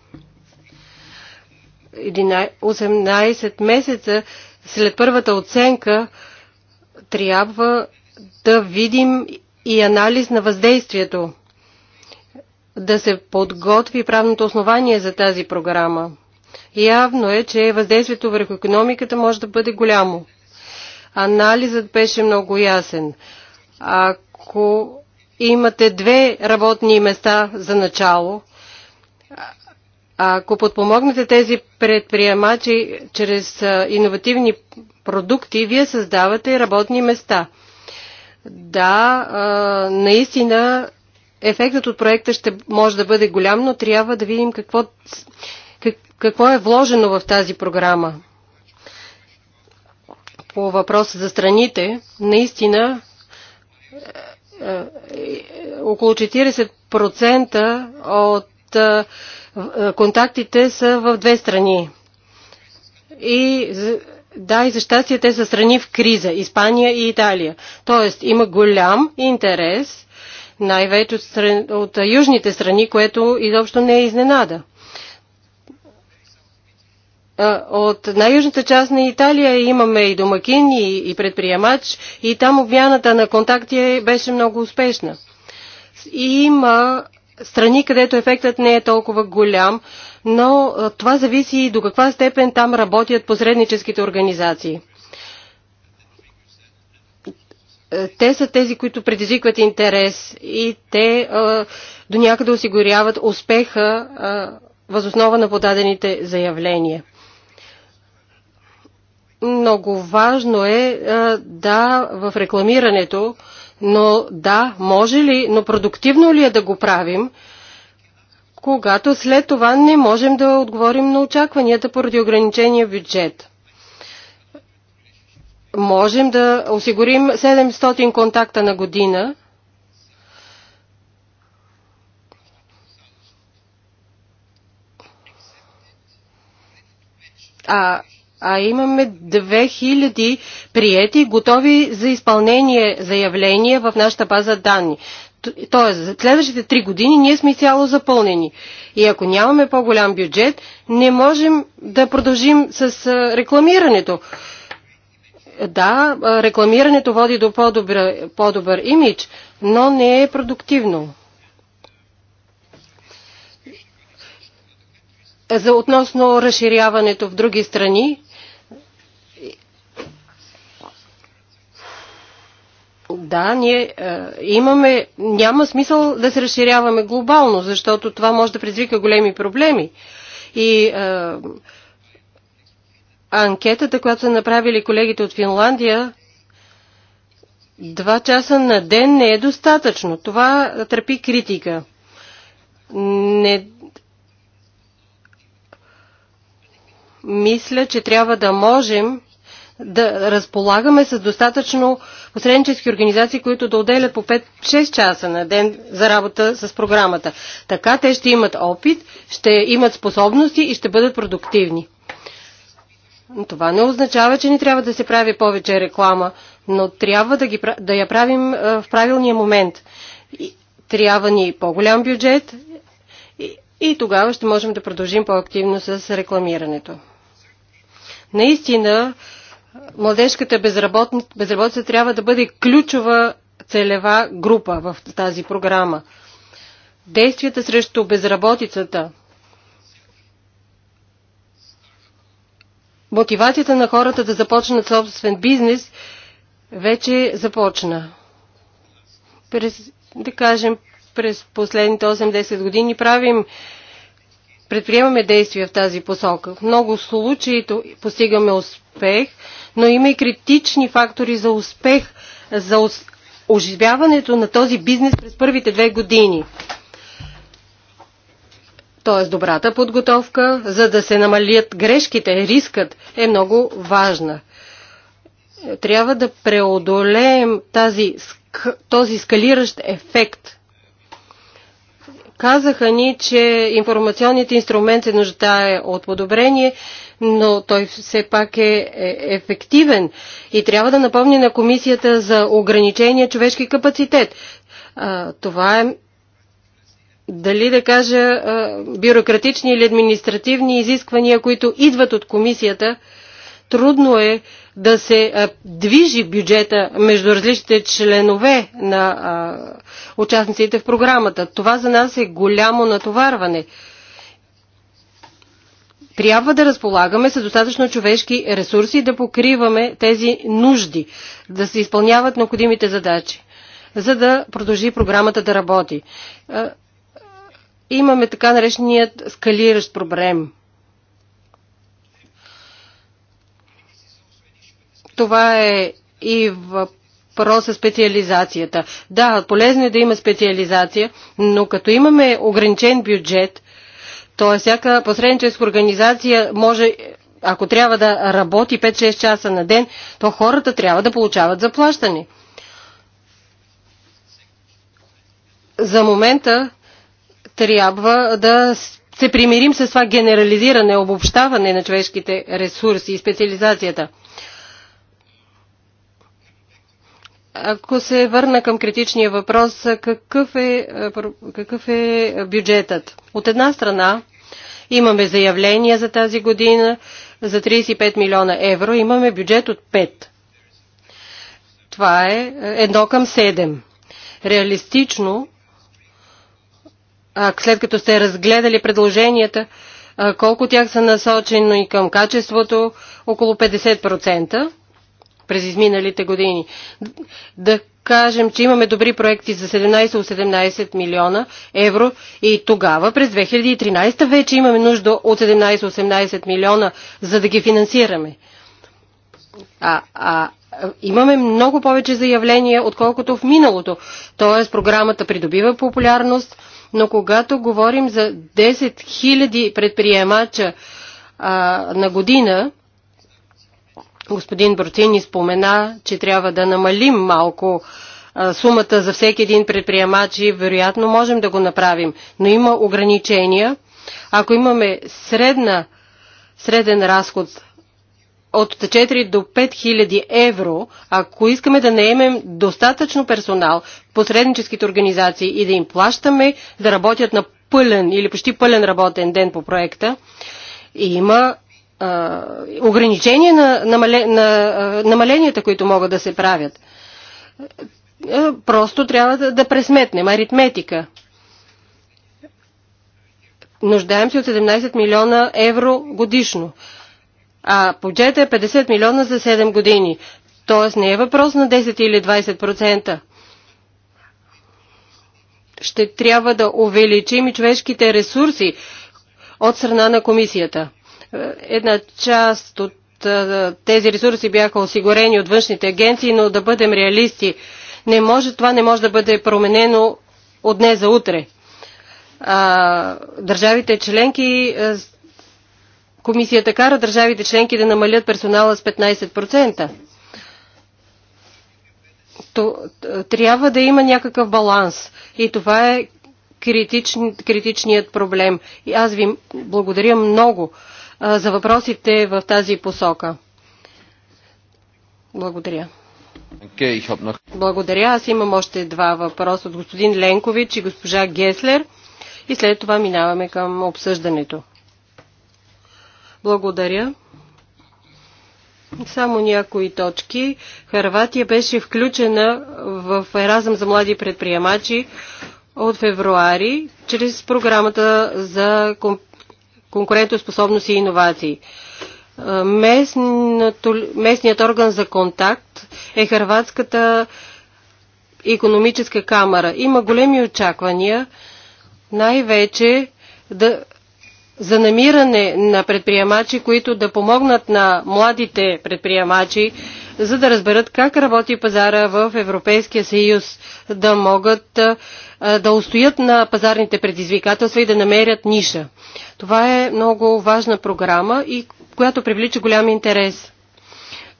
18 месеца след първата оценка трябва да видим и анализ на въздействието да се подготви правното основание за тази програма. Явно е, че въздействието върху економиката може да бъде голямо. Анализът беше много ясен. Ако имате две работни места за начало, ако подпомогнете тези предприемачи чрез иновативни продукти, вие създавате работни места. Да, наистина ефектът от проекта ще може да бъде голям, но трябва да видим какво, как, какво е вложено в тази програма. По въпроса за страните, наистина е, е, около 40% от е, контактите са в две страни. И да, и за щастие те са страни в криза Испания и Италия. Тоест има голям интерес най-вече от, стран, от южните страни, което изобщо не е изненада. От най-южната част на Италия имаме и домакин, и, и предприемач, и там обмяната на контакти е, беше много успешна. И Има страни, където ефектът не е толкова голям, но това зависи и до каква степен там работят посредническите организации. Е, те са тези, които предизвикват интерес и те е, до някъде осигуряват успеха е, възоснова на подадените заявления. Много важно е да в рекламирането, но да, може ли, но продуктивно ли е да го правим, когато след това не можем да отговорим на очакванията поради ограничения бюджет можем да осигурим 700 контакта на година. А, а имаме 2000 приети, готови за изпълнение заявления в нашата база данни. Тоест, за следващите 3 години ние сме цяло запълнени. И ако нямаме по-голям бюджет, не можем да продължим с рекламирането. Да, рекламирането води до по-добър, по-добър имидж, но не е продуктивно. За относно разширяването в други страни, Да, ние е, имаме. Няма смисъл да се разширяваме глобално, защото това може да предизвика големи проблеми. И е, анкетата, която са направили колегите от Финландия, два часа на ден не е достатъчно. Това търпи критика. Не... Мисля, че трябва да можем да разполагаме с достатъчно посреднически организации, които да отделят по 5-6 часа на ден за работа с програмата. Така те ще имат опит, ще имат способности и ще бъдат продуктивни. Това не означава, че ни трябва да се прави повече реклама, но трябва да, ги, да я правим е, в правилния момент. Трябва ни по-голям бюджет и, и тогава ще можем да продължим по-активно с рекламирането. Наистина, младежката безработица трябва да бъде ключова целева група в тази програма. Действията срещу безработицата – мотивацията на хората да започнат собствен бизнес вече започна. През, да кажем, през последните 8-10 години правим предприемаме действия в тази посока. В много случаи постигаме успех, но има и критични фактори за успех, за оживяването на този бизнес през първите две години т.е. добрата подготовка, за да се намалят грешките, рискът е много важна. Трябва да преодолеем тази, този скалиращ ефект. Казаха ни, че информационният инструмент се нуждае от подобрение, но той все пак е, е ефективен и трябва да напомни на комисията за ограничения човешки капацитет. Това е дали да кажа бюрократични или административни изисквания, които идват от комисията, трудно е да се движи бюджета между различните членове на участниците в програмата. Това за нас е голямо натоварване. Трябва да разполагаме с достатъчно човешки ресурси да покриваме тези нужди, да се изпълняват необходимите задачи, за да продължи програмата да работи имаме така нареченият скалиращ проблем. Това е и въпрос с специализацията. Да, полезно е да има специализация, но като имаме ограничен бюджет, т.е. всяка посредническа организация може, ако трябва да работи 5-6 часа на ден, то хората трябва да получават заплащане. За момента трябва да се примирим с това генерализиране, обобщаване на човешките ресурси и специализацията. Ако се върна към критичния въпрос, какъв е, какъв е бюджетът? От една страна имаме заявления за тази година за 35 милиона евро, имаме бюджет от 5. Това е едно към 7. Реалистично след като сте разгледали предложенията, колко тях са насочени и към качеството? Около 50% през изминалите години. Да кажем, че имаме добри проекти за 17-18 милиона евро и тогава през 2013 вече имаме нужда от 17-18 милиона, за да ги финансираме. А, а имаме много повече заявления, отколкото в миналото. Тоест програмата придобива популярност, но когато говорим за 10 000 предприемача а, на година, господин Борцини спомена, че трябва да намалим малко а, сумата за всеки един предприемач и вероятно можем да го направим, но има ограничения. Ако имаме средна, среден разход от 4 до 5 хиляди евро, ако искаме да наемем достатъчно персонал в посредническите организации и да им плащаме да работят на пълен или почти пълен работен ден по проекта, има а, ограничения на, намале, на а, намаленията, които могат да се правят. просто трябва да, да пресметнем аритметика. Нуждаем се от 17 милиона евро годишно а бюджета е 50 милиона за 7 години. Тоест не е въпрос на 10 или 20%. Ще трябва да увеличим и човешките ресурси от страна на комисията. Една част от тези ресурси бяха осигурени от външните агенции, но да бъдем реалисти, не може, това не може да бъде променено от днес за утре. А, държавите членки Комисията кара държавите членки да намалят персонала с 15%. То, трябва да има някакъв баланс и това е критич, критичният проблем. И аз ви благодаря много а, за въпросите в тази посока. Благодаря. Okay, благодаря. Аз имам още два въпроса от господин Ленкович и госпожа Геслер и след това минаваме към обсъждането. Благодаря. Само някои точки. Харватия беше включена в Еразъм за млади предприемачи от февруари чрез програмата за конкурентоспособност и иновации. Местният орган за контакт е Харватската економическа камера. Има големи очаквания най-вече да за намиране на предприемачи, които да помогнат на младите предприемачи, за да разберат как работи пазара в Европейския съюз, да могат да устоят на пазарните предизвикателства и да намерят ниша. Това е много важна програма и която привлича голям интерес.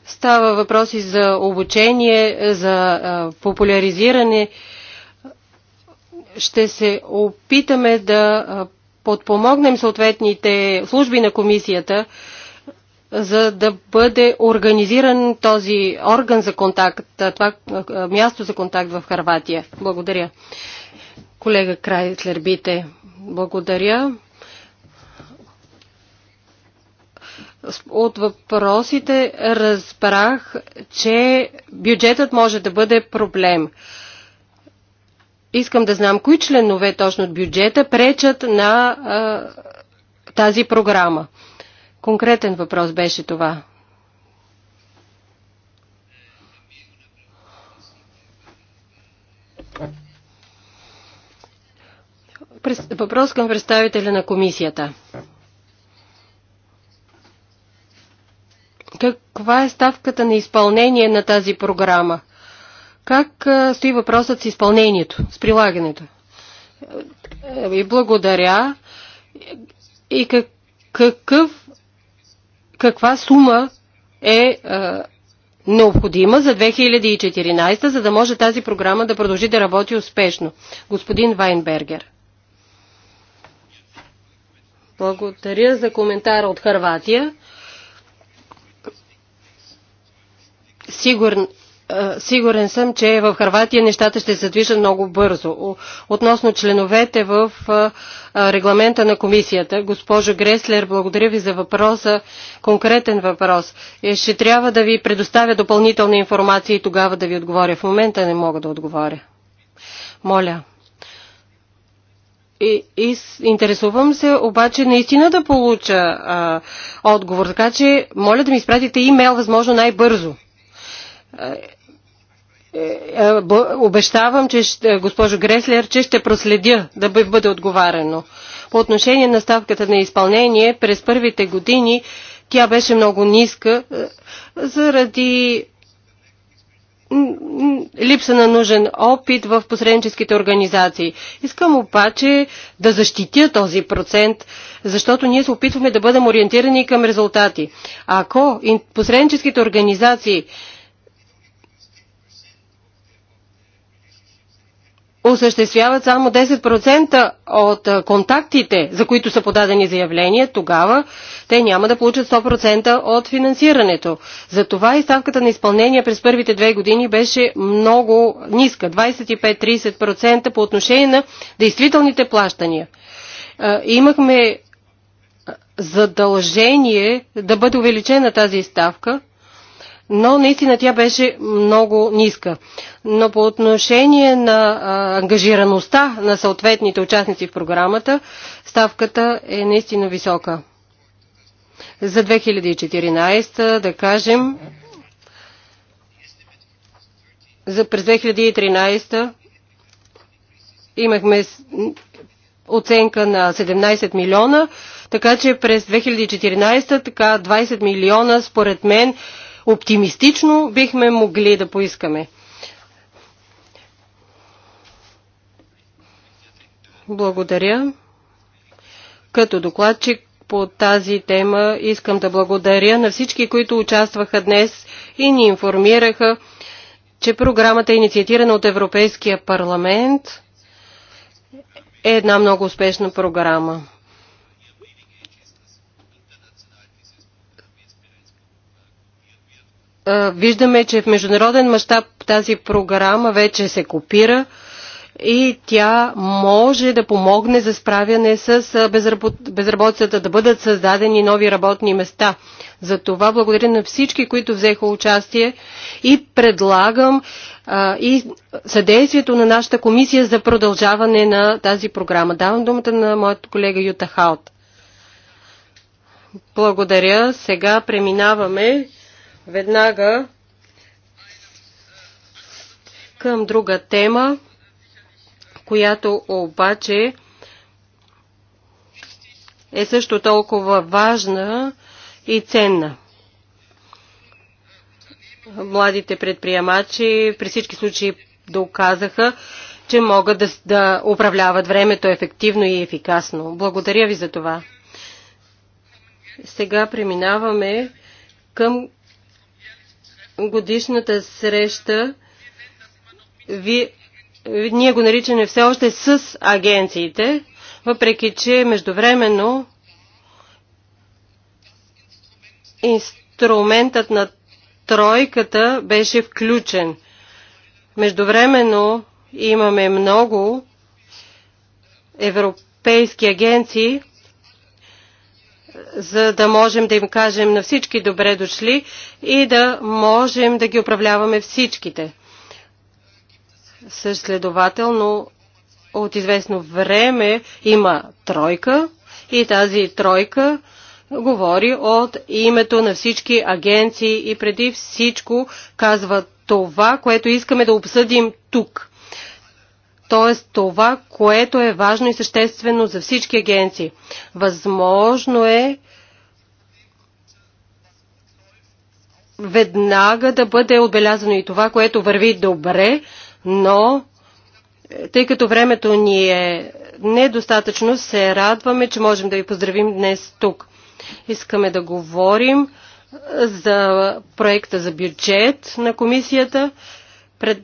Става въпроси за обучение, за популяризиране. Ще се опитаме да подпомогнем съответните служби на комисията, за да бъде организиран този орган за контакт, това място за контакт в Харватия. Благодаря. Колега Крайслер Бите, благодаря. От въпросите разбрах, че бюджетът може да бъде проблем искам да знам кои членове точно от бюджета пречат на а, тази програма. Конкретен въпрос беше това. Въпрос към представителя на комисията. Каква е ставката на изпълнение на тази програма? Как стои въпросът с изпълнението, с прилагането? Е, и благодаря. И как, какъв, каква сума е а, е, необходима за 2014, за да може тази програма да продължи да работи успешно? Господин Вайнбергер. Благодаря за коментара от Харватия. Сигурно. Сигурен съм, че в Харватия нещата ще се движат много бързо. Относно членовете в регламента на комисията, госпожо Греслер, благодаря ви за въпроса, конкретен въпрос. Е, ще трябва да ви предоставя допълнителна информация и тогава да ви отговоря. В момента не мога да отговоря. Моля. И, и интересувам се обаче наистина да получа а, отговор, така че моля да ми изпратите имейл възможно най-бързо е, е, е, обещавам, че ще, госпожо Греслер, че ще проследя да бъде отговарено. По отношение на ставката на изпълнение, през първите години тя беше много ниска е, заради липса на нужен опит в посредническите организации. Искам обаче да защитя този процент, защото ние се опитваме да бъдем ориентирани към резултати. Ако посредническите организации осъществяват само 10% от контактите, за които са подадени заявления, тогава те няма да получат 100% от финансирането. Затова и ставката на изпълнение през първите две години беше много ниска, 25-30% по отношение на действителните плащания. Имахме задължение да бъде увеличена тази ставка, но наистина тя беше много ниска. Но по отношение на а, ангажираността на съответните участници в програмата, ставката е наистина висока. За 2014, да кажем, за през 2013 имахме оценка на 17 милиона, така че през 2014 така 20 милиона според мен оптимистично бихме могли да поискаме. Благодаря. Като докладчик по тази тема искам да благодаря на всички, които участваха днес и ни информираха, че програмата е инициатирана от Европейския парламент е една много успешна програма. виждаме, че в международен мащаб тази програма вече се копира и тя може да помогне за справяне с безработицата, да бъдат създадени нови работни места. За това благодаря на всички, които взеха участие и предлагам а, и съдействието на нашата комисия за продължаване на тази програма. Давам думата на моят колега Юта Хаут. Благодаря. Сега преминаваме веднага към друга тема, която обаче е също толкова важна и ценна. Младите предприемачи при всички случаи доказаха, че могат да, да управляват времето ефективно и ефикасно. Благодаря ви за това. Сега преминаваме към годишната среща ви, ние го наричаме все още с агенциите, въпреки че междувременно инструментът на тройката беше включен. Междувременно имаме много европейски агенции, за да можем да им кажем на всички добре дошли и да можем да ги управляваме всичките. Следователно, от известно време има тройка и тази тройка говори от името на всички агенции и преди всичко казва това, което искаме да обсъдим тук т.е. това, което е важно и съществено за всички агенции. Възможно е веднага да бъде отбелязано и това, което върви добре, но е, тъй като времето ни е недостатъчно, се радваме, че можем да ви поздравим днес тук. Искаме да говорим е, за проекта за бюджет на комисията. Пред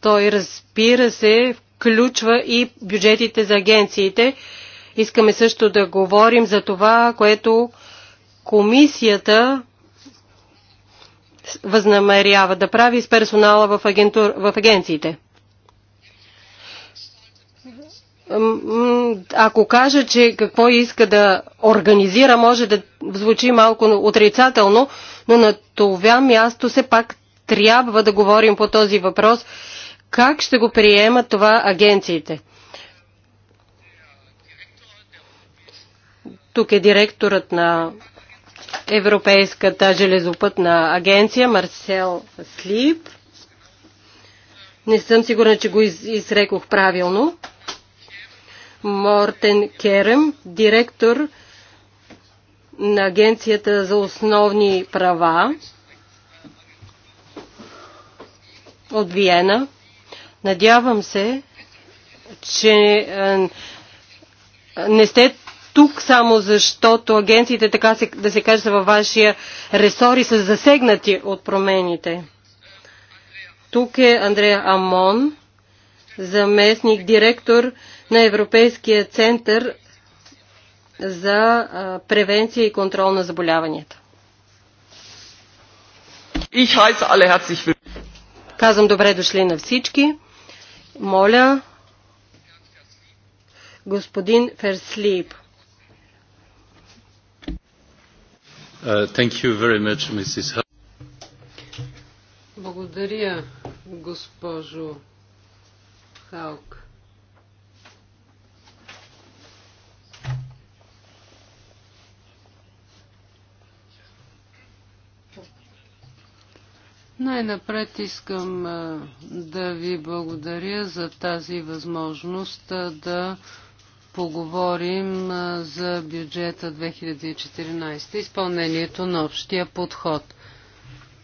той разбира се включва и бюджетите за агенциите. Искаме също да говорим за това, което комисията възнамерява да прави с персонала в, агентур, в агенциите. Ако кажа, че какво иска да организира, може да звучи малко отрицателно, но на това място все пак трябва да говорим по този въпрос как ще го приемат това агенциите? Тук е директорът на Европейската железопътна агенция Марсел Слип. Не съм сигурна, че го изрекох правилно. Мортен Керем, директор на Агенцията за основни права от Виена. Надявам се, че е, не сте тук само защото агенциите, така се, да се каже, са във вашия ресор и са засегнати от промените. Тук е Андрея Амон, заместник директор на Европейския център за превенция и контрол на заболяванията. Ich heiße alle herzlich Казвам добре дошли на всички. Моля, господин Ферслип. Uh, much, Благодаря, госпожо Халк. Най-напред искам да ви благодаря за тази възможност да поговорим за бюджета 2014, изпълнението на общия подход.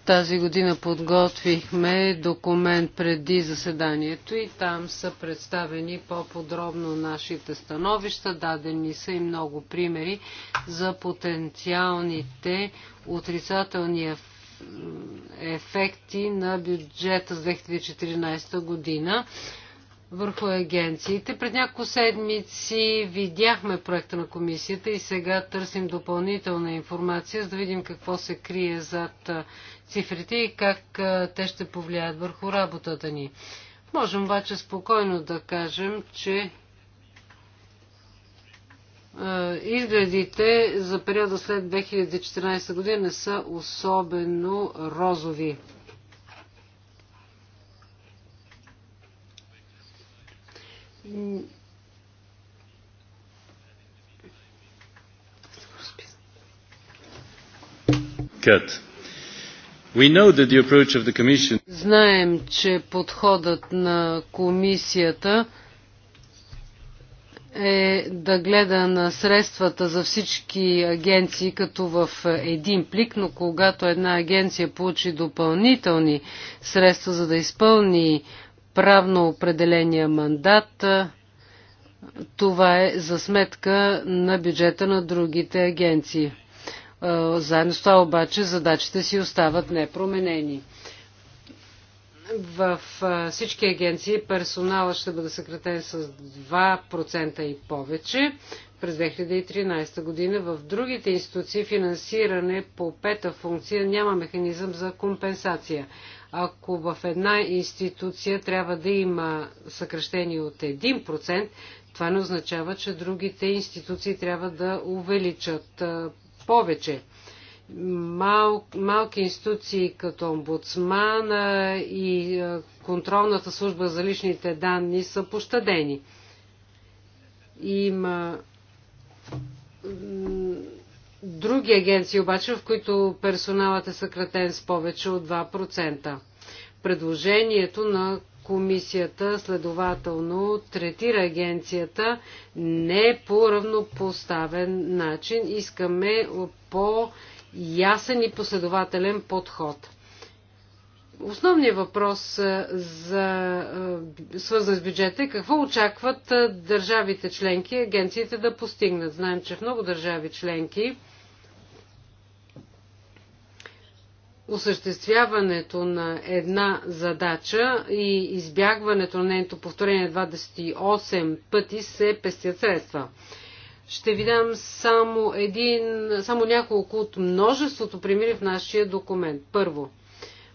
Тази година подготвихме документ преди заседанието и там са представени по-подробно нашите становища. Дадени са и много примери за потенциалните отрицателни ефекти ефекти на бюджета с 2014 година върху агенциите. Пред няколко седмици видяхме проекта на комисията и сега търсим допълнителна информация, за да видим какво се крие зад цифрите и как те ще повлияят върху работата ни. Можем обаче спокойно да кажем, че е, изгледите за периода след 2014 година не са особено розови. Cut. Знаем, че подходът на комисията е да гледа на средствата за всички агенции като в един плик, но когато една агенция получи допълнителни средства за да изпълни правно определения мандат, е, това е за сметка на бюджета на другите агенции. Е, заедно с това обаче задачите си остават непроменени в всички агенции персонала ще бъде съкратен с 2% и повече през 2013 година. В другите институции финансиране по пета функция няма механизъм за компенсация. Ако в една институция трябва да има съкръщение от 1%, това не означава, че другите институции трябва да увеличат повече мал, малки институции като омбудсмана и е, контролната служба за личните данни са пощадени. Има други агенции обаче, в които персоналът е съкратен с повече от 2%. Предложението на комисията следователно третира агенцията не по равнопоставен начин. Искаме по ясен и последователен подход. Основният въпрос, за, свързан с бюджета, е какво очакват държавите членки, агенциите да постигнат. Знаем, че в много държави членки осъществяването на една задача и избягването на нейното повторение 28 пъти се пестят средства. Ще ви дам само, един, само няколко от множеството примери в нашия документ. Първо,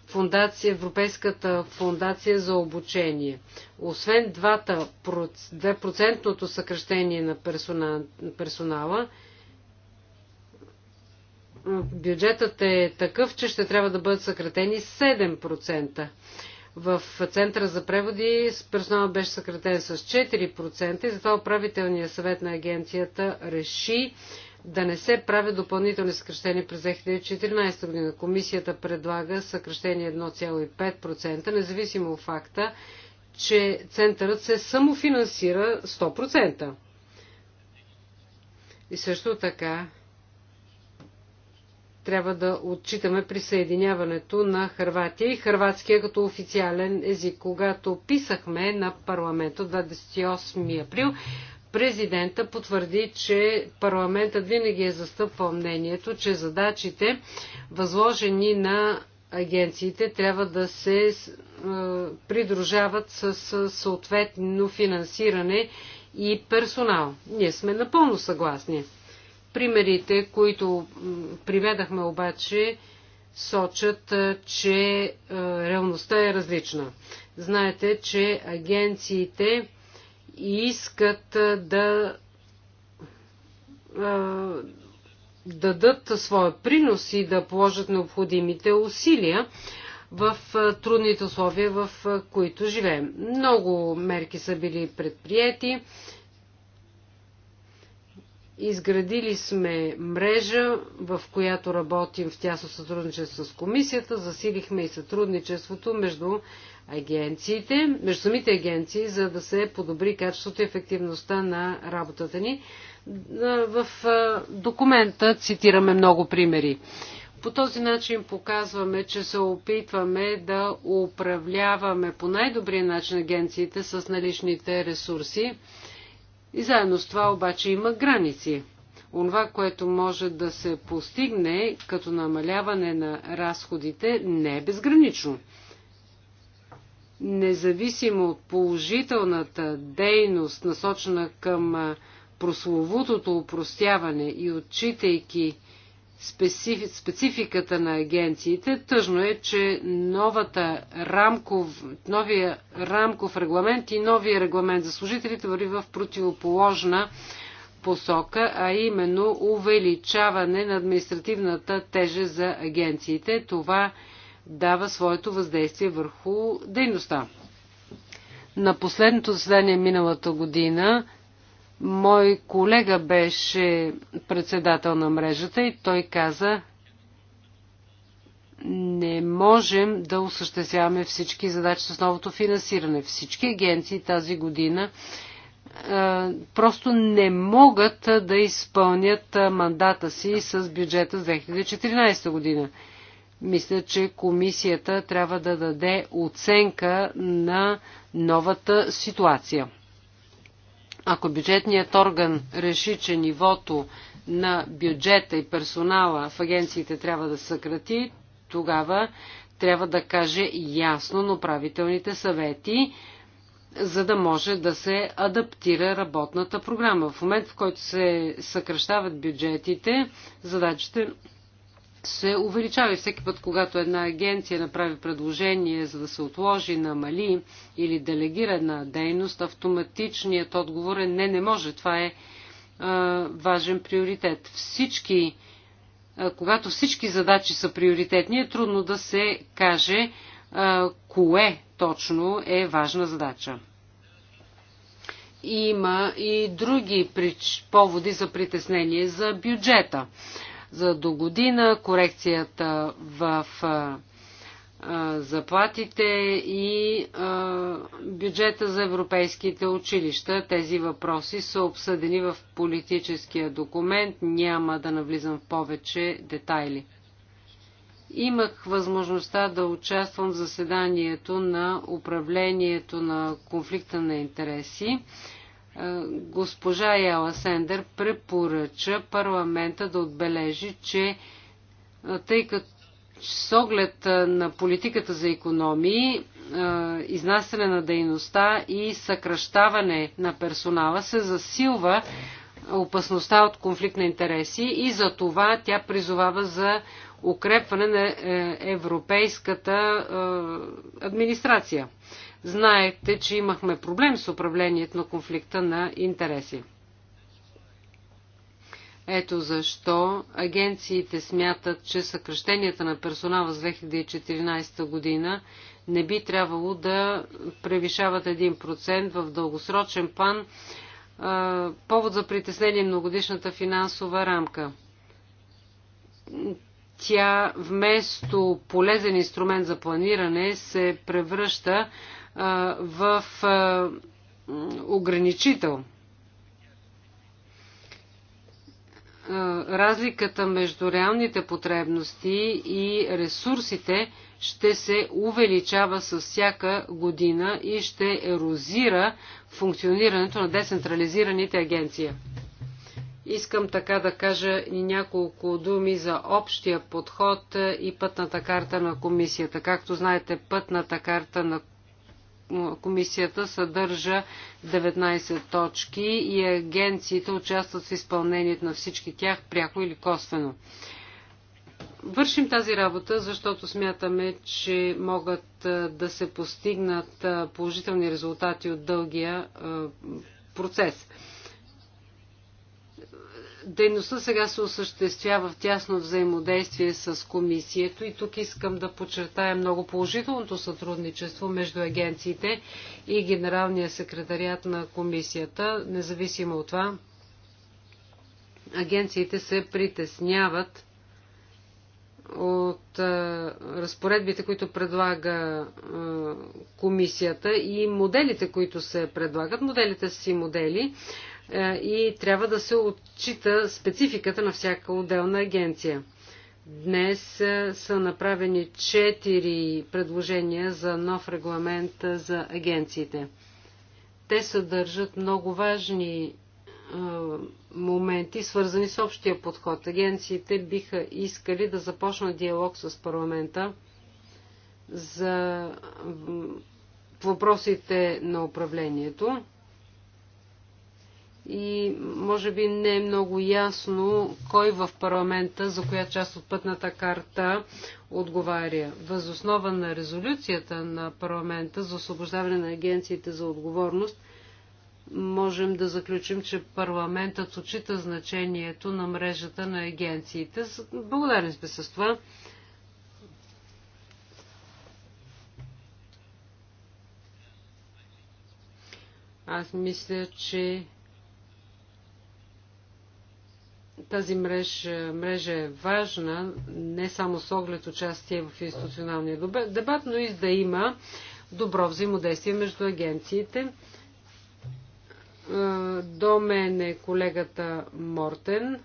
фундация, Европейската фундация за обучение. Освен 2% съкръщение на персонала бюджетът е такъв, че ще трябва да бъдат съкратени 7% в Центъра за преводи персонал беше съкратен с 4% и затова управителният съвет на агенцията реши да не се правят допълнителни съкрещения през 2014 година. Комисията предлага съкрещение 1,5%, независимо от факта, че центърът се самофинансира 100%. И също така трябва да отчитаме присъединяването на Харватия и хърватския като официален език. Когато писахме на парламента 28 април, президента потвърди, че парламентът винаги е застъпвал мнението, че задачите, възложени на агенциите, трябва да се е, придружават с съответно финансиране и персонал. Ние сме напълно съгласни. Примерите, които приведахме обаче, сочат, че реалността е различна. Знаете, че агенциите искат да дадат своя принос и да положат необходимите усилия в трудните условия, в които живеем. Много мерки са били предприяти. Изградили сме мрежа, в която работим в тясно сътрудничество с комисията. Засилихме и сътрудничеството между агенциите, между самите агенции, за да се подобри качеството и ефективността на работата ни. В документа цитираме много примери. По този начин показваме, че се опитваме да управляваме по най-добрия начин агенциите с наличните ресурси и заедно с това обаче има граници. Онова, което може да се постигне като намаляване на разходите, не е безгранично. Независимо от положителната дейност, насочена към прословутото упростяване и отчитайки специфи, спецификата на агенциите. Тъжно е, че новата рамков, новия рамков регламент и новия регламент за служителите върви в противоположна посока, а именно увеличаване на административната теже за агенциите. Това дава своето въздействие върху дейността. На последното заседание миналата година Мой колега беше председател на мрежата и той каза, не можем да осъществяваме всички задачи с новото финансиране. Всички агенции тази година е, просто не могат е, да изпълнят е, мандата си с бюджета за 2014 година. Мисля, че комисията трябва да даде оценка на новата ситуация. Ако бюджетният орган реши, че нивото на бюджета и персонала в агенциите трябва да съкрати, тогава трябва да каже ясно на управителните съвети, за да може да се адаптира работната програма. В момент, в който се съкръщават бюджетите, задачите се увеличава и всеки път, когато една агенция направи предложение за да се отложи, намали или делегира една дейност, автоматичният отговор е не, не може. Това е а, важен приоритет. Всички, а, когато всички задачи са приоритетни, е трудно да се каже а, кое точно е важна задача. Има и други поводи за притеснение за бюджета. А, за до година, корекцията в заплатите и бюджета за европейските училища. Тези въпроси са обсъдени в политическия документ. Няма да навлизам в повече детайли. Имах възможността да участвам в заседанието на управлението на конфликта на интереси Госпожа Яла Сендер препоръча парламента да отбележи, че тъй като с оглед на политиката за економии, изнасяне на дейността и съкръщаване на персонала се засилва опасността от конфликт на интереси и за това тя призовава за укрепване на е, европейската администрация. Знаете, че имахме проблем с управлението на конфликта на интереси. Ето защо агенциите смятат, че съкръщенията на персонала с 2014 година не би трябвало да превишават 1% в дългосрочен план. Повод за притеснение многодишната финансова рамка. Тя вместо полезен инструмент за планиране се превръща в ограничител. Разликата между реалните потребности и ресурсите ще се увеличава с всяка година и ще ерозира функционирането на децентрализираните агенции. Искам така да кажа и няколко думи за общия подход и пътната карта на комисията. Както знаете, пътната карта на комисията съдържа 19 точки и агенциите участват в изпълнението на всички тях пряко или косвено. Вършим тази работа, защото смятаме, че могат да се постигнат положителни резултати от дългия процес. Дейността сега се осъществява в тясно взаимодействие с комисието и тук искам да подчертая много положителното сътрудничество между агенциите и Генералния секретариат на комисията. Независимо от това, агенциите се притесняват от а, разпоредбите, които предлага а, комисията и моделите, които се предлагат. Моделите са си модели. Е, и трябва да се отчита спецификата на всяка отделна агенция. Днес е, са направени четири предложения за нов регламент е, за агенциите. Те съдържат много важни моменти, свързани с общия подход. Агенциите биха искали да започнат диалог с парламента за въпросите на управлението и може би не е много ясно кой в парламента за коя част от пътната карта отговаря. Възоснова на резолюцията на парламента за освобождаване на агенциите за отговорност можем да заключим, че парламентът отчита значението на мрежата на агенциите. Благодарен сме с това. Аз мисля, че тази мрежа, е, мрежа е важна не само с оглед участие в институционалния дебат, но и да има добро взаимодействие между агенциите. Е, до мен е колегата Мортен.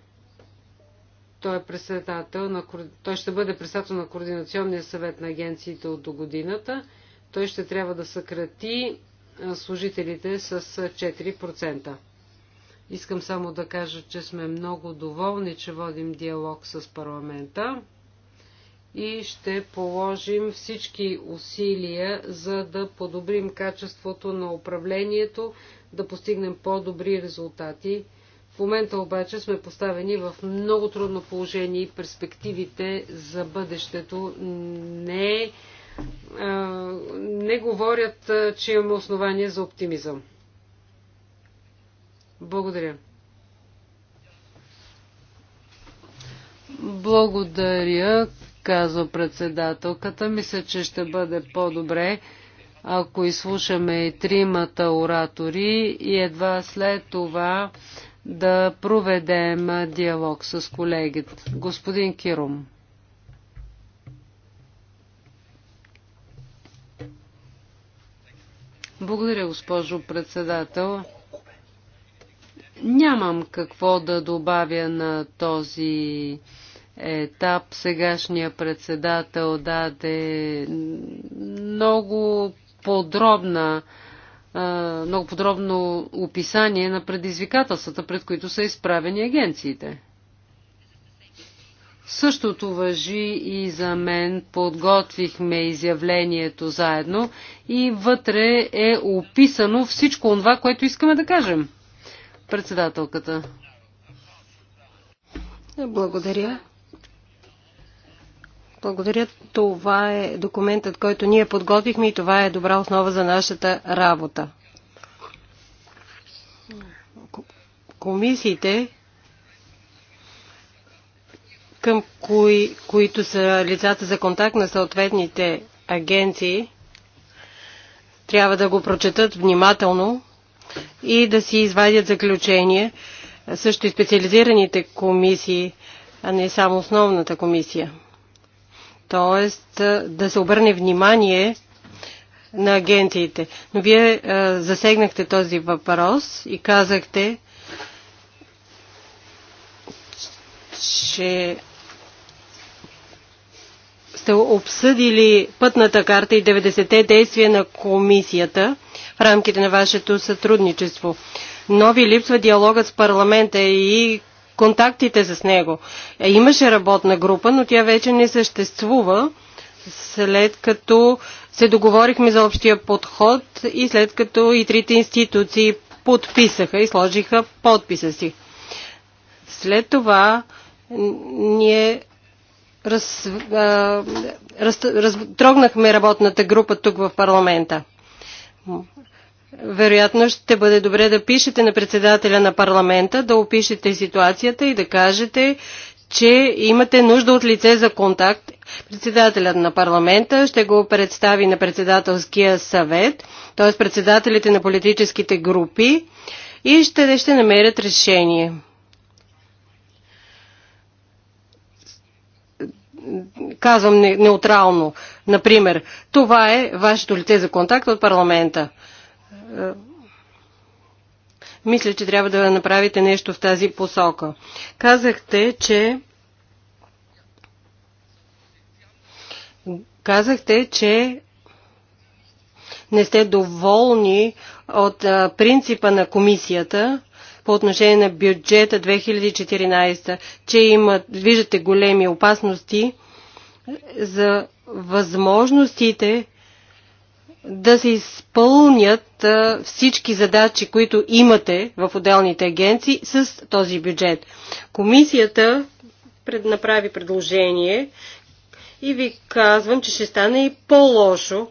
Той, е председател на, той ще бъде председател на Координационния съвет на агенциите от до годината. Той ще трябва да съкрати е, служителите с 4%. Искам само да кажа, че сме много доволни, че водим диалог с парламента и ще положим всички усилия, за да подобрим качеството на управлението, да постигнем по-добри резултати. В момента обаче сме поставени в много трудно положение и перспективите за бъдещето не, не говорят, че имаме основания за оптимизъм. Благодаря. Благодаря, казва председателката. Мисля, че ще бъде по-добре, ако изслушаме и тримата оратори и едва след това да проведем диалог с колегите. Господин Кирум. Благодаря, госпожо председател. Нямам какво да добавя на този етап. Сегашния председател даде много подробна много подробно описание на предизвикателствата, пред които са изправени агенциите. Същото въжи и за мен. Подготвихме изявлението заедно и вътре е описано всичко това, което искаме да кажем. Председателката. Благодаря. Благодаря. Това е документът, който ние подготвихме и това е добра основа за нашата работа. Комисиите, към кои, които са лицата за контакт на съответните агенции, трябва да го прочетат внимателно и да си извадят заключение. Също и специализираните комисии, а не само основната комисия. Тоест да се обърне внимание на агенциите. Но вие а, засегнахте този въпрос и казахте, че сте обсъдили пътната карта и 90-те действия на комисията в рамките на вашето сътрудничество. Нови липсва диалогът с парламента и контактите с него. Е, имаше работна група, но тя вече не съществува след като се договорихме за общия подход и след като и трите институции подписаха и сложиха подписа си. След това ние раз, раз, раз, трогнахме работната група тук в парламента. Вероятно ще бъде добре да пишете на председателя на парламента, да опишете ситуацията и да кажете, че имате нужда от лице за контакт. Председателят на парламента ще го представи на председателския съвет, т.е. председателите на политическите групи и ще, ще намерят решение. казвам не, неутрално. Например, това е вашето лице за контакт от парламента. Е, мисля, че трябва да направите нещо в тази посока. Казахте, че казахте, че не сте доволни от принципа на комисията по отношение на бюджета 2014, че имат, виждате големи опасности за възможностите да се изпълнят всички задачи, които имате в отделните агенции с този бюджет. Комисията пред, направи предложение и ви казвам, че ще стане и по-лошо,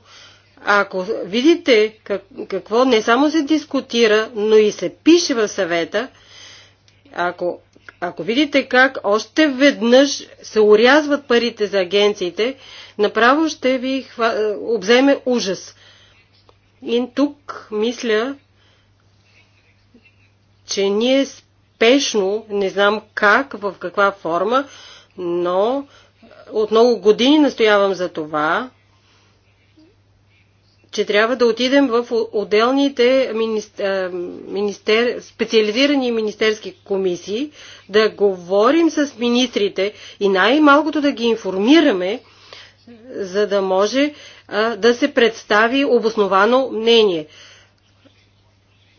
ако видите как, какво не само се дискутира, но и се пише в съвета, ако, ако видите как още веднъж се урязват парите за агенциите, направо ще ви хва... обземе ужас. И тук мисля, че ние спешно, не знам как, в каква форма, но от много години настоявам за това, че трябва да отидем в отделните министер, специализирани министерски комисии, да говорим с министрите и най-малкото да ги информираме, за да може да се представи обосновано мнение.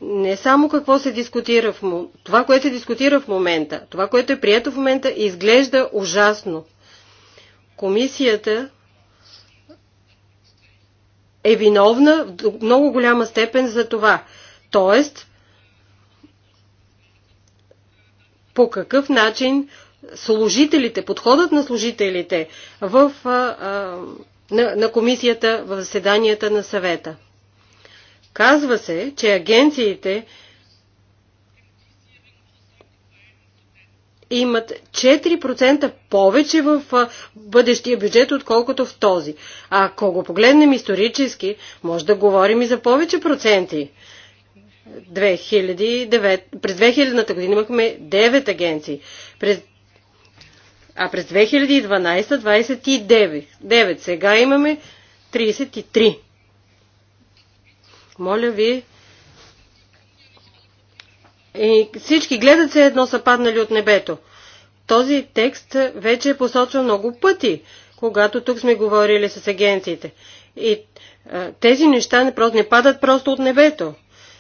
Не само какво се дискутира в това, което се дискутира в момента, това, което е прието в момента, изглежда ужасно. Комисията е виновна в много голяма степен за това. Тоест, по какъв начин служителите, подходът на служителите в, а, а, на, на комисията в заседанията на съвета. Казва се, че агенциите имат 4% повече в бъдещия бюджет, отколкото в този. А ако го погледнем исторически, може да говорим и за повече проценти. 2009, през 2000-та година имахме 9 агенции, през, а през 2012 29. 9. Сега имаме 33. Моля ви, и всички гледат се едно са паднали от небето. Този текст вече е посочен много пъти, когато тук сме говорили с агенциите. И а, тези неща не, просто, не падат просто от небето.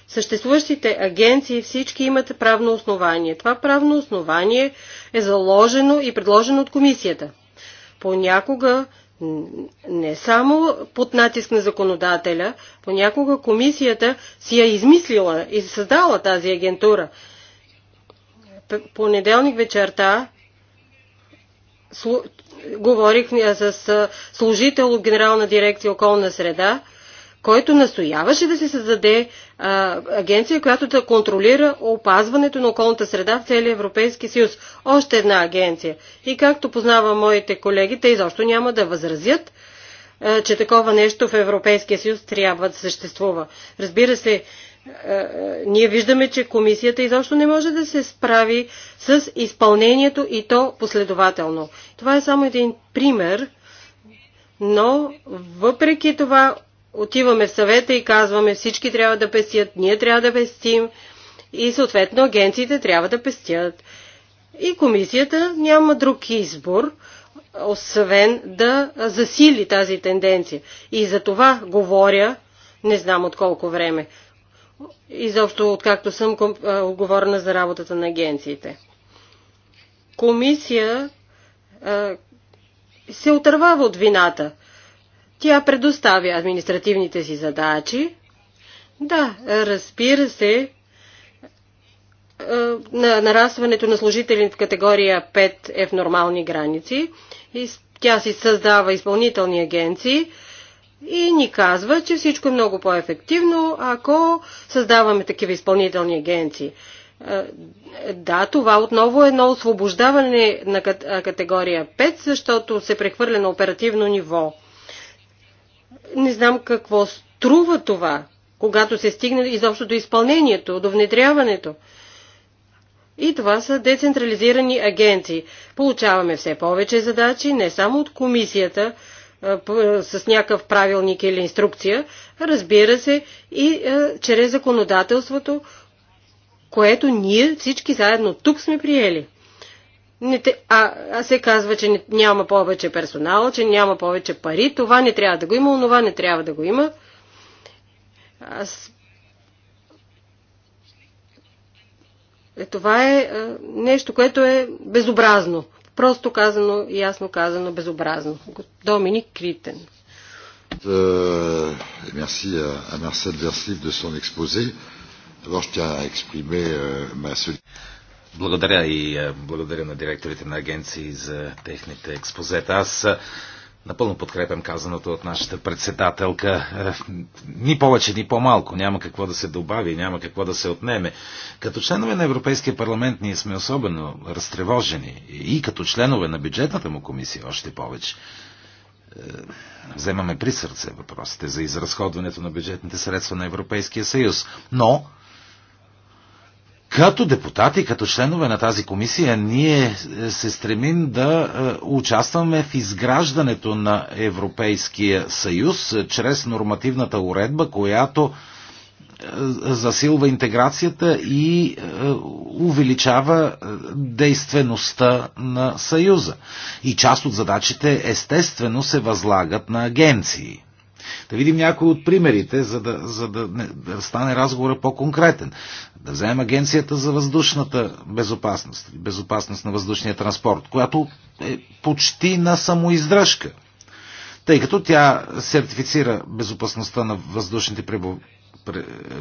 Съществуващите агенции всички имат правно основание. Това правно основание е заложено и предложено от комисията. Понякога не само под натиск на законодателя, понякога комисията си я измислила и създала тази агентура. Понеделник вечерта слу... говорих с служител от Генерална дирекция околна среда, който настояваше да се създаде а, агенция, която да контролира опазването на околната среда в целия Европейски съюз. Още една агенция. И както познава моите колеги, те изобщо няма да възразят, а, че такова нещо в Европейския съюз трябва да съществува. Разбира се, ние виждаме, че комисията изобщо не може да се справи с изпълнението и то последователно. Това е само един пример, но въпреки това отиваме в съвета и казваме всички трябва да пестят, ние трябва да пестим и съответно агенциите трябва да пестят. И комисията няма друг избор, освен да засили тази тенденция. И за това говоря, не знам от колко време, изобщо откакто съм отговорна за работата на агенциите. Комисия се отървава от вината – тя предоставя административните си задачи. Да, разбира се, е, на нарастването на служители в категория 5 е в нормални граници. И тя си създава изпълнителни агенции и ни казва, че всичко е много по-ефективно, ако създаваме такива изпълнителни агенции. Е, да, това отново е едно освобождаване на категория 5, защото се прехвърля на оперативно ниво. Не знам какво струва това, когато се стигне изобщо до изпълнението, до внедряването. И това са децентрализирани агенции. Получаваме все повече задачи, не само от комисията, с някакъв правилник или инструкция, разбира се, и чрез законодателството, което ние всички заедно тук сме приели не те, а, а се казва, че не, няма повече персонал, че няма повече пари, това не трябва да го има, онова не трябва да го има. Аз... Е, това е, е нещо, което е безобразно. Просто казано, ясно казано, безобразно. Доминик Критен. Мерси merci à, à Marcel Versif Аз ще exposé. Благодаря и е, благодаря на директорите на агенции за техните експозета. Аз е, напълно подкрепям казаното от нашата председателка. Е, ни повече, ни по-малко. Няма какво да се добави, няма какво да се отнеме. Като членове на Европейския парламент ние сме особено разтревожени. И като членове на бюджетната му комисия още повече. Вземаме при сърце въпросите за изразходването на бюджетните средства на Европейския съюз. Но като депутати, като членове на тази комисия, ние е, се стремим да е, участваме в изграждането на Европейския съюз е, чрез нормативната уредба, която засилва интеграцията и увеличава действеността на Съюза. И част от задачите естествено се възлагат на агенции. Да видим някои от примерите, за да, за да, не, да стане разговора по-конкретен. Да вземем Агенцията за въздушната безопасност, безопасност на въздушния транспорт, която е почти на самоиздръжка. Тъй като тя сертифицира безопасността на въздушните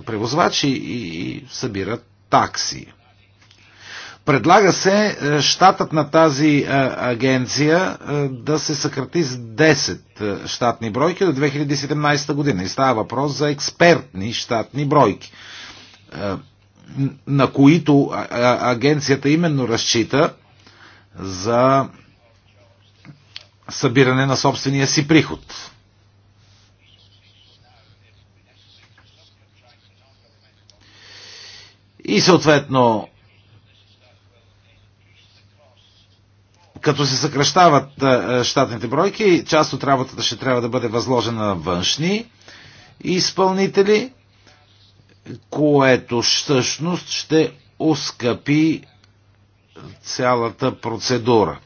превозвачи и, и събира такси. Предлага се е, щатът на тази е, агенция е, да се съкрати с 10 щатни бройки до 2017 година. И става въпрос за експертни щатни бройки, на които агенцията именно разчита за събиране на собствения си приход. И съответно Като се съкръщават щатните бройки, част от работата ще трябва да бъде възложена на външни изпълнители, което всъщност ще оскъпи цялата процедура.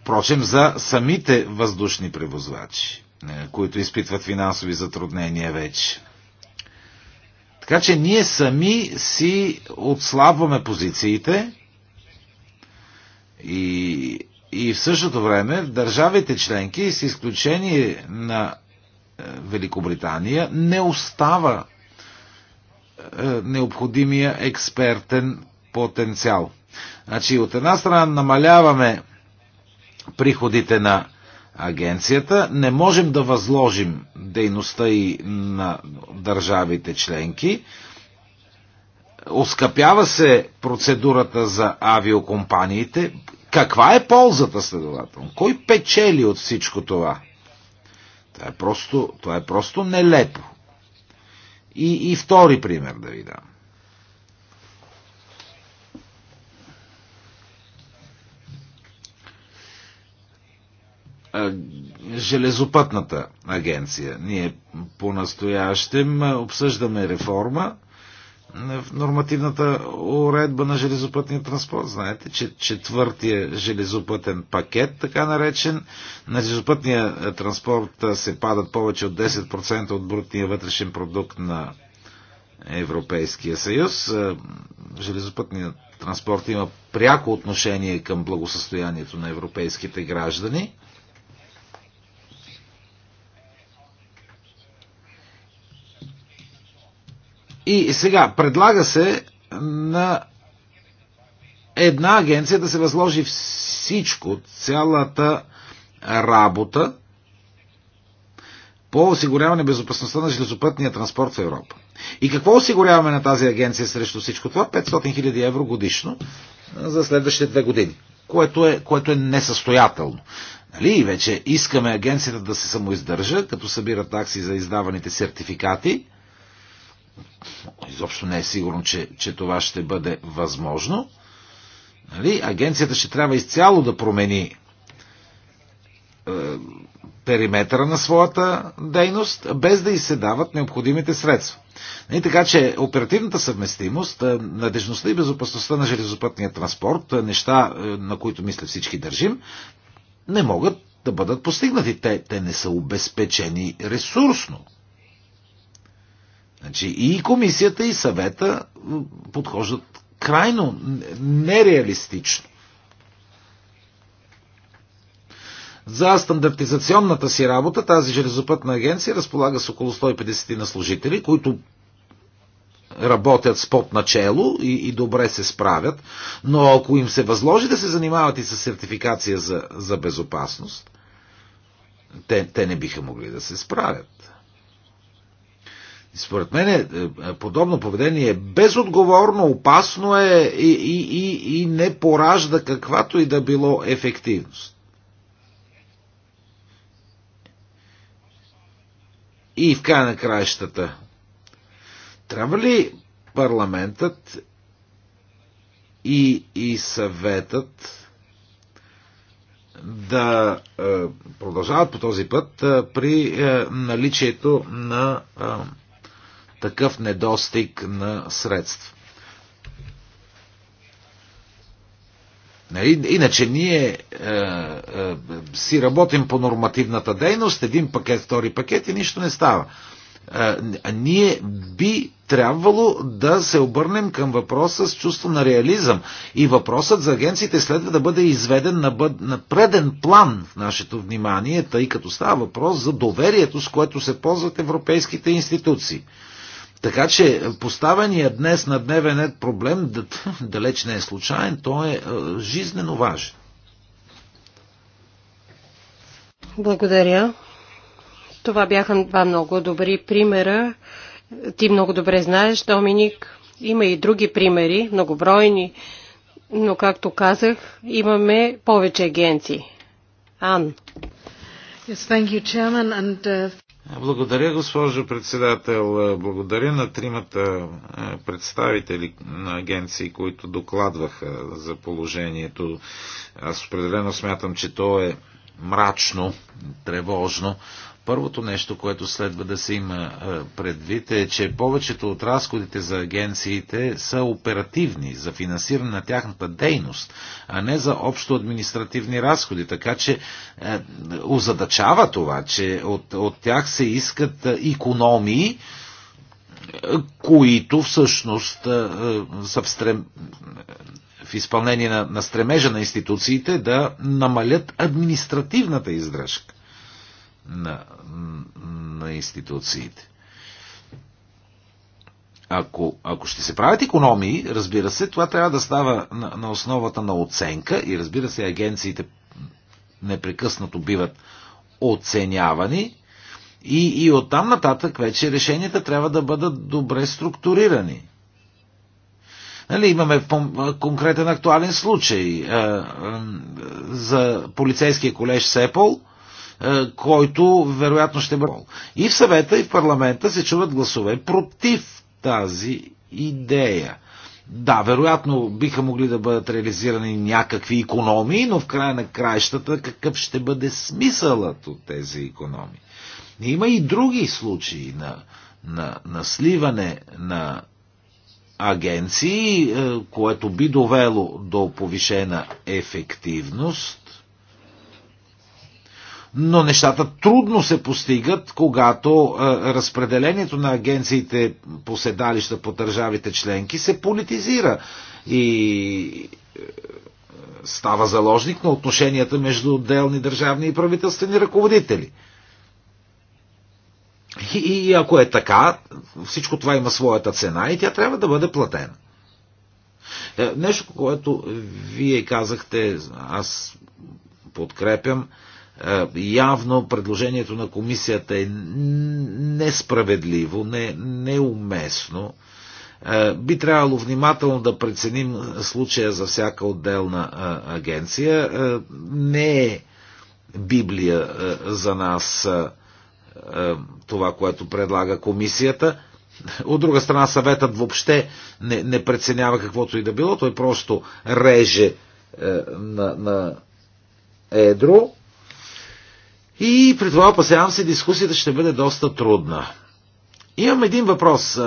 Впрочем, за самите въздушни превозвачи, е, които изпитват финансови затруднения вече. Така че ние сами си отслабваме позициите, и, и в същото време в държавите членки, с изключение на е, Великобритания, не остава е, необходимия експертен потенциал. Значи от една страна намаляваме приходите на агенцията, не можем да възложим дейността и на държавите членки, оскъпява се процедурата за авиокомпаниите, каква е ползата, следователно? Кой печели от всичко това? Това е просто, това е просто нелепо. И, и втори пример да ви дам. Железопътната агенция. Ние по-настоящем обсъждаме реформа, в нормативната уредба на железопътния транспорт. Знаете, че четвъртия железопътен пакет, така наречен, на железопътния е, транспорт е, се падат повече от 10% от брутния вътрешен продукт на Европейския съюз. Е, железопътният транспорт има пряко отношение към благосъстоянието на европейските граждани. И сега, предлага се на една агенция да се възложи всичко, цялата работа по осигуряване безопасността на железопътния транспорт в Европа. И какво осигуряваме на тази агенция срещу всичко това? 500 000 евро годишно за следващите две години, което е, което е несъстоятелно. Нали? И вече искаме агенцията да се самоиздържа, като събира такси за издаваните сертификати, Изобщо не е сигурно, че, че това ще бъде възможно. Нали? Агенцията ще трябва изцяло да промени е, периметъра на своята дейност, без да й се дават необходимите средства. И нали? така че оперативната съвместимост, е, надежността и безопасността на железопътния транспорт, е, неща, е, на които мисля всички държим, не могат да бъдат постигнати. Те, те не са обезпечени ресурсно. Значи и комисията, и съвета подхождат крайно нереалистично. За стандартизационната си работа тази железопътна агенция разполага с около 150 на служители, които работят с под начало и, и добре се справят, но ако им се възложи да се занимават и с сертификация за, за безопасност, те, те не биха могли да се справят. Според мен е, е, е, подобно поведение е безотговорно, опасно е и, и, и, и не поражда каквато и да било ефективност. И в края на краищата. Трябва ли парламентът и, и съветът да продължават по този път при наличието на такъв недостиг на средства. Нали, иначе ние е, е, си работим по нормативната дейност, един пакет, втори пакет и нищо не става. Е, ние би трябвало да се обърнем към въпроса с чувство на реализъм. И въпросът за агенциите следва да бъде изведен на, бъд, на преден план в нашето внимание, тъй като става въпрос за доверието, с което се ползват европейските институции. Така че поставения днес на дневен ред проблем далеч не е случайен, то е, е жизнено важен. Благодаря. Това бяха два много добри примера. Ти много добре знаеш, Доминик. Има и други примери, многобройни, но както казах, имаме повече агенции. Ан. Yes, thank you, Chairman, and, uh... Благодаря, госпожо председател. Благодаря на тримата е, представители на агенции, които докладваха за положението. Аз определено смятам, че то е мрачно, тревожно, Първото нещо, което следва да се има е, предвид е, че повечето от разходите за агенциите са оперативни за финансиране на тяхната дейност, а не за общо административни разходи. Така че е, озадачава това, че от, от тях се искат економии, е, които всъщност е, е, са в, стрем... в изпълнение на, на стремежа на институциите да намалят административната издръжка на на институциите. Ако, ако ще се правят економии, разбира се, това трябва да става на, на основата на оценка и разбира се, агенциите непрекъснато биват оценявани и, и оттам нататък вече решенията трябва да бъдат добре структурирани. Нали, имаме конкретен актуален случай за полицейския колеж Сепол – е, който вероятно ще бъде. И в съвета, и в парламента се чуват гласове против тази идея. Да, вероятно биха могли да бъдат реализирани някакви економии, но в края на краищата какъв ще бъде смисълът от тези економии? Има и други случаи на, на, на сливане на агенции, е, което би довело до повишена ефективност но нещата трудно се постигат, когато е, разпределението на агенциите по седалища по държавите членки се политизира и е, става заложник на отношенията между отделни държавни и правителствени ръководители. И, и ако е така, всичко това има своята цена и тя трябва да бъде платена. Е, нещо, което вие казахте, аз подкрепям, е, явно предложението на комисията е несправедливо, не, неуместно. Е, би трябвало внимателно да преценим случая за всяка отделна е, агенция. Не е Библия за нас това, което предлага комисията. От друга страна, съветът въобще не, не преценява каквото и да било. Той просто реже на, на едро и при това опасявам се, дискусията ще бъде доста трудна. Имам един въпрос. Е, е,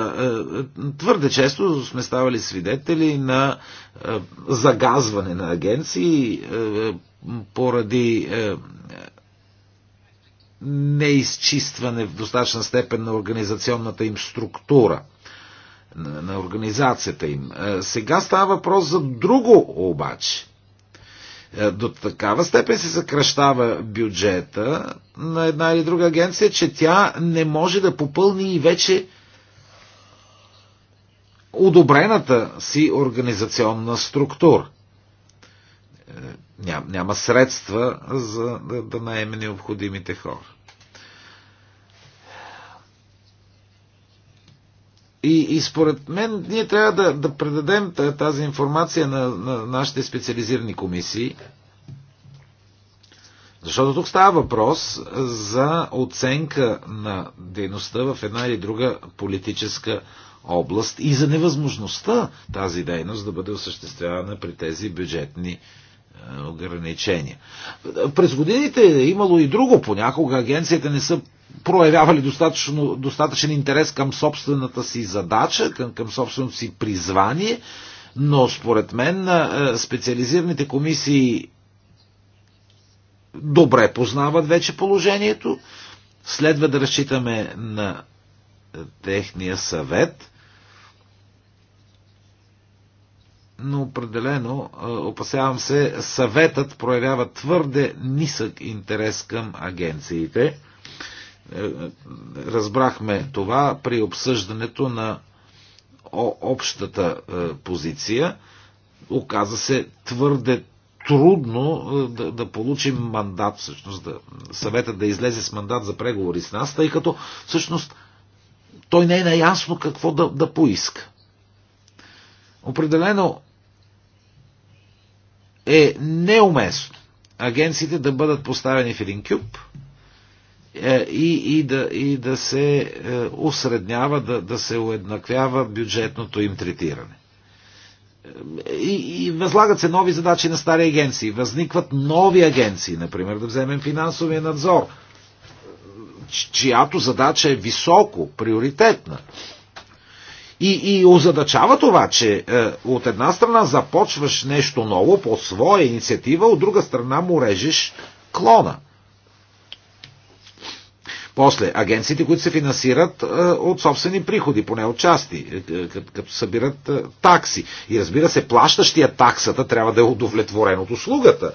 твърде често сме ставали свидетели на е, загазване на агенции поради неизчистване в достатъчна степен на организационната им структура, на организацията им. Сега става въпрос за друго обаче – е, до такава степен се съкръщава бюджета на една или друга агенция, че тя не може да попълни и вече одобрената си организационна структура. Е, няма средства за да, да наеме необходимите хора. И, и според мен ние трябва да, да предадем тази информация на, на нашите специализирани комисии, защото тук става въпрос за оценка на дейността в една или друга политическа област и за невъзможността тази дейност да бъде осъществявана при тези бюджетни е, ограничения. През годините е имало и друго. Понякога агенцията не са проявявали достатъчно, достатъчен интерес към собствената си задача, към, към собственото си призвание, но според мен е, специализираните комисии добре познават вече положението. Следва да разчитаме на е, техния съвет – но определено, опасявам се, съветът проявява твърде нисък интерес към агенциите. Е, е, разбрахме това при обсъждането на общата е, позиция. Оказа се твърде трудно да, да получим мандат, всъщност, да, съвета да излезе с мандат за преговори с нас, тъй като всъщност той не е наясно какво да, да поиска. Определено е неуместно агенциите да бъдат поставени в един кюб е, и, и, да, и да се е, усреднява, да, да се уеднаквява бюджетното им третиране. Е, и, и възлагат се нови задачи на стари агенции. Възникват нови агенции, например, да вземем финансовия надзор, чиято задача е високо, приоритетна и, и озадачава това, че е, от една страна започваш нещо ново по своя инициатива, от друга страна му режеш клона. После, агенциите, които се финансират е, от собствени приходи, поне от части, е, е, като, като събират е, такси. И разбира се, плащащия таксата трябва да е удовлетворен от услугата.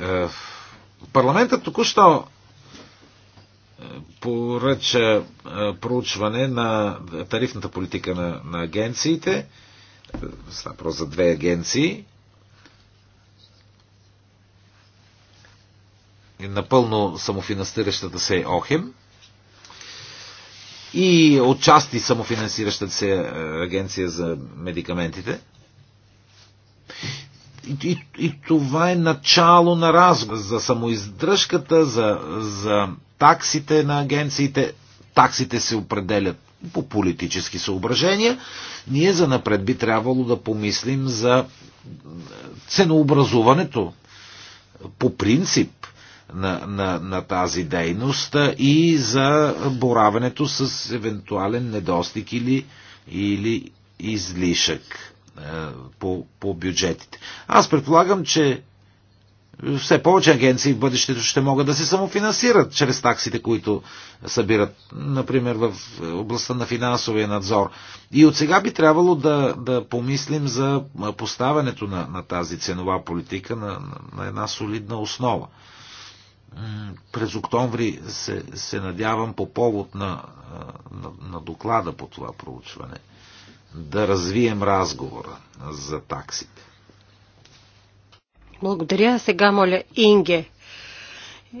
Е, е парламентът току-що поръча проучване на тарифната политика на, на агенциите. Става просто за две агенции. Напълно самофинансиращата се е ОХЕМ и отчасти самофинансиращата се агенция за медикаментите. И, и, и това е начало на разговор за самоиздръжката, за, за таксите на агенциите. Таксите се определят по политически съображения. Ние за напред би трябвало да помислим за е, ценообразуването по принцип на, на, на тази дейност и за боравенето с евентуален недостиг или, или излишък е, по, по бюджетите. Аз предполагам, че все повече агенции в бъдещето ще могат да се самофинансират чрез таксите, които събират, например в областта на финансовия надзор. И от сега би трябвало да, да помислим за поставянето на, на тази ценова политика на, на една солидна основа. През октомври се, се надявам по повод на, на, на доклада по това проучване да развием разговора за таксите. Благодаря. Сега моля Инге.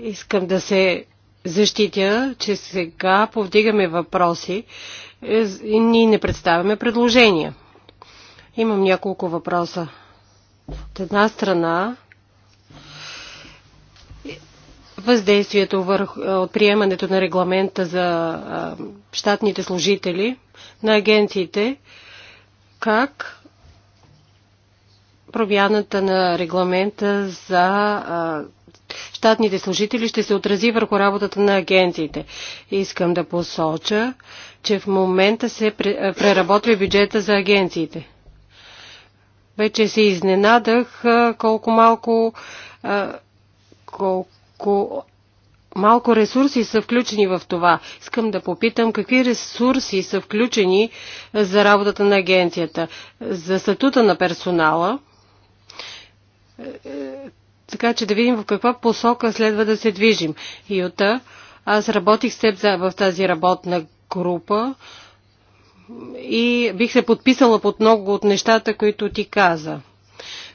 Искам да се защитя, че сега повдигаме въпроси е, и ние не представяме предложения. Имам няколко въпроса. От една страна, въздействието върху, е, от приемането на регламента за е, щатните служители на агенциите, как промяната на регламента за щатните служители ще се отрази върху работата на агенциите. Искам да посоча, че в момента се преработва бюджета за агенциите. Вече се изненадах колко малко, колко малко ресурси са включени в това. Искам да попитам какви ресурси са включени за работата на агенцията. За статута на персонала – е, е, така че да видим в каква посока следва да се движим. Юта, аз работих с теб в тази работна група и бих се подписала под много от нещата, които ти каза.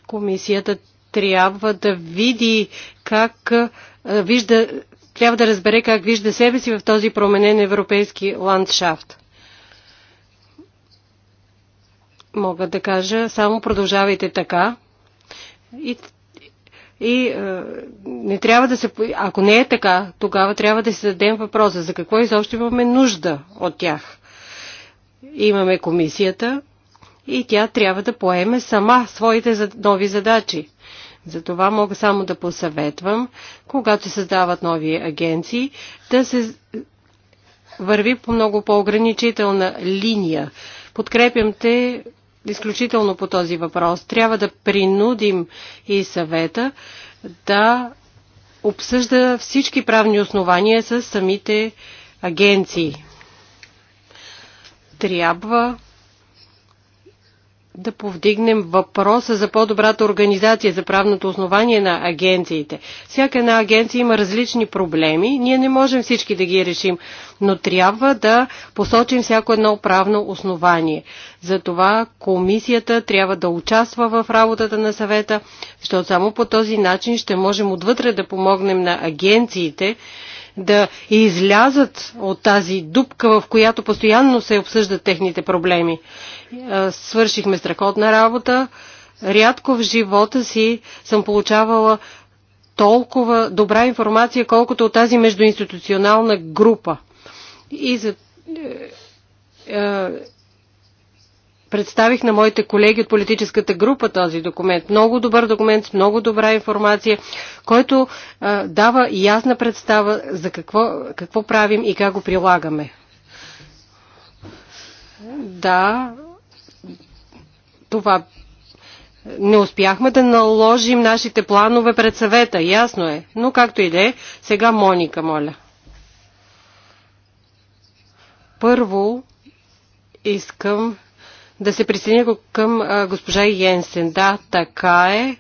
Комисията трябва да види как е, вижда, трябва да разбере как вижда себе си в този променен европейски ландшафт. Мога да кажа, само продължавайте така. И, и е, не трябва да се. Ако не е така, тогава трябва да си зададем въпроса за какво изобщо имаме нужда от тях. Имаме комисията и тя трябва да поеме сама своите нови задачи. Затова мога само да посъветвам, когато се създават нови агенции, да се върви по много по-ограничителна линия. Подкрепям те изключително по този въпрос. Трябва да принудим и съвета да обсъжда всички правни основания с самите агенции. Трябва да повдигнем въпроса за по-добрата организация, за правното основание на агенциите. Всяка една агенция има различни проблеми, ние не можем всички да ги решим, но трябва да посочим всяко едно правно основание. Затова комисията трябва да участва в работата на съвета, защото само по този начин ще можем отвътре да помогнем на агенциите, да излязат от тази дупка, в която постоянно се обсъждат техните проблеми. Е, свършихме страхотна работа. Рядко в живота си съм получавала толкова добра информация, колкото от тази междуинституционална група. И за е, е, представих на моите колеги от политическата група този документ. Много добър документ с много добра информация, който а, дава ясна представа за какво, какво правим и как го прилагаме. Да, това не успяхме да наложим нашите планове пред съвета, ясно е. Но както и да е, сега Моника, моля. Първо искам да се присъединя към госпожа Йенсен. Да, така е.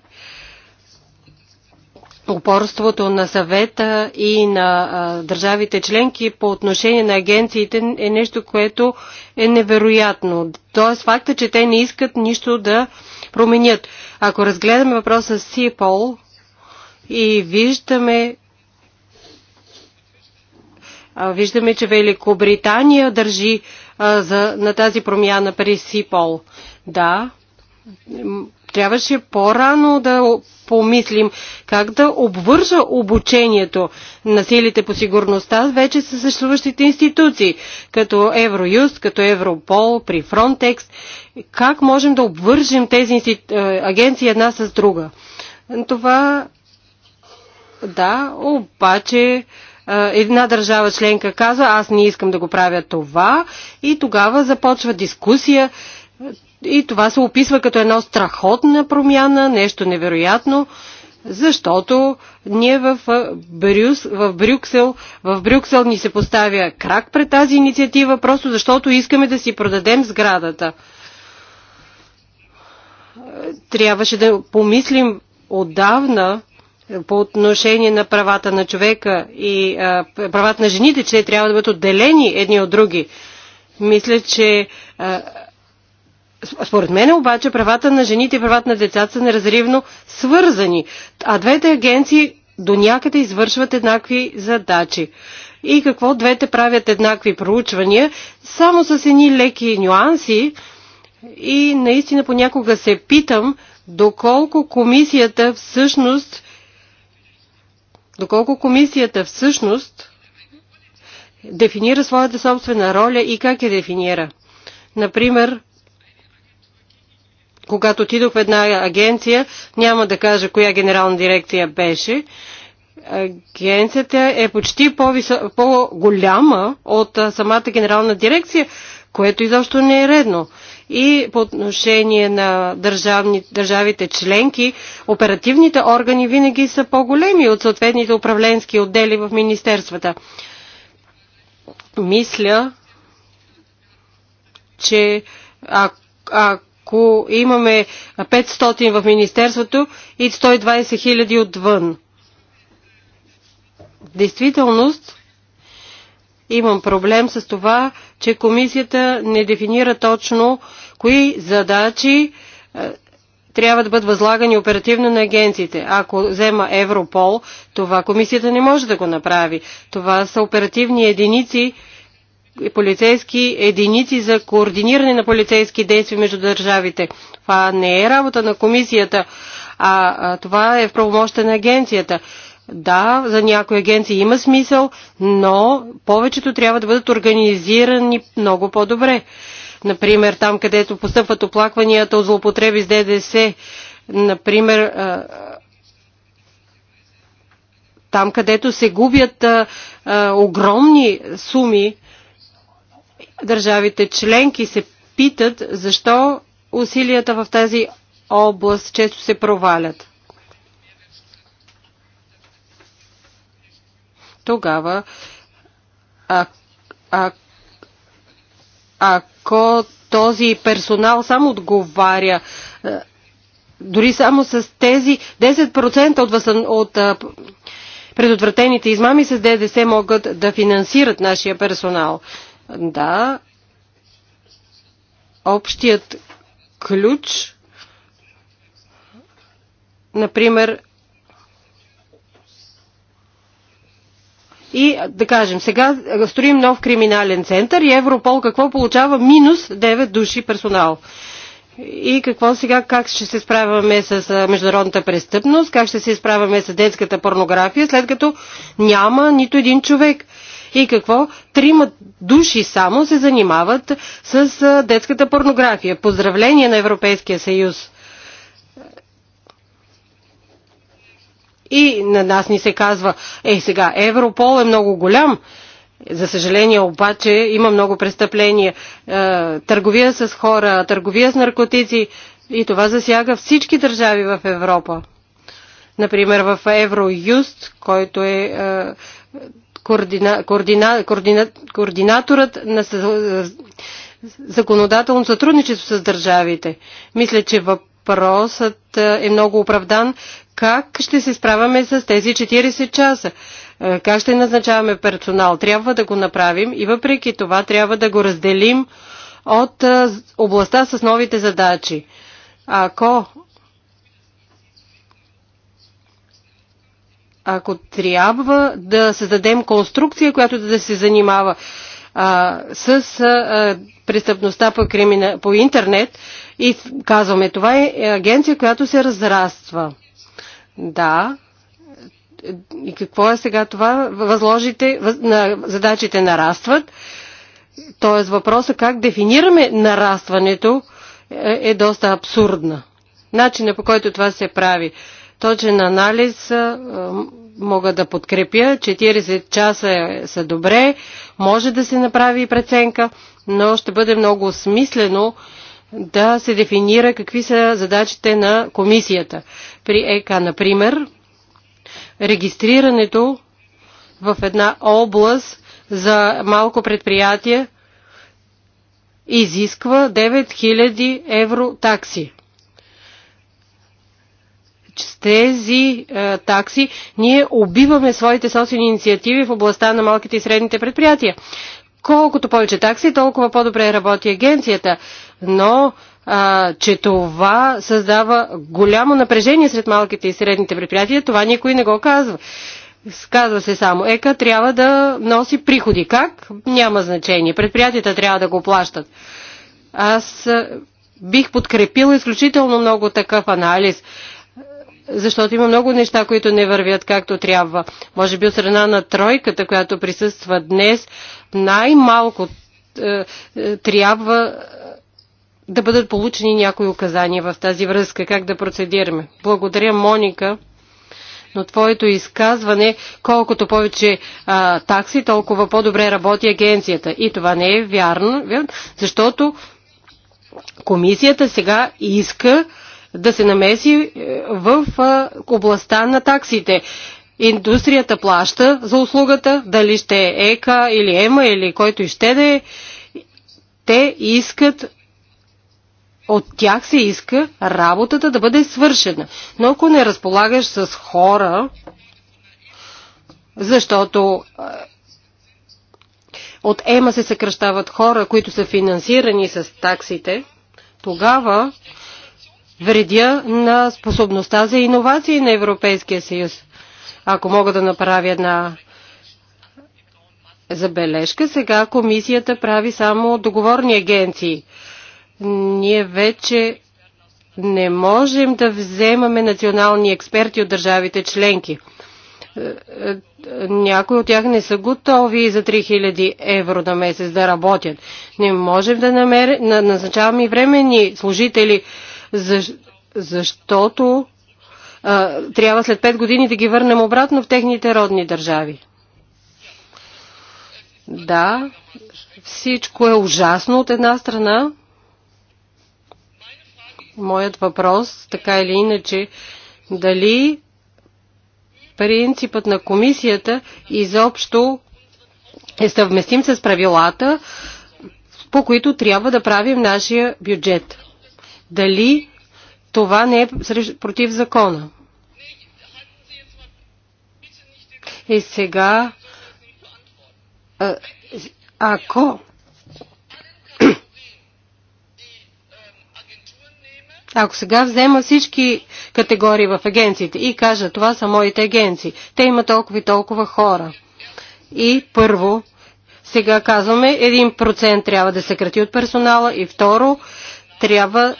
Упорството на съвета и на а, държавите членки по отношение на агенциите е нещо, което е невероятно. Тоест факта, че те не искат нищо да променят. Ако разгледаме въпроса с СИПОЛ и виждаме Виждаме, че Великобритания държи за, на тази промяна при СИПОЛ. Да, трябваше по-рано да помислим как да обвържа обучението на силите по сигурността вече с съществуващите институции, като Евроюст, като Европол, при Фронтекс. Как можем да обвържим тези агенции една с друга? Това, да, обаче една държава членка казва, аз не искам да го правя това и тогава започва дискусия и това се описва като една страхотна промяна, нещо невероятно, защото ние в, Брюс, в Брюксел, в Брюксел ни се поставя крак пред тази инициатива, просто защото искаме да си продадем сградата. Трябваше да помислим отдавна по отношение на правата на човека и а, правата на жените, че трябва да бъдат отделени едни от други. Мисля, че а, според мен обаче правата на жените и правата на децата са неразривно свързани, а двете агенции до някъде извършват еднакви задачи. И какво двете правят еднакви проучвания, само с едни леки нюанси и наистина понякога се питам доколко комисията всъщност Доколко комисията всъщност дефинира своята собствена роля и как я дефинира. Например, когато отидох в една агенция, няма да кажа коя генерална дирекция беше, агенцията е почти по-голяма по от самата генерална дирекция, което изобщо не е редно. И по отношение на държавни, държавите членки, оперативните органи винаги са по-големи от съответните управленски отдели в министерствата. Мисля, че ако имаме 500 в Министерството и 120 хиляди отвън, в действителност имам проблем с това, че комисията не дефинира точно кои задачи е, трябва да бъдат възлагани оперативно на агенциите. Ако взема Европол, това комисията не може да го направи. Това са оперативни единици, полицейски единици за координиране на полицейски действия между държавите. Това не е работа на комисията, а, това е в правомощта на агенцията. Да, за някои агенции има смисъл, но повечето трябва да бъдат организирани много по-добре. Например, там където постъпват оплакванията от злоупотреби с ДДС, например, там където се губят огромни суми, държавите членки се питат защо усилията в тази област често се провалят. тогава а, а, ако този персонал само отговаря е, дори само с тези 10% от, възън, от а, е, предотвратените измами с ДДС могат да финансират нашия персонал. Да, общият ключ, например, И да кажем, сега строим нов криминален център и Европол какво получава? Минус 9 души персонал. И какво сега, как ще се справяме с международната престъпност, как ще се справяме с детската порнография, след като няма нито един човек. И какво? Трима души само се занимават с детската порнография. Поздравление на Европейския съюз. И на нас ни се казва, е сега, Европол е много голям. За съжаление обаче има много престъпления. Е, търговия с хора, търговия с наркотици и това засяга всички държави в Европа. Например в Евроюст, който е, е координа, координа, координа, координаторът на законодателно сътрудничество с държавите. Мисля, че въпросът е много оправдан как ще се справяме с тези 40 часа? Е, как ще назначаваме персонал? Трябва да го направим и въпреки това трябва да го разделим от е, областта с новите задачи. Ако ако трябва да създадем конструкция, която да се занимава а, е, с а, престъпността по, кримина, по интернет и казваме, това е агенция, която се разраства. Да. И какво е сега това? Възложите, въз, на, задачите нарастват. Тоест въпроса как дефинираме нарастването е, е доста абсурдна. Начина по който това се прави. Точен анализ е, мога да подкрепя. 40 часа е, са добре. Може да се направи и преценка, но ще бъде много смислено да се дефинира какви са задачите на комисията. При ЕКА, например, регистрирането в една област за малко предприятие изисква 9000 евро такси. С тези е, такси ние убиваме своите собствени инициативи в областта на малките и средните предприятия. Колкото повече такси, толкова по-добре работи агенцията. Но а, че това създава голямо напрежение сред малките и средните предприятия. Това никой не го казва. Казва се само, ека трябва да носи приходи. Как? Няма значение. Предприятията трябва да го плащат. Аз бих подкрепила изключително много такъв анализ, защото има много неща, които не вървят както трябва. Може би от страна на тройката, която присъства днес, най-малко е, е, трябва да бъдат получени някои указания в тази връзка, как да процедираме. Благодаря, Моника, но твоето изказване, колкото повече а, такси, толкова по-добре работи агенцията. И това не е вярно, защото комисията сега иска да се намеси е, в областта на таксите. Индустрията плаща за услугата, дали ще е ЕКА или ЕМА или който и ще да е. Те искат от тях се иска работата да бъде свършена. Но ако не разполагаш с хора, защото от ЕМА се съкръщават хора, които са финансирани с таксите, тогава вредя на способността за иновации на Европейския съюз. Ако мога да направя една забележка, сега комисията прави само договорни агенции ние вече не можем да вземаме национални експерти от държавите членки. Е, е, някои от тях не са готови за 3000 евро на месец да работят. Не можем да намер... назначаваме и временни служители, защото трябва след 5 години да ги върнем обратно в техните родни държави. Да, всичко е ужасно от една страна, моят въпрос, така или иначе, дали принципът на комисията изобщо е съвместим с правилата, по които трябва да правим нашия бюджет. Дали това не е против закона? И е, сега, ако Ако сега взема всички категории в агенциите и кажа това са моите агенции, те имат толкова и толкова хора. И първо, сега казваме 1% трябва да се крати от персонала и второ, трябва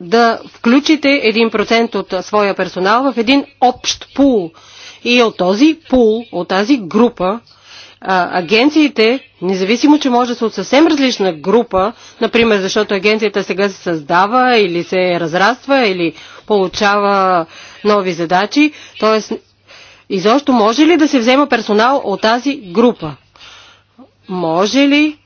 да включите 1% от своя персонал в един общ пул. И от този пул, от тази група, агенциите, независимо, че може да са от съвсем различна група, например, защото агенцията сега се създава или се разраства или получава нови задачи, т.е. изобщо може ли да се взема персонал от тази група? Може ли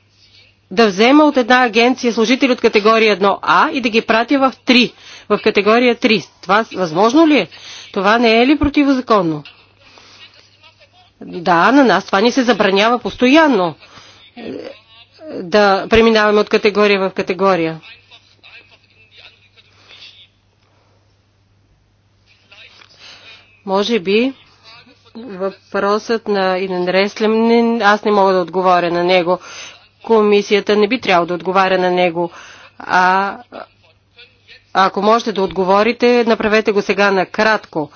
да взема от една агенция служители от категория 1А и да ги пратя в 3, в категория 3? Това възможно ли е? Това не е ли противозаконно? Да, на нас това ни се забранява постоянно е, да преминаваме от категория в категория. Може би въпросът на Иден Реслем, аз не мога да отговоря на него. Комисията не би трябвало да отговаря на него. А ако можете да отговорите, направете го сега накратко.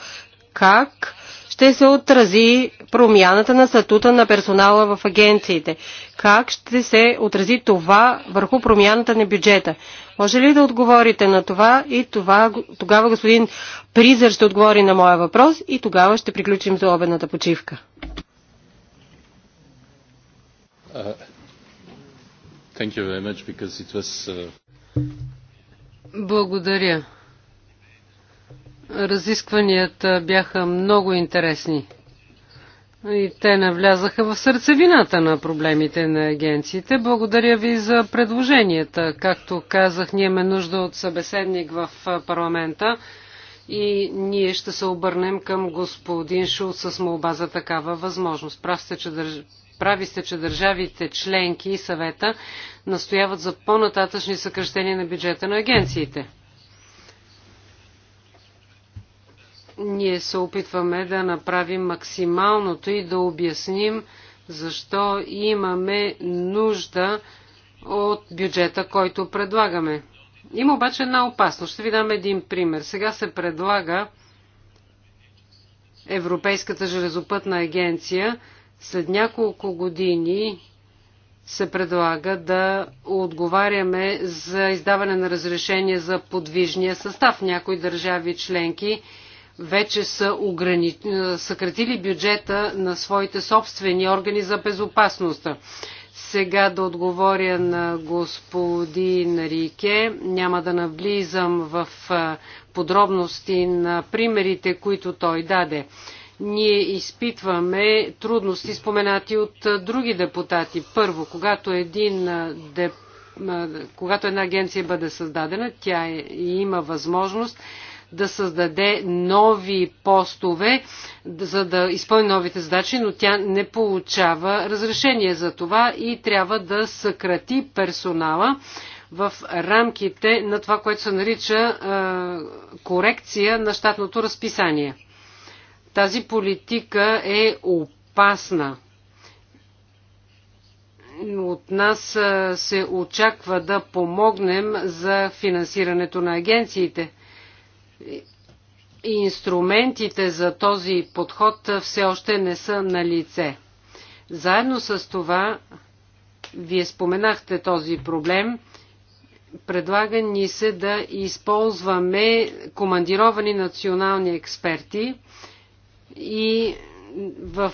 Как ще се отрази промяната на статута на персонала в агенциите? Как ще се отрази това върху промяната на бюджета? Може ли да отговорите на това и това, тогава господин Призър ще отговори на моя въпрос и тогава ще приключим за обедната почивка. Uh, thank you very much because it was, uh... Благодаря. Разискванията бяха много интересни. И те навлязаха в сърцевината на проблемите на агенциите. Благодаря ви за предложенията. Както казах, ние имаме нужда от събеседник в парламента и ние ще се обърнем към господин Шул с молба за такава възможност. Прав сте, че държ... Прави сте, че държавите членки и съвета настояват за по-нататъчни съкръщения на бюджета на агенциите. Ние се опитваме да направим максималното и да обясним защо имаме нужда от бюджета, който предлагаме. Има обаче една опасност. Ще ви дам един пример. Сега се предлага Европейската железопътна агенция след няколко години се предлага да отговаряме за издаване на разрешение за подвижния състав. Някои държави членки вече са ограни... съкратили бюджета на своите собствени органи за безопасност. Сега да отговоря на господин Рике. Няма да навлизам в подробности на примерите, които той даде. Ние изпитваме трудности, споменати от други депутати. Първо, когато, един деп... когато една агенция бъде създадена, тя е, има възможност да създаде нови постове, за да изпълни новите задачи, но тя не получава разрешение за това и трябва да съкрати персонала в рамките на това, което се нарича е, корекция на щатното разписание. Тази политика е опасна. От нас е, се очаква да помогнем за финансирането на агенциите инструментите за този подход все още не са на лице. Заедно с това, вие споменахте този проблем, предлага ни се да използваме командировани национални експерти и в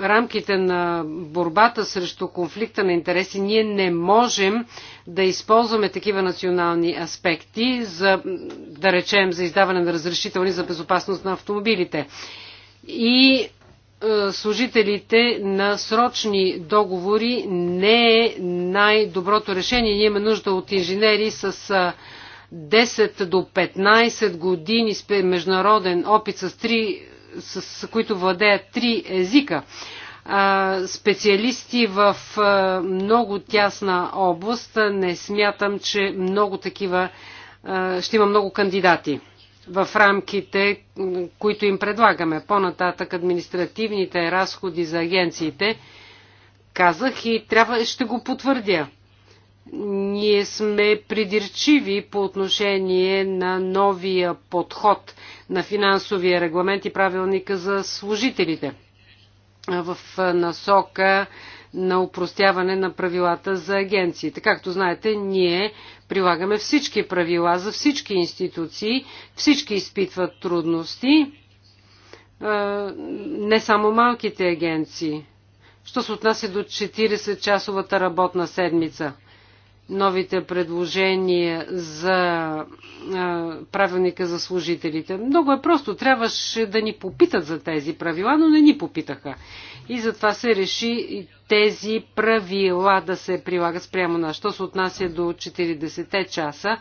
рамките на борбата срещу конфликта на интереси ние не можем да използваме такива национални аспекти, за, да речем, за издаване на разрешителни за безопасност на автомобилите. И е, служителите на срочни договори не е най-доброто решение. Ние имаме нужда от инженери с 10 е, до 15 години международен опит с 3 с които владеят три езика. Специалисти в много тясна област. Не смятам, че много такива ще има много кандидати в рамките, които им предлагаме. По-нататък административните разходи за агенциите, казах и трябва, ще го потвърдя ние сме придирчиви по отношение на новия подход на финансовия регламент и правилника за служителите в насока на упростяване на правилата за агенциите. Както знаете, ние прилагаме всички правила за всички институции, всички изпитват трудности, не само малките агенции. Що се отнася до 40-часовата работна седмица – новите предложения за правилника за служителите. Много е просто. Трябваше да ни попитат за тези правила, но не ни попитаха. И затова се реши тези правила да се прилагат спрямо на. Що се отнася до 40-те часа,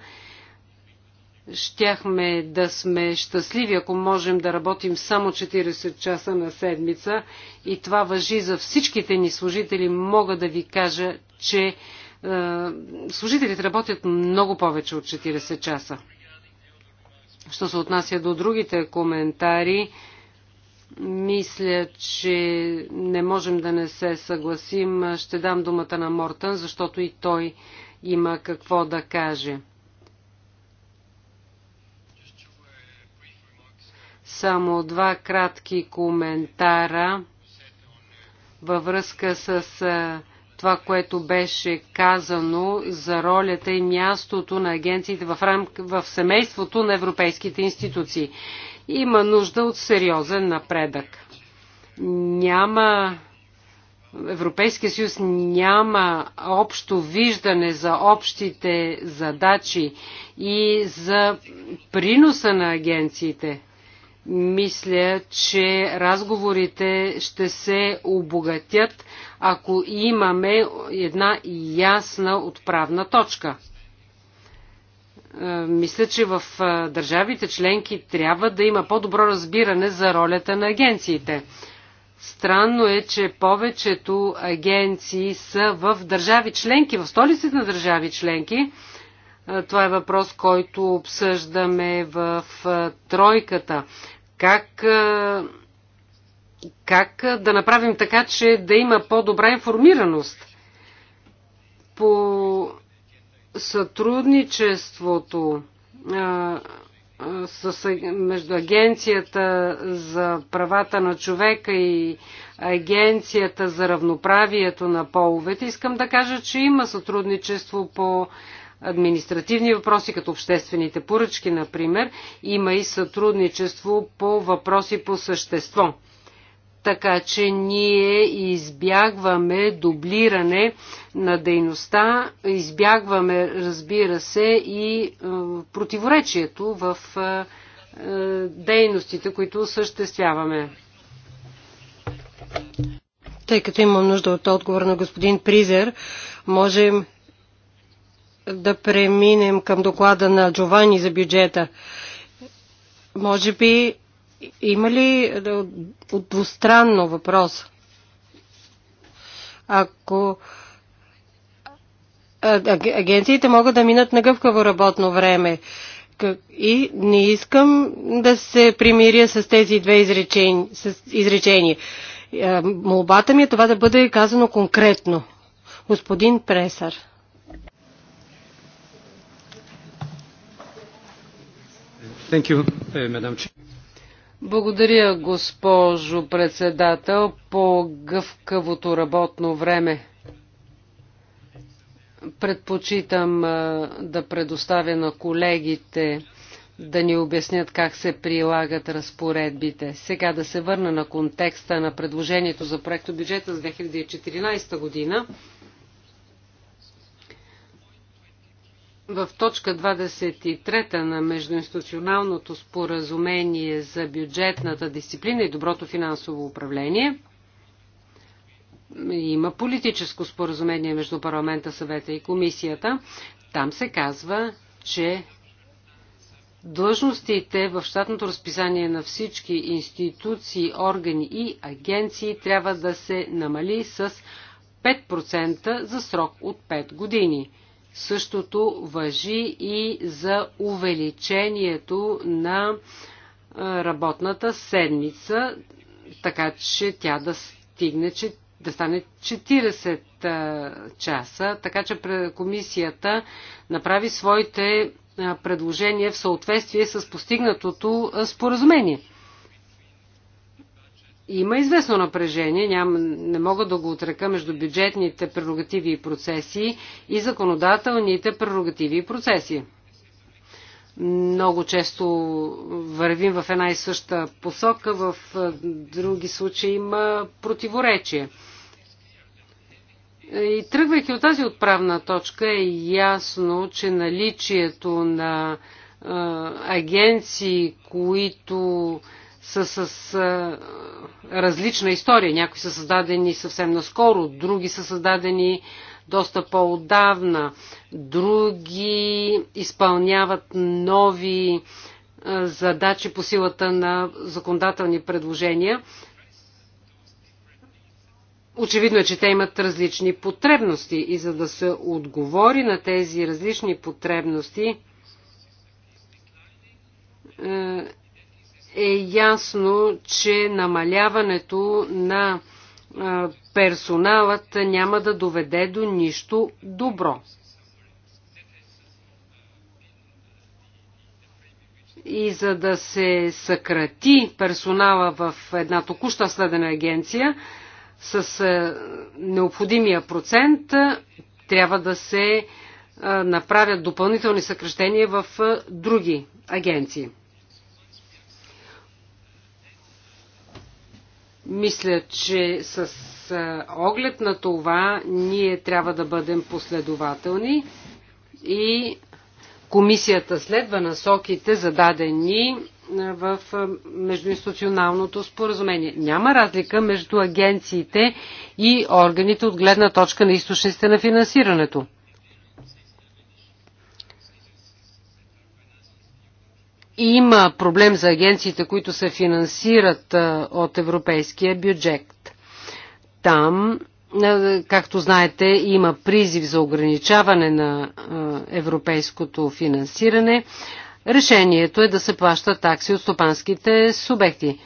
щяхме да сме щастливи, ако можем да работим само 40 часа на седмица. И това въжи за всичките ни служители. Мога да ви кажа, че е, служителите работят много повече от 40 часа. Що се отнася до другите коментари, мисля, че не можем да не се съгласим. Ще дам думата на Мортън, защото и той има какво да каже. Само два кратки коментара във връзка с е, това, което беше казано за ролята и мястото на агенциите в, рам... в семейството на европейските институции. Има нужда от сериозен напредък. Няма Европейския съюз няма общо виждане за общите задачи и за приноса на агенциите. Мисля, че разговорите ще се обогатят, ако имаме една ясна отправна точка. Е, мисля, че в е, държавите членки трябва да има по-добро разбиране за ролята на агенциите. Странно е, че повечето агенции са в държави членки, в столиците на държави членки, това е въпрос, който обсъждаме в тройката. Как, как да направим така, че да има по-добра информираност по сътрудничеството с, между Агенцията за правата на човека и Агенцията за равноправието на половете. Искам да кажа, че има сътрудничество по административни въпроси, като обществените поръчки, например. Има и сътрудничество по въпроси по същество. Така че ние избягваме дублиране на дейността, избягваме, разбира се, и е, противоречието в е, е, дейностите, които осъществяваме. Тъй като имам нужда от отговор на господин Призер, можем да преминем към доклада на Джовани за бюджета. Може би има ли двустранно въпрос? Ако агенциите могат да минат на гъвкаво работно време и не искам да се примиря с тези две изречения. С изречения. Молбата ми е това да бъде казано конкретно. Господин Пресар. You, eh, Благодаря, госпожо председател, по гъвкавото работно време. Предпочитам да предоставя на колегите да ни обяснят как се прилагат разпоредбите. Сега да се върна на контекста на предложението за проекто бюджета за 2014 година. в точка 23 на Междуинституционалното споразумение за бюджетната дисциплина и доброто финансово управление има политическо споразумение между парламента, съвета и комисията. Там се казва, че длъжностите в щатното разписание на всички институции, органи и агенции трябва да се намали с 5% за срок от 5 години. Същото въжи и за увеличението на работната седмица, така че тя да стигне, да стане 40 часа, така че комисията направи своите предложения в съответствие с постигнатото споразумение има известно напрежение, ням, не мога да го отрека между бюджетните прерогативи и процеси и законодателните прерогативи и процеси. Много често вървим в една и съща посока, в други случаи има противоречие. И тръгвайки от тази отправна точка е ясно, че наличието на агенции, които са с а, различна история. Някои са създадени съвсем наскоро, други са създадени доста по-отдавна, други изпълняват нови а, задачи по силата на законодателни предложения. Очевидно е, че те имат различни потребности и за да се отговори на тези различни потребности, е ясно, че намаляването на персоналът няма да доведе до нищо добро. И за да се съкрати персонала в една току-що следена агенция с необходимия процент, трябва да се направят допълнителни съкръщения в други агенции. Мисля, че с оглед на това ние трябва да бъдем последователни и комисията следва насоките зададени в междуинституционалното споразумение. Няма разлика между агенциите и органите от гледна точка на източниците на финансирането. има проблем за агенциите, които се финансират от европейския бюджет. Там, както знаете, има призив за ограничаване на европейското финансиране. Решението е да се плаща такси от стопанските субекти.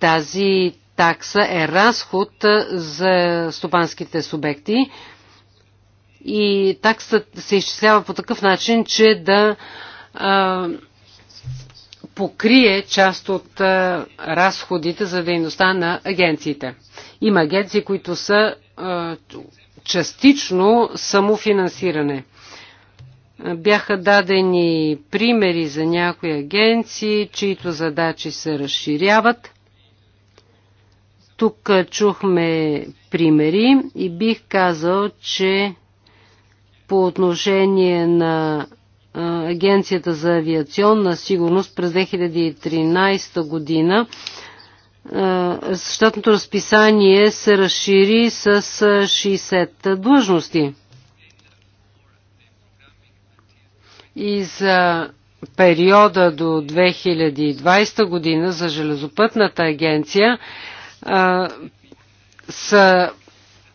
Тази такса е разход за стопанските субекти и таксата се изчислява по такъв начин, че да покрие част от разходите за дейността на агенциите. Има агенции, които са частично самофинансиране. Бяха дадени примери за някои агенции, чието задачи се разширяват. Тук чухме примери и бих казал, че по отношение на Агенцията за авиационна сигурност през 2013 година щатното разписание се разшири с 60 длъжности. И за периода до 2020 година за Железопътната агенция са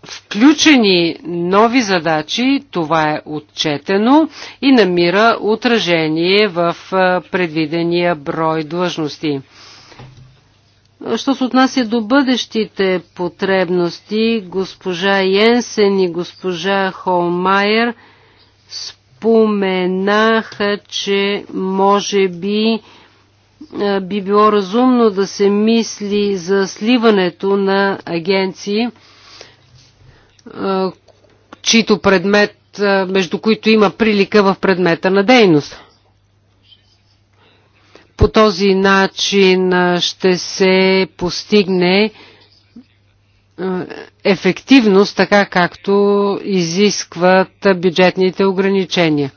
включени нови задачи, това е отчетено и намира отражение в предвидения брой длъжности. Що се отнася до бъдещите потребности, госпожа Йенсен и госпожа Холмайер споменаха, че може би би било разумно да се мисли за сливането на агенции – чието предмет, между които има прилика в предмета на дейност. По този начин ще се постигне ефективност, така както изискват бюджетните ограничения.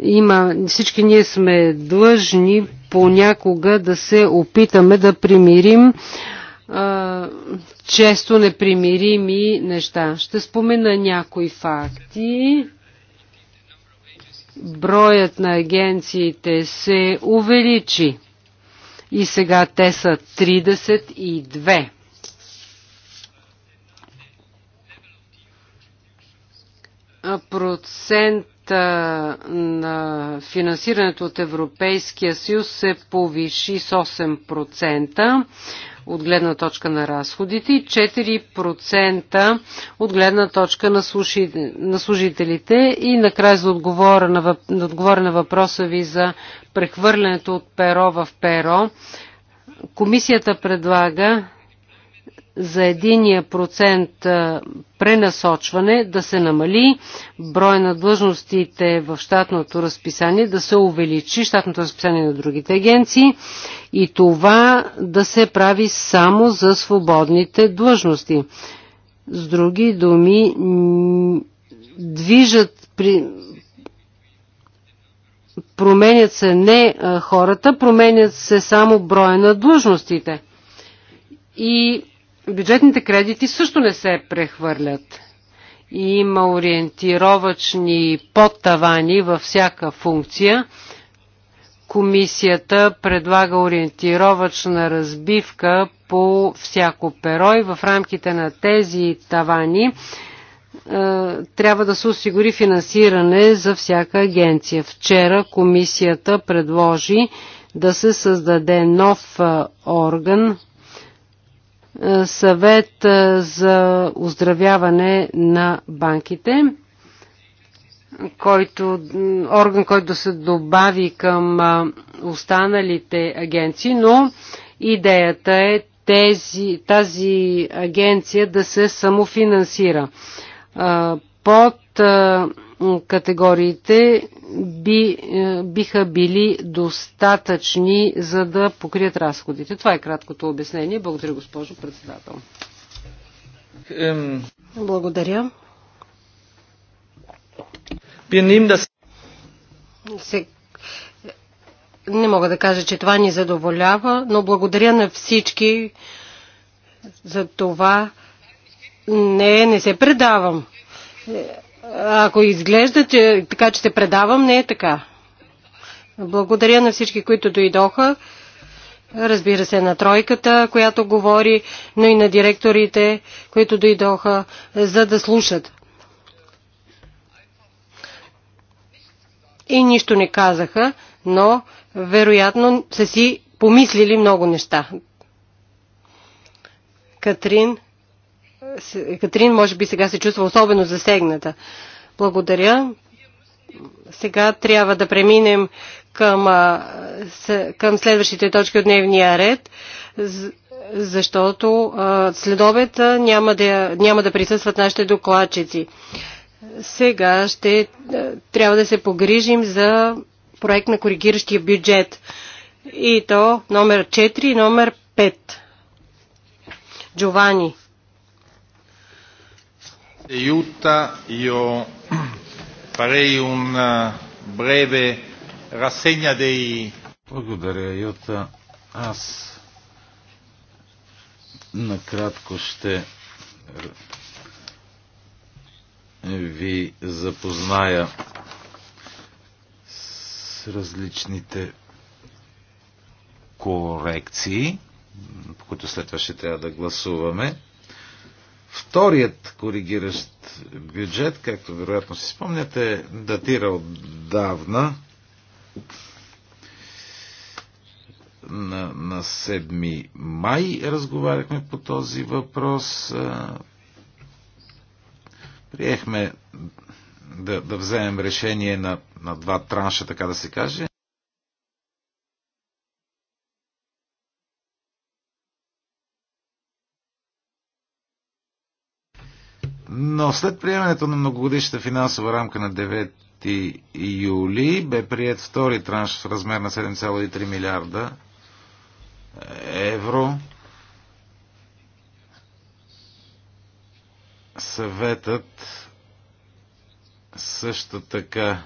Има, всички ние сме длъжни понякога да се опитаме да примирим често непримирими неща. Ще спомена някои факти. Броят на агенциите се увеличи и сега те са 32. Процент на финансирането от Европейския съюз се повиши с 8% от гледна точка на разходите и 4% от гледна точка на, служителите. И накрая за отговора на, на отговора на въпроса ви за прехвърлянето от перо в перо. Комисията предлага за единия процент пренасочване да се намали брой на длъжностите в щатното разписание, да се увеличи щатното разписание на другите агенции и това да се прави само за свободните длъжности. С други думи, движат при... променят се не хората, променят се само броя на длъжностите. И бюджетните кредити също не се прехвърлят. Има ориентировачни подтавани във всяка функция. Комисията предлага ориентировачна разбивка по всяко перо и в рамките на тези тавани е, трябва да се осигури финансиране за всяка агенция. Вчера комисията предложи да се създаде нов е, орган съвет за оздравяване на банките, който, орган, който се добави към останалите агенции, но идеята е тези, тази агенция да се самофинансира. Под категориите би, е, биха били достатъчни, за да покрият разходите. Това е краткото обяснение. Благодаря, госпожо председател. Благодаря. Не мога да кажа, че това ни задоволява, но благодаря на всички за това. Не, не се предавам. Ако изглежда че, така, че се предавам, не е така. Благодаря на всички, които дойдоха. Разбира се, на тройката, която говори, но и на директорите, които дойдоха, за да слушат. И нищо не казаха, но вероятно са си помислили много неща. Катрин, Катрин може би сега се чувства особено засегната. Благодаря. Сега трябва да преминем към, към следващите точки от дневния ред, защото след обед няма да, няма да присъстват нашите докладчици. Сега ще трябва да се погрижим за проект на коригиращия бюджет. И то номер 4 и номер 5. Джовани. Юта, e, io farei un eh, breve rassegna dei... Благодаря, Юта. Аз накратко ще ви запозная с различните корекции, по които след това ще трябва да гласуваме. Вторият коригиращ бюджет, както вероятно си спомняте, датира отдавна на, на 7 май разговаряхме по този въпрос. Приехме да, да вземем решение на, на два транша, така да се каже. Но след приемането на многогодишната финансова рамка на 9 юли бе прият втори транш в размер на 7,3 милиарда е, евро. Съветът също така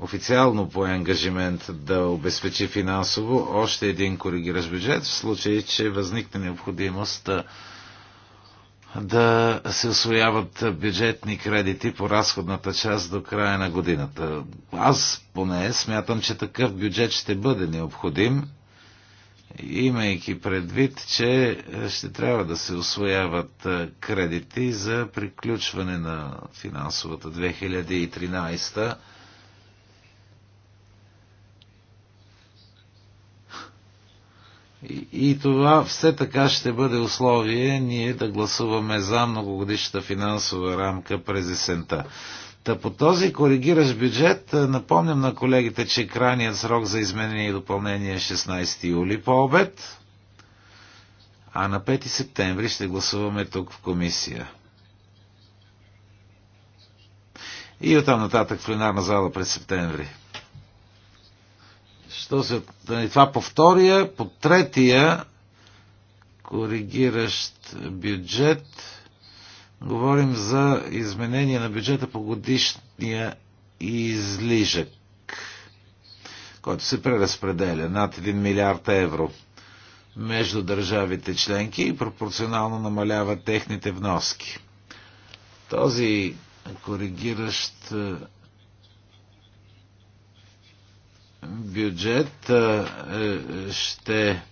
официално по ангажимент да обезпечи финансово още един коригираш бюджет в случай, че възникне необходимост да се освояват бюджетни кредити по разходната част до края на годината. Аз поне смятам, че такъв бюджет ще бъде необходим, имайки предвид, че ще трябва да се освояват кредити за приключване на финансовата 2013 И, и това все така ще бъде условие ние да гласуваме за многогодишната финансова рамка през есента. Та по този коригиращ бюджет е, напомням на колегите, че крайният срок за изменение и допълнение е 16 юли по обед, а на 5 септември ще гласуваме тук в комисия. И оттам нататък в пленарна зала през септември. Що се, това по втория, по третия коригиращ бюджет говорим за изменение на бюджета по годишния излижък, който се преразпределя над 1 милиард евро между държавите членки и пропорционално намалява техните вноски. Този коригиращ бюджет е, ще,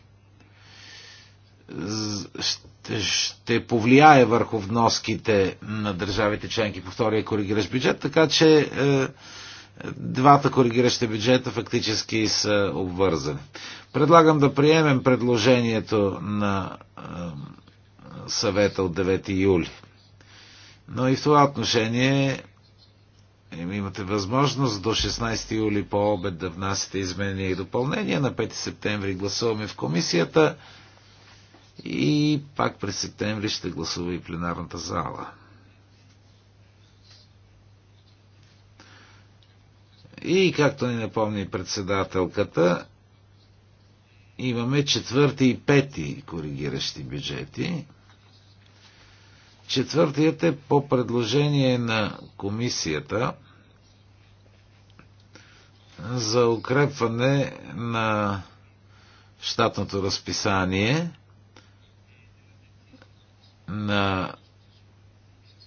ще, ще повлияе върху вноските на държавите членки по втория коригиращ бюджет, така че е, двата коригиращи бюджета фактически са обвързани. Предлагам да приемем предложението на е, съвета от 9 юли. Но и в това отношение е, имате възможност до 16 юли по обед да внасяте изменения и допълнения. На 5 септември гласуваме в комисията и пак през септември ще гласува и пленарната зала. И както ни напомни председателката, имаме четвърти и пети коригиращи бюджети. Четвъртият е по предложение на комисията за укрепване на щатното разписание на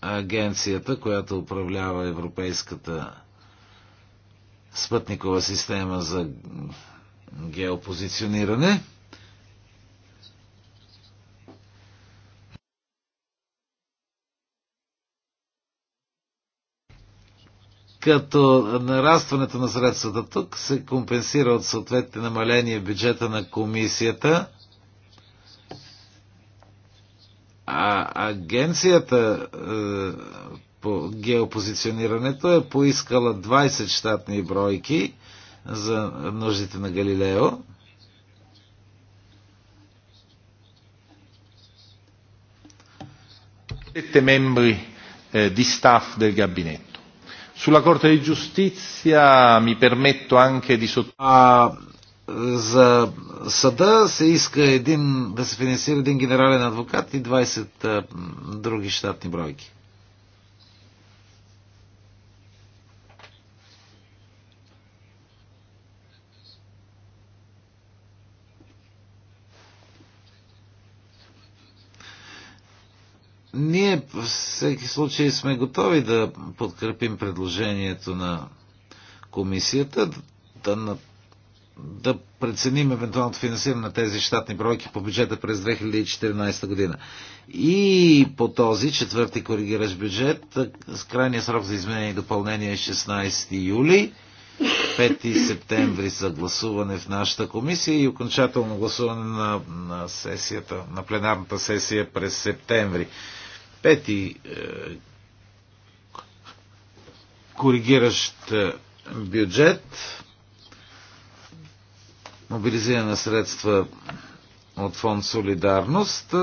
агенцията, която управлява Европейската спътникова система за геопозициониране. като нарастването на средствата тук се компенсира от съответните намаления в бюджета на комисията, а агенцията е, по геопозиционирането е поискала 20 щатни бройки за нуждите на Галилео. Sette мембри di staff del gabinetto. Sulla Corte di Giustizia mi permetto anche di sottolineare за съда се иска един, да се финансира един генерален адвокат и 20 други щатни бройки. Ние във всеки случай сме готови да подкрепим предложението на комисията, да, да преценим евентуалното финансиране на тези щатни бройки по бюджета през 2014 година. И по този четвърти коригираш бюджет, с крайния срок за изменение и допълнение е 16 юли. 5 септември за гласуване в нашата комисия и окончателно гласуване на, на сесията, на пленарната сесия през септември пети е, коригиращ е, бюджет, мобилизиране на средства от фонд Солидарност е,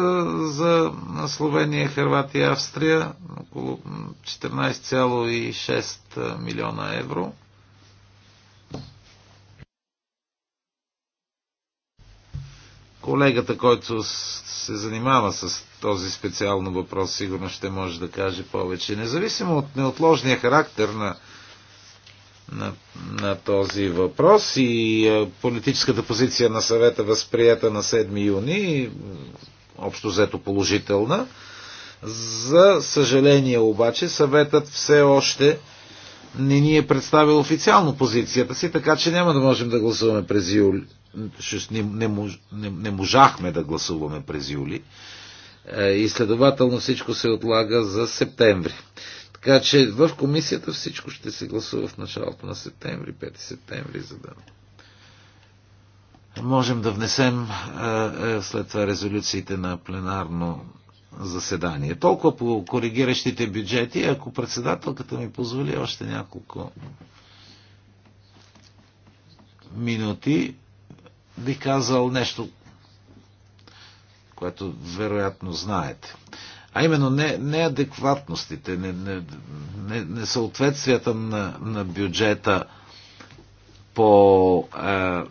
за Словения, Хърватия и Австрия около 14,6 милиона евро – Колегата, който се занимава с този специално въпрос, сигурно ще може да каже повече. Независимо от неотложния характер на, на, на този въпрос и политическата позиция на съвета възприета на 7 юни, общо взето положителна, за съжаление обаче съветът все още не ни е представил официално позицията си, така че няма да можем да гласуваме през юли. Не, не, не, не можахме да гласуваме през юли. Е, и следователно всичко се отлага за септември. Така че в комисията всичко ще се гласува в началото на септември, 5 септември, за да можем да внесем е, е, след това резолюциите на пленарно заседание. Толкова по коригиращите бюджети, ако председателката ми позволи още няколко минути, би казал нещо, което вероятно знаете. А именно не, неадекватностите, не, не, не, несъответствията на, на бюджета по е,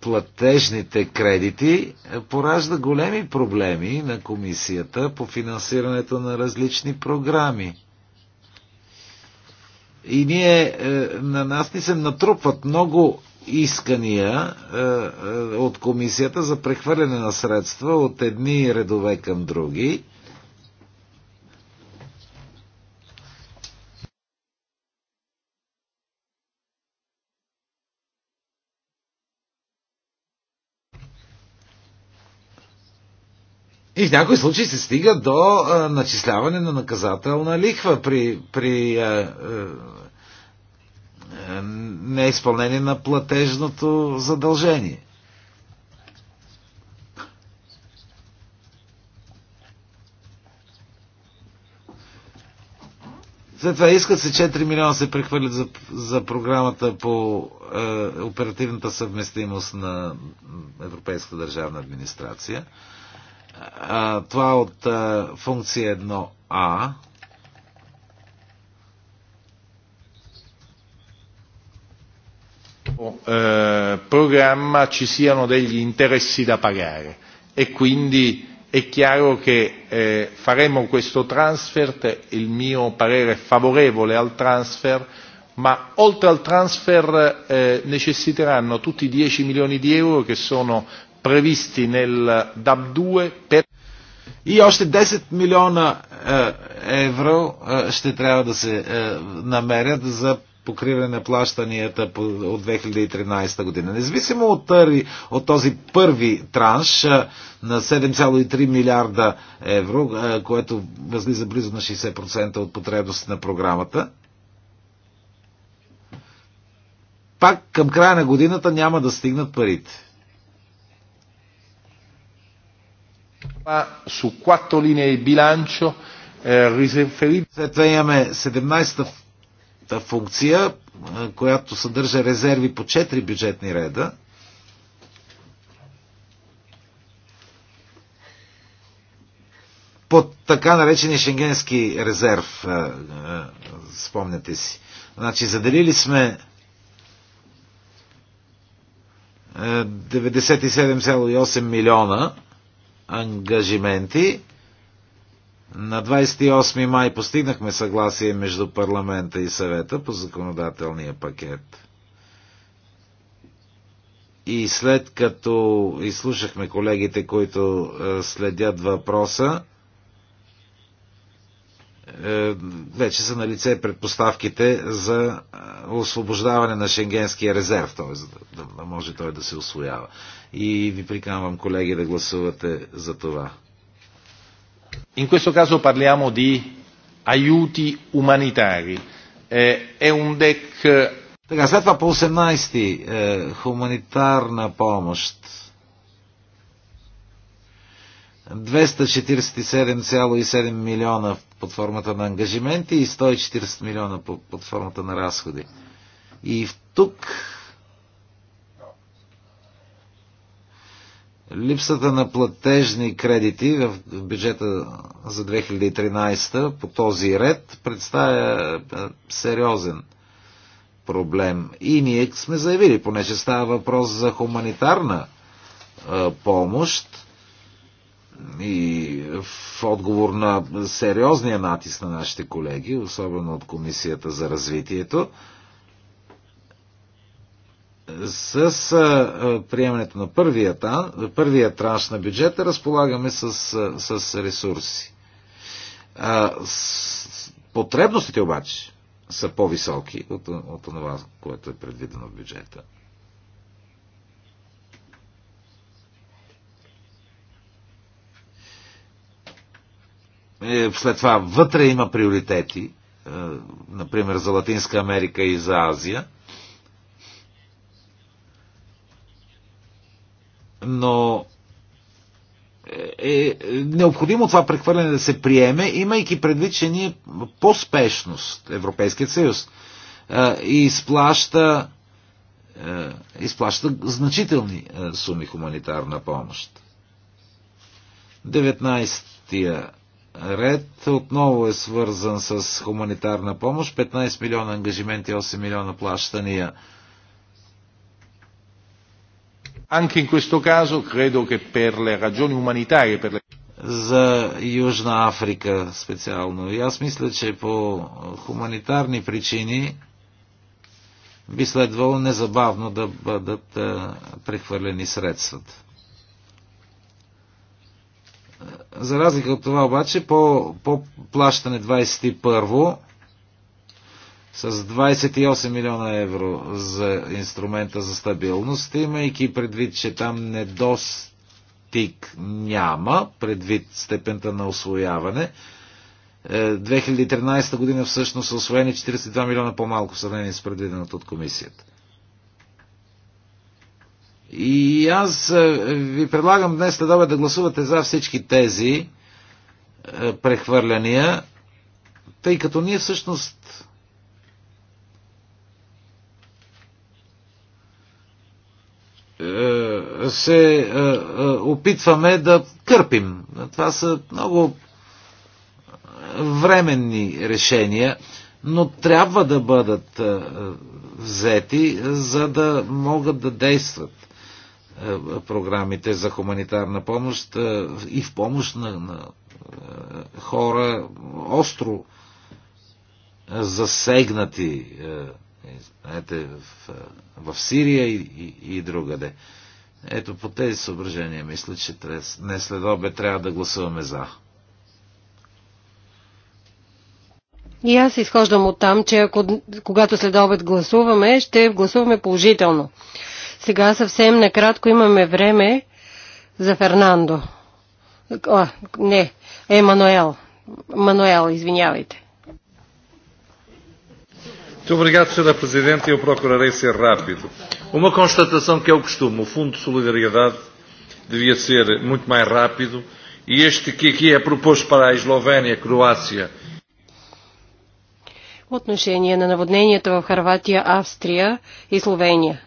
платежните кредити е, поражда големи проблеми на комисията по финансирането на различни програми. И ние, е, на нас ни се натрупват много искания е, от комисията за прехвърляне на средства от едни редове към други – И в някои случаи се стига до а, начисляване на наказателна лихва при, при а, а, неизпълнение на платежното задължение. След това искат се 4 милиона се прехвърлят за, за програмата по е, оперативната съвместимост на Европейска държавна администрация. А, това от а, функция 1А. programma ci siano degli interessi da pagare e quindi è chiaro che eh, faremo questo transfer, il mio parere è favorevole al transfer, ma oltre al transfer eh, necessiteranno tutti i 10 milioni di euro che sono previsti nel eh, DAB 2 per... И още 10 милиона е, евро е, ще трябва да се е, намерят за покриване на плащанията от 2013 година. Независимо от, от този първи транш на 7,3 милиарда евро, което възлиза близо на 60% от потребности на програмата, пак към края на годината няма да стигнат парите. Su quattro linee di bilancio eh, След това имаме 17-та функция, е, която съдържа резерви по 4 бюджетни реда. под така наречения шенгенски резерв, е, е, спомняте си. Значи, заделили сме 97,8 милиона ангажименти. На 28 май постигнахме съгласие между парламента и съвета по законодателния пакет. И след като изслушахме колегите, които е, следят въпроса, е, вече са на лице предпоставките за е, освобождаване на шенгенския резерв, т.е. да може той да се освоява и ви приканвам, колеги, да гласувате за това. In questo caso parliamo di aiuti umanitari. È un DEC... Eh, така, след това по 18-ти е, хуманитарна помощ. 247,7 милиона под формата на ангажименти и 140 милиона под формата на разходи. И тук Липсата на платежни кредити в бюджета за 2013 по този ред представя сериозен проблем. И ние сме заявили, понеже става въпрос за хуманитарна помощ и в отговор на сериозния натиск на нашите колеги, особено от Комисията за развитието, с приемането на първия, първия транш на бюджета разполагаме с, с ресурси. Потребностите обаче са по-високи от, от това, което е предвидено в бюджета. Е, след това вътре има приоритети, например за Латинска Америка и за Азия – но е, е необходимо това прехвърляне да се приеме, имайки предвид, че ние по-спешност Европейският съюз и е, изплаща, е, изплаща значителни суми хуманитарна помощ. 19-тия ред отново е свързан с хуманитарна помощ. 15 милиона ангажименти, 8 милиона плащания – Anche in questo caso credo che per le ragioni umanitarie, per le... За Южна Африка специално. И аз мисля, че по хуманитарни причини би следвало незабавно да бъдат прехвърлени средствата. За разлика от това обаче, по, по плащане 21 с 28 милиона евро за инструмента за стабилност, имайки предвид, че там недостиг няма, предвид степента на освояване. 2013 е, година всъщност са освоени 42 милиона по-малко в сравнение с предвиденото от комисията. И аз е, ви предлагам днес след да гласувате за всички тези е, прехвърляния, тъй като ние всъщност се е, е, опитваме да кърпим. Това са много временни решения, но трябва да бъдат е, взети, за да могат да действат програмите за хуманитарна помощ и в помощ на, на хора остро засегнати знаете, в, в Сирия и, и, и другаде. Ето по тези съображения мисля, че не след обе трябва да гласуваме за. И аз изхождам от там, че ако, когато след обед гласуваме, ще гласуваме положително. Сега съвсем накратко имаме време за Фернандо. О, не, Емануел. Мануел, извинявайте. Muito obrigado, Sra. Presidente. Eu procurarei ser rápido. Uma constatação que é o costume. O Fundo de Solidariedade devia ser muito mais rápido e este que aqui é proposto para a Eslovénia, Croácia. Отношение на наводнението в Харватия, Австрия и Словения.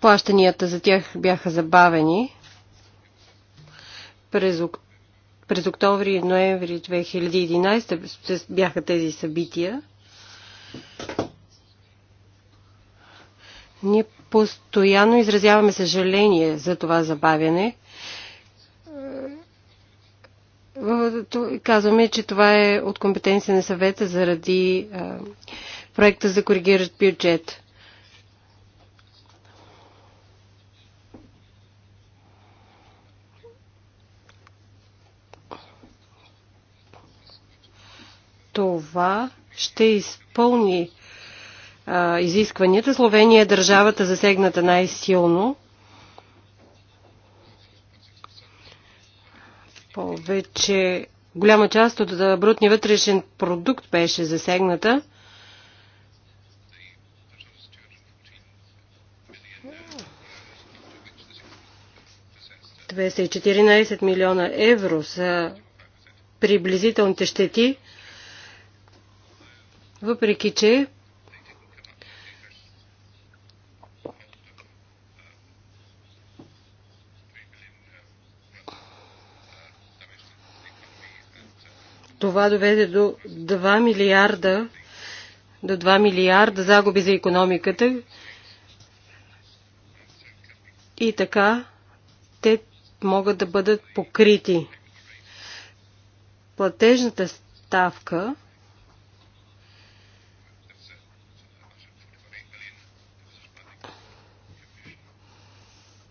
Плащанията за тях бяха забавени. През октомври през октомври и ноември 2011 бяха тези събития. Ние постоянно изразяваме съжаление за това забавяне. Е, казваме, че това е от компетенция на съвета заради е, проекта за коригиращ бюджет. това ще изпълни а, изискванията. Словения е държавата засегната най-силно. Повече голяма част от брутния вътрешен продукт беше засегната. Двеста милиона евро са приблизителните щети, въпреки, че това доведе до 2 милиарда до 2 милиарда загуби за економиката. И така те могат да бъдат покрити. Платежната ставка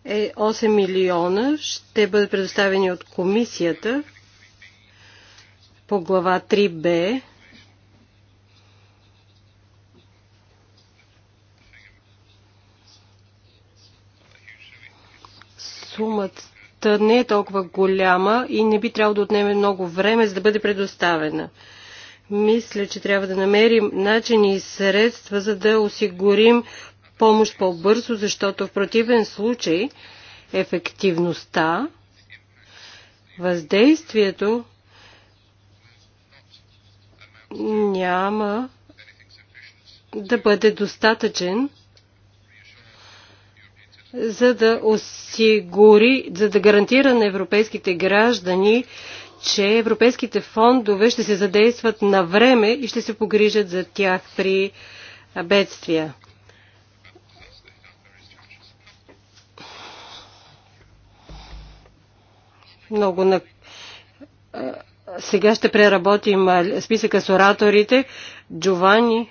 8 е милиона ще бъдат предоставени от комисията по глава 3б. Сумата не е толкова голяма и не би трябвало да отнеме много време, за да бъде предоставена. Мисля, че трябва да намерим начини и средства, за да осигурим помощ по-бързо, защото в противен случай ефективността, въздействието няма да бъде достатъчен, за да осигури, за да гарантира на европейските граждани, че европейските фондове ще се задействат на време и ще се погрижат за тях при бедствия. много на... Сега ще преработим списъка с ораторите. Джовани.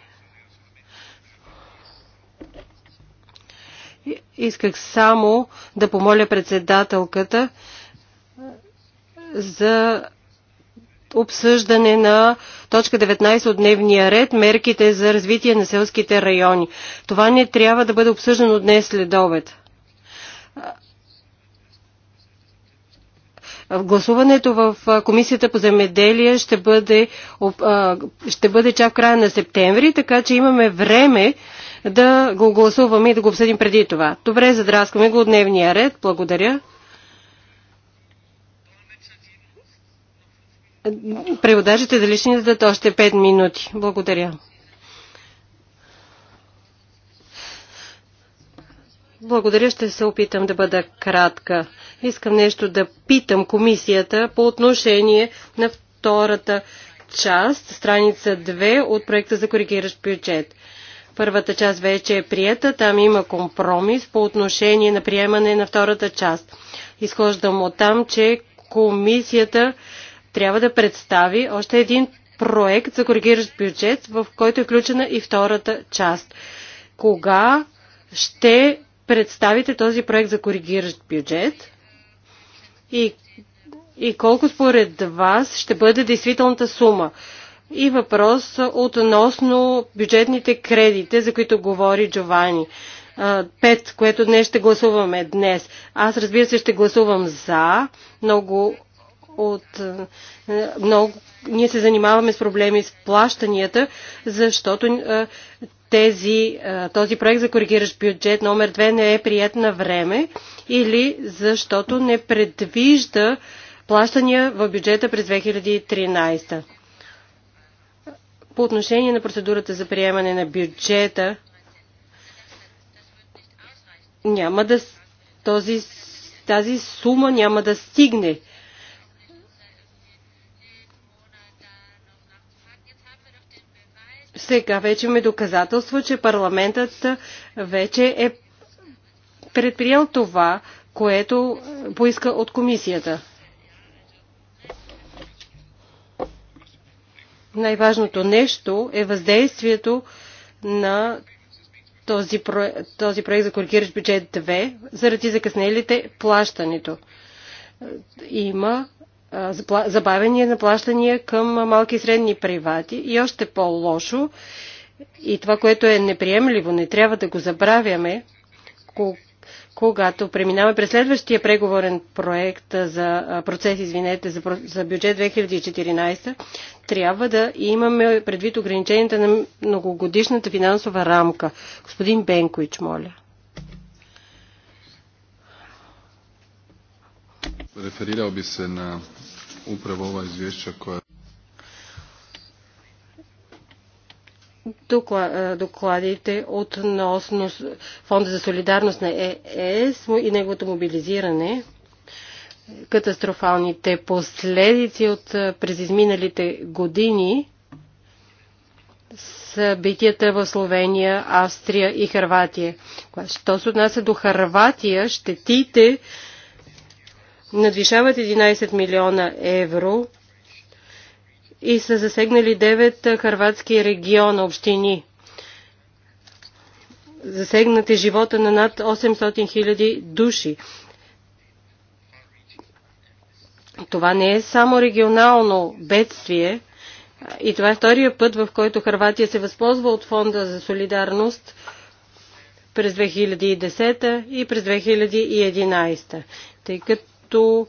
Исках само да помоля председателката за обсъждане на точка 19 от дневния ред мерките за развитие на селските райони. Това не трябва да бъде обсъждано днес след обед. Гласуването в Комисията по земеделие ще бъде, ще бъде чак в края на септември, така че имаме време да го гласуваме и да го обсъдим преди това. Добре, задраскаме го от дневния ред. Благодаря. Преводачите дали ще ни дадат още 5 минути? Благодаря. Благодаря, ще се опитам да бъда кратка. Искам нещо да питам комисията по отношение на втората част, страница 2 от проекта за коригиращ бюджет. Първата част вече е прията, там има компромис по отношение на приемане на втората част. Изхождам от там, че комисията трябва да представи още един проект за коригиращ бюджет, в който е включена и втората част. Кога ще представите този проект за коригиращ бюджет и, и колко според вас ще бъде действителната сума? И въпрос относно бюджетните кредити, за които говори Джовани. Пет, което днес ще гласуваме днес. Аз разбира се ще гласувам за. Много от е, много. Ние се занимаваме с проблеми с плащанията, защото е, тези, е, този проект за коригиращ бюджет номер 2 не е прият на време или защото не предвижда плащания в бюджета през 2013. По отношение на процедурата за приемане на бюджета, няма да, този, тази сума няма да стигне сега вече имаме доказателство, че парламентът вече е предприел това, което поиска от комисията. Най-важното нещо е въздействието на този, про... този проект за коригираш бюджет 2 заради закъснелите плащането. Има забавяне на плащания към малки и средни привати и още по-лошо и това, което е неприемливо, не трябва да го забравяме, когато преминаваме през следващия преговорен проект за процес, извинете, за, за бюджет 2014, трябва да имаме предвид ограниченията на многогодишната финансова рамка. Господин Бенкович, моля. Реферирал би се на upravo ova izvješća koja... докладите относно Фонда за солидарност на ЕС и неговото мобилизиране, катастрофалните последици от през изминалите години, събитията в Словения, Австрия и Харватия. Що се отнася до Харватия, щетите надвишават 11 милиона евро и са засегнали 9 харватски региона, общини. Засегнат е живота на над 800 хиляди души. Това не е само регионално бедствие и това е втория път, в който Харватия се възползва от фонда за солидарност през 2010 и през 2011, тъй като като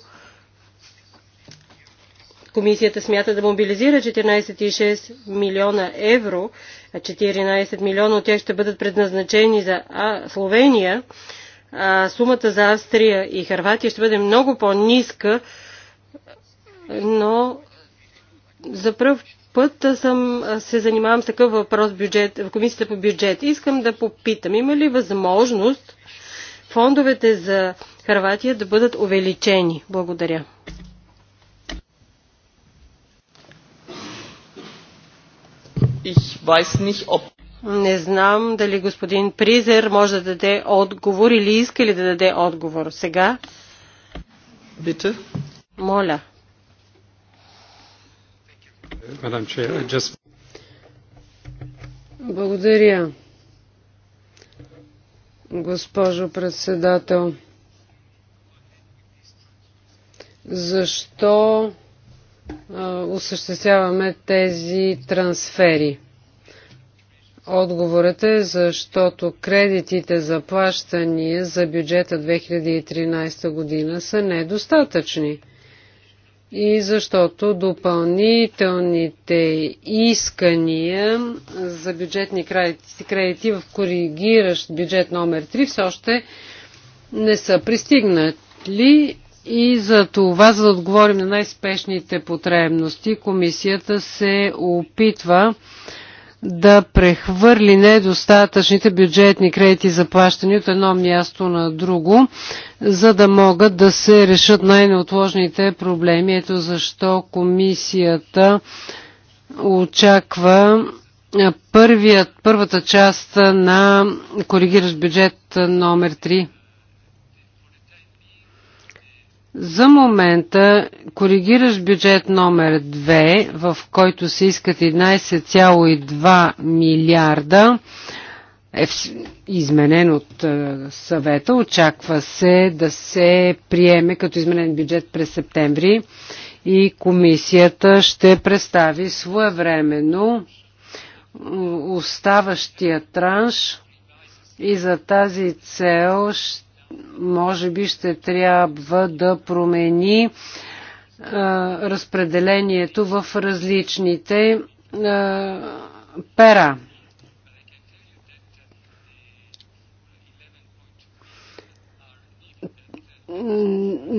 Комисията смята да мобилизира 14,6 милиона евро, 14 милиона от тях ще бъдат предназначени за а, Словения, а сумата за Австрия и Харватия ще бъде много по-ниска, но за първ път съм, се занимавам с такъв въпрос бюджет, в Комисията по бюджет. Искам да попитам, има ли възможност фондовете за Харватия да бъдат увеличени. Благодаря. Не знам дали господин Призер може да даде отговор или иска ли да даде отговор. Сега. Bitte. Моля. Благодаря, госпожо председател защо осъществяваме тези трансфери. Отговорът е, защото кредитите за плащания за бюджета 2013 година са недостатъчни и защото допълнителните искания за бюджетни кредити, кредити в коригиращ бюджет номер 3 все още не са пристигнали и за това, за да отговорим на най-спешните потребности, комисията се опитва да прехвърли недостатъчните бюджетни кредити за плащане от едно място на друго, за да могат да се решат най-неотложните проблеми. Ето защо комисията очаква първият, първата част на коригиращ бюджет номер 3 за момента коригираш бюджет номер 2, в който се искат 11,2 милиарда, е изменен от е, съвета. Очаква се да се приеме като изменен бюджет през септември и комисията ще представи своевременно оставащия транш и за тази цел ще може би ще трябва да промени разпределението в различните пера.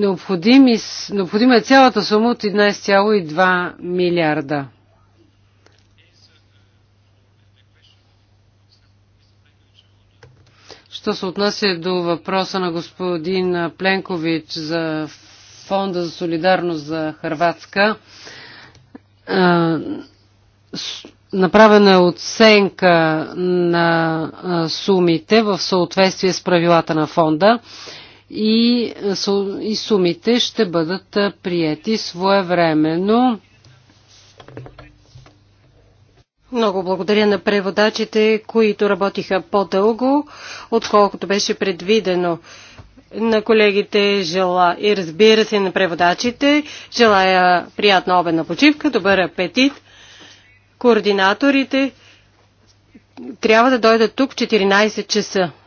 необходима е цялата сума от 11,2 милиарда. Що се отнася до въпроса на господин Пленкович за Фонда за солидарност за Харватска, направена е оценка на сумите в съответствие с правилата на фонда и сумите ще бъдат приети своевременно. Много благодаря на преводачите, които работиха по-дълго, отколкото беше предвидено. На колегите жела и разбира се на преводачите. Желая приятна обедна почивка, добър апетит. Координаторите трябва да дойдат тук в 14 часа.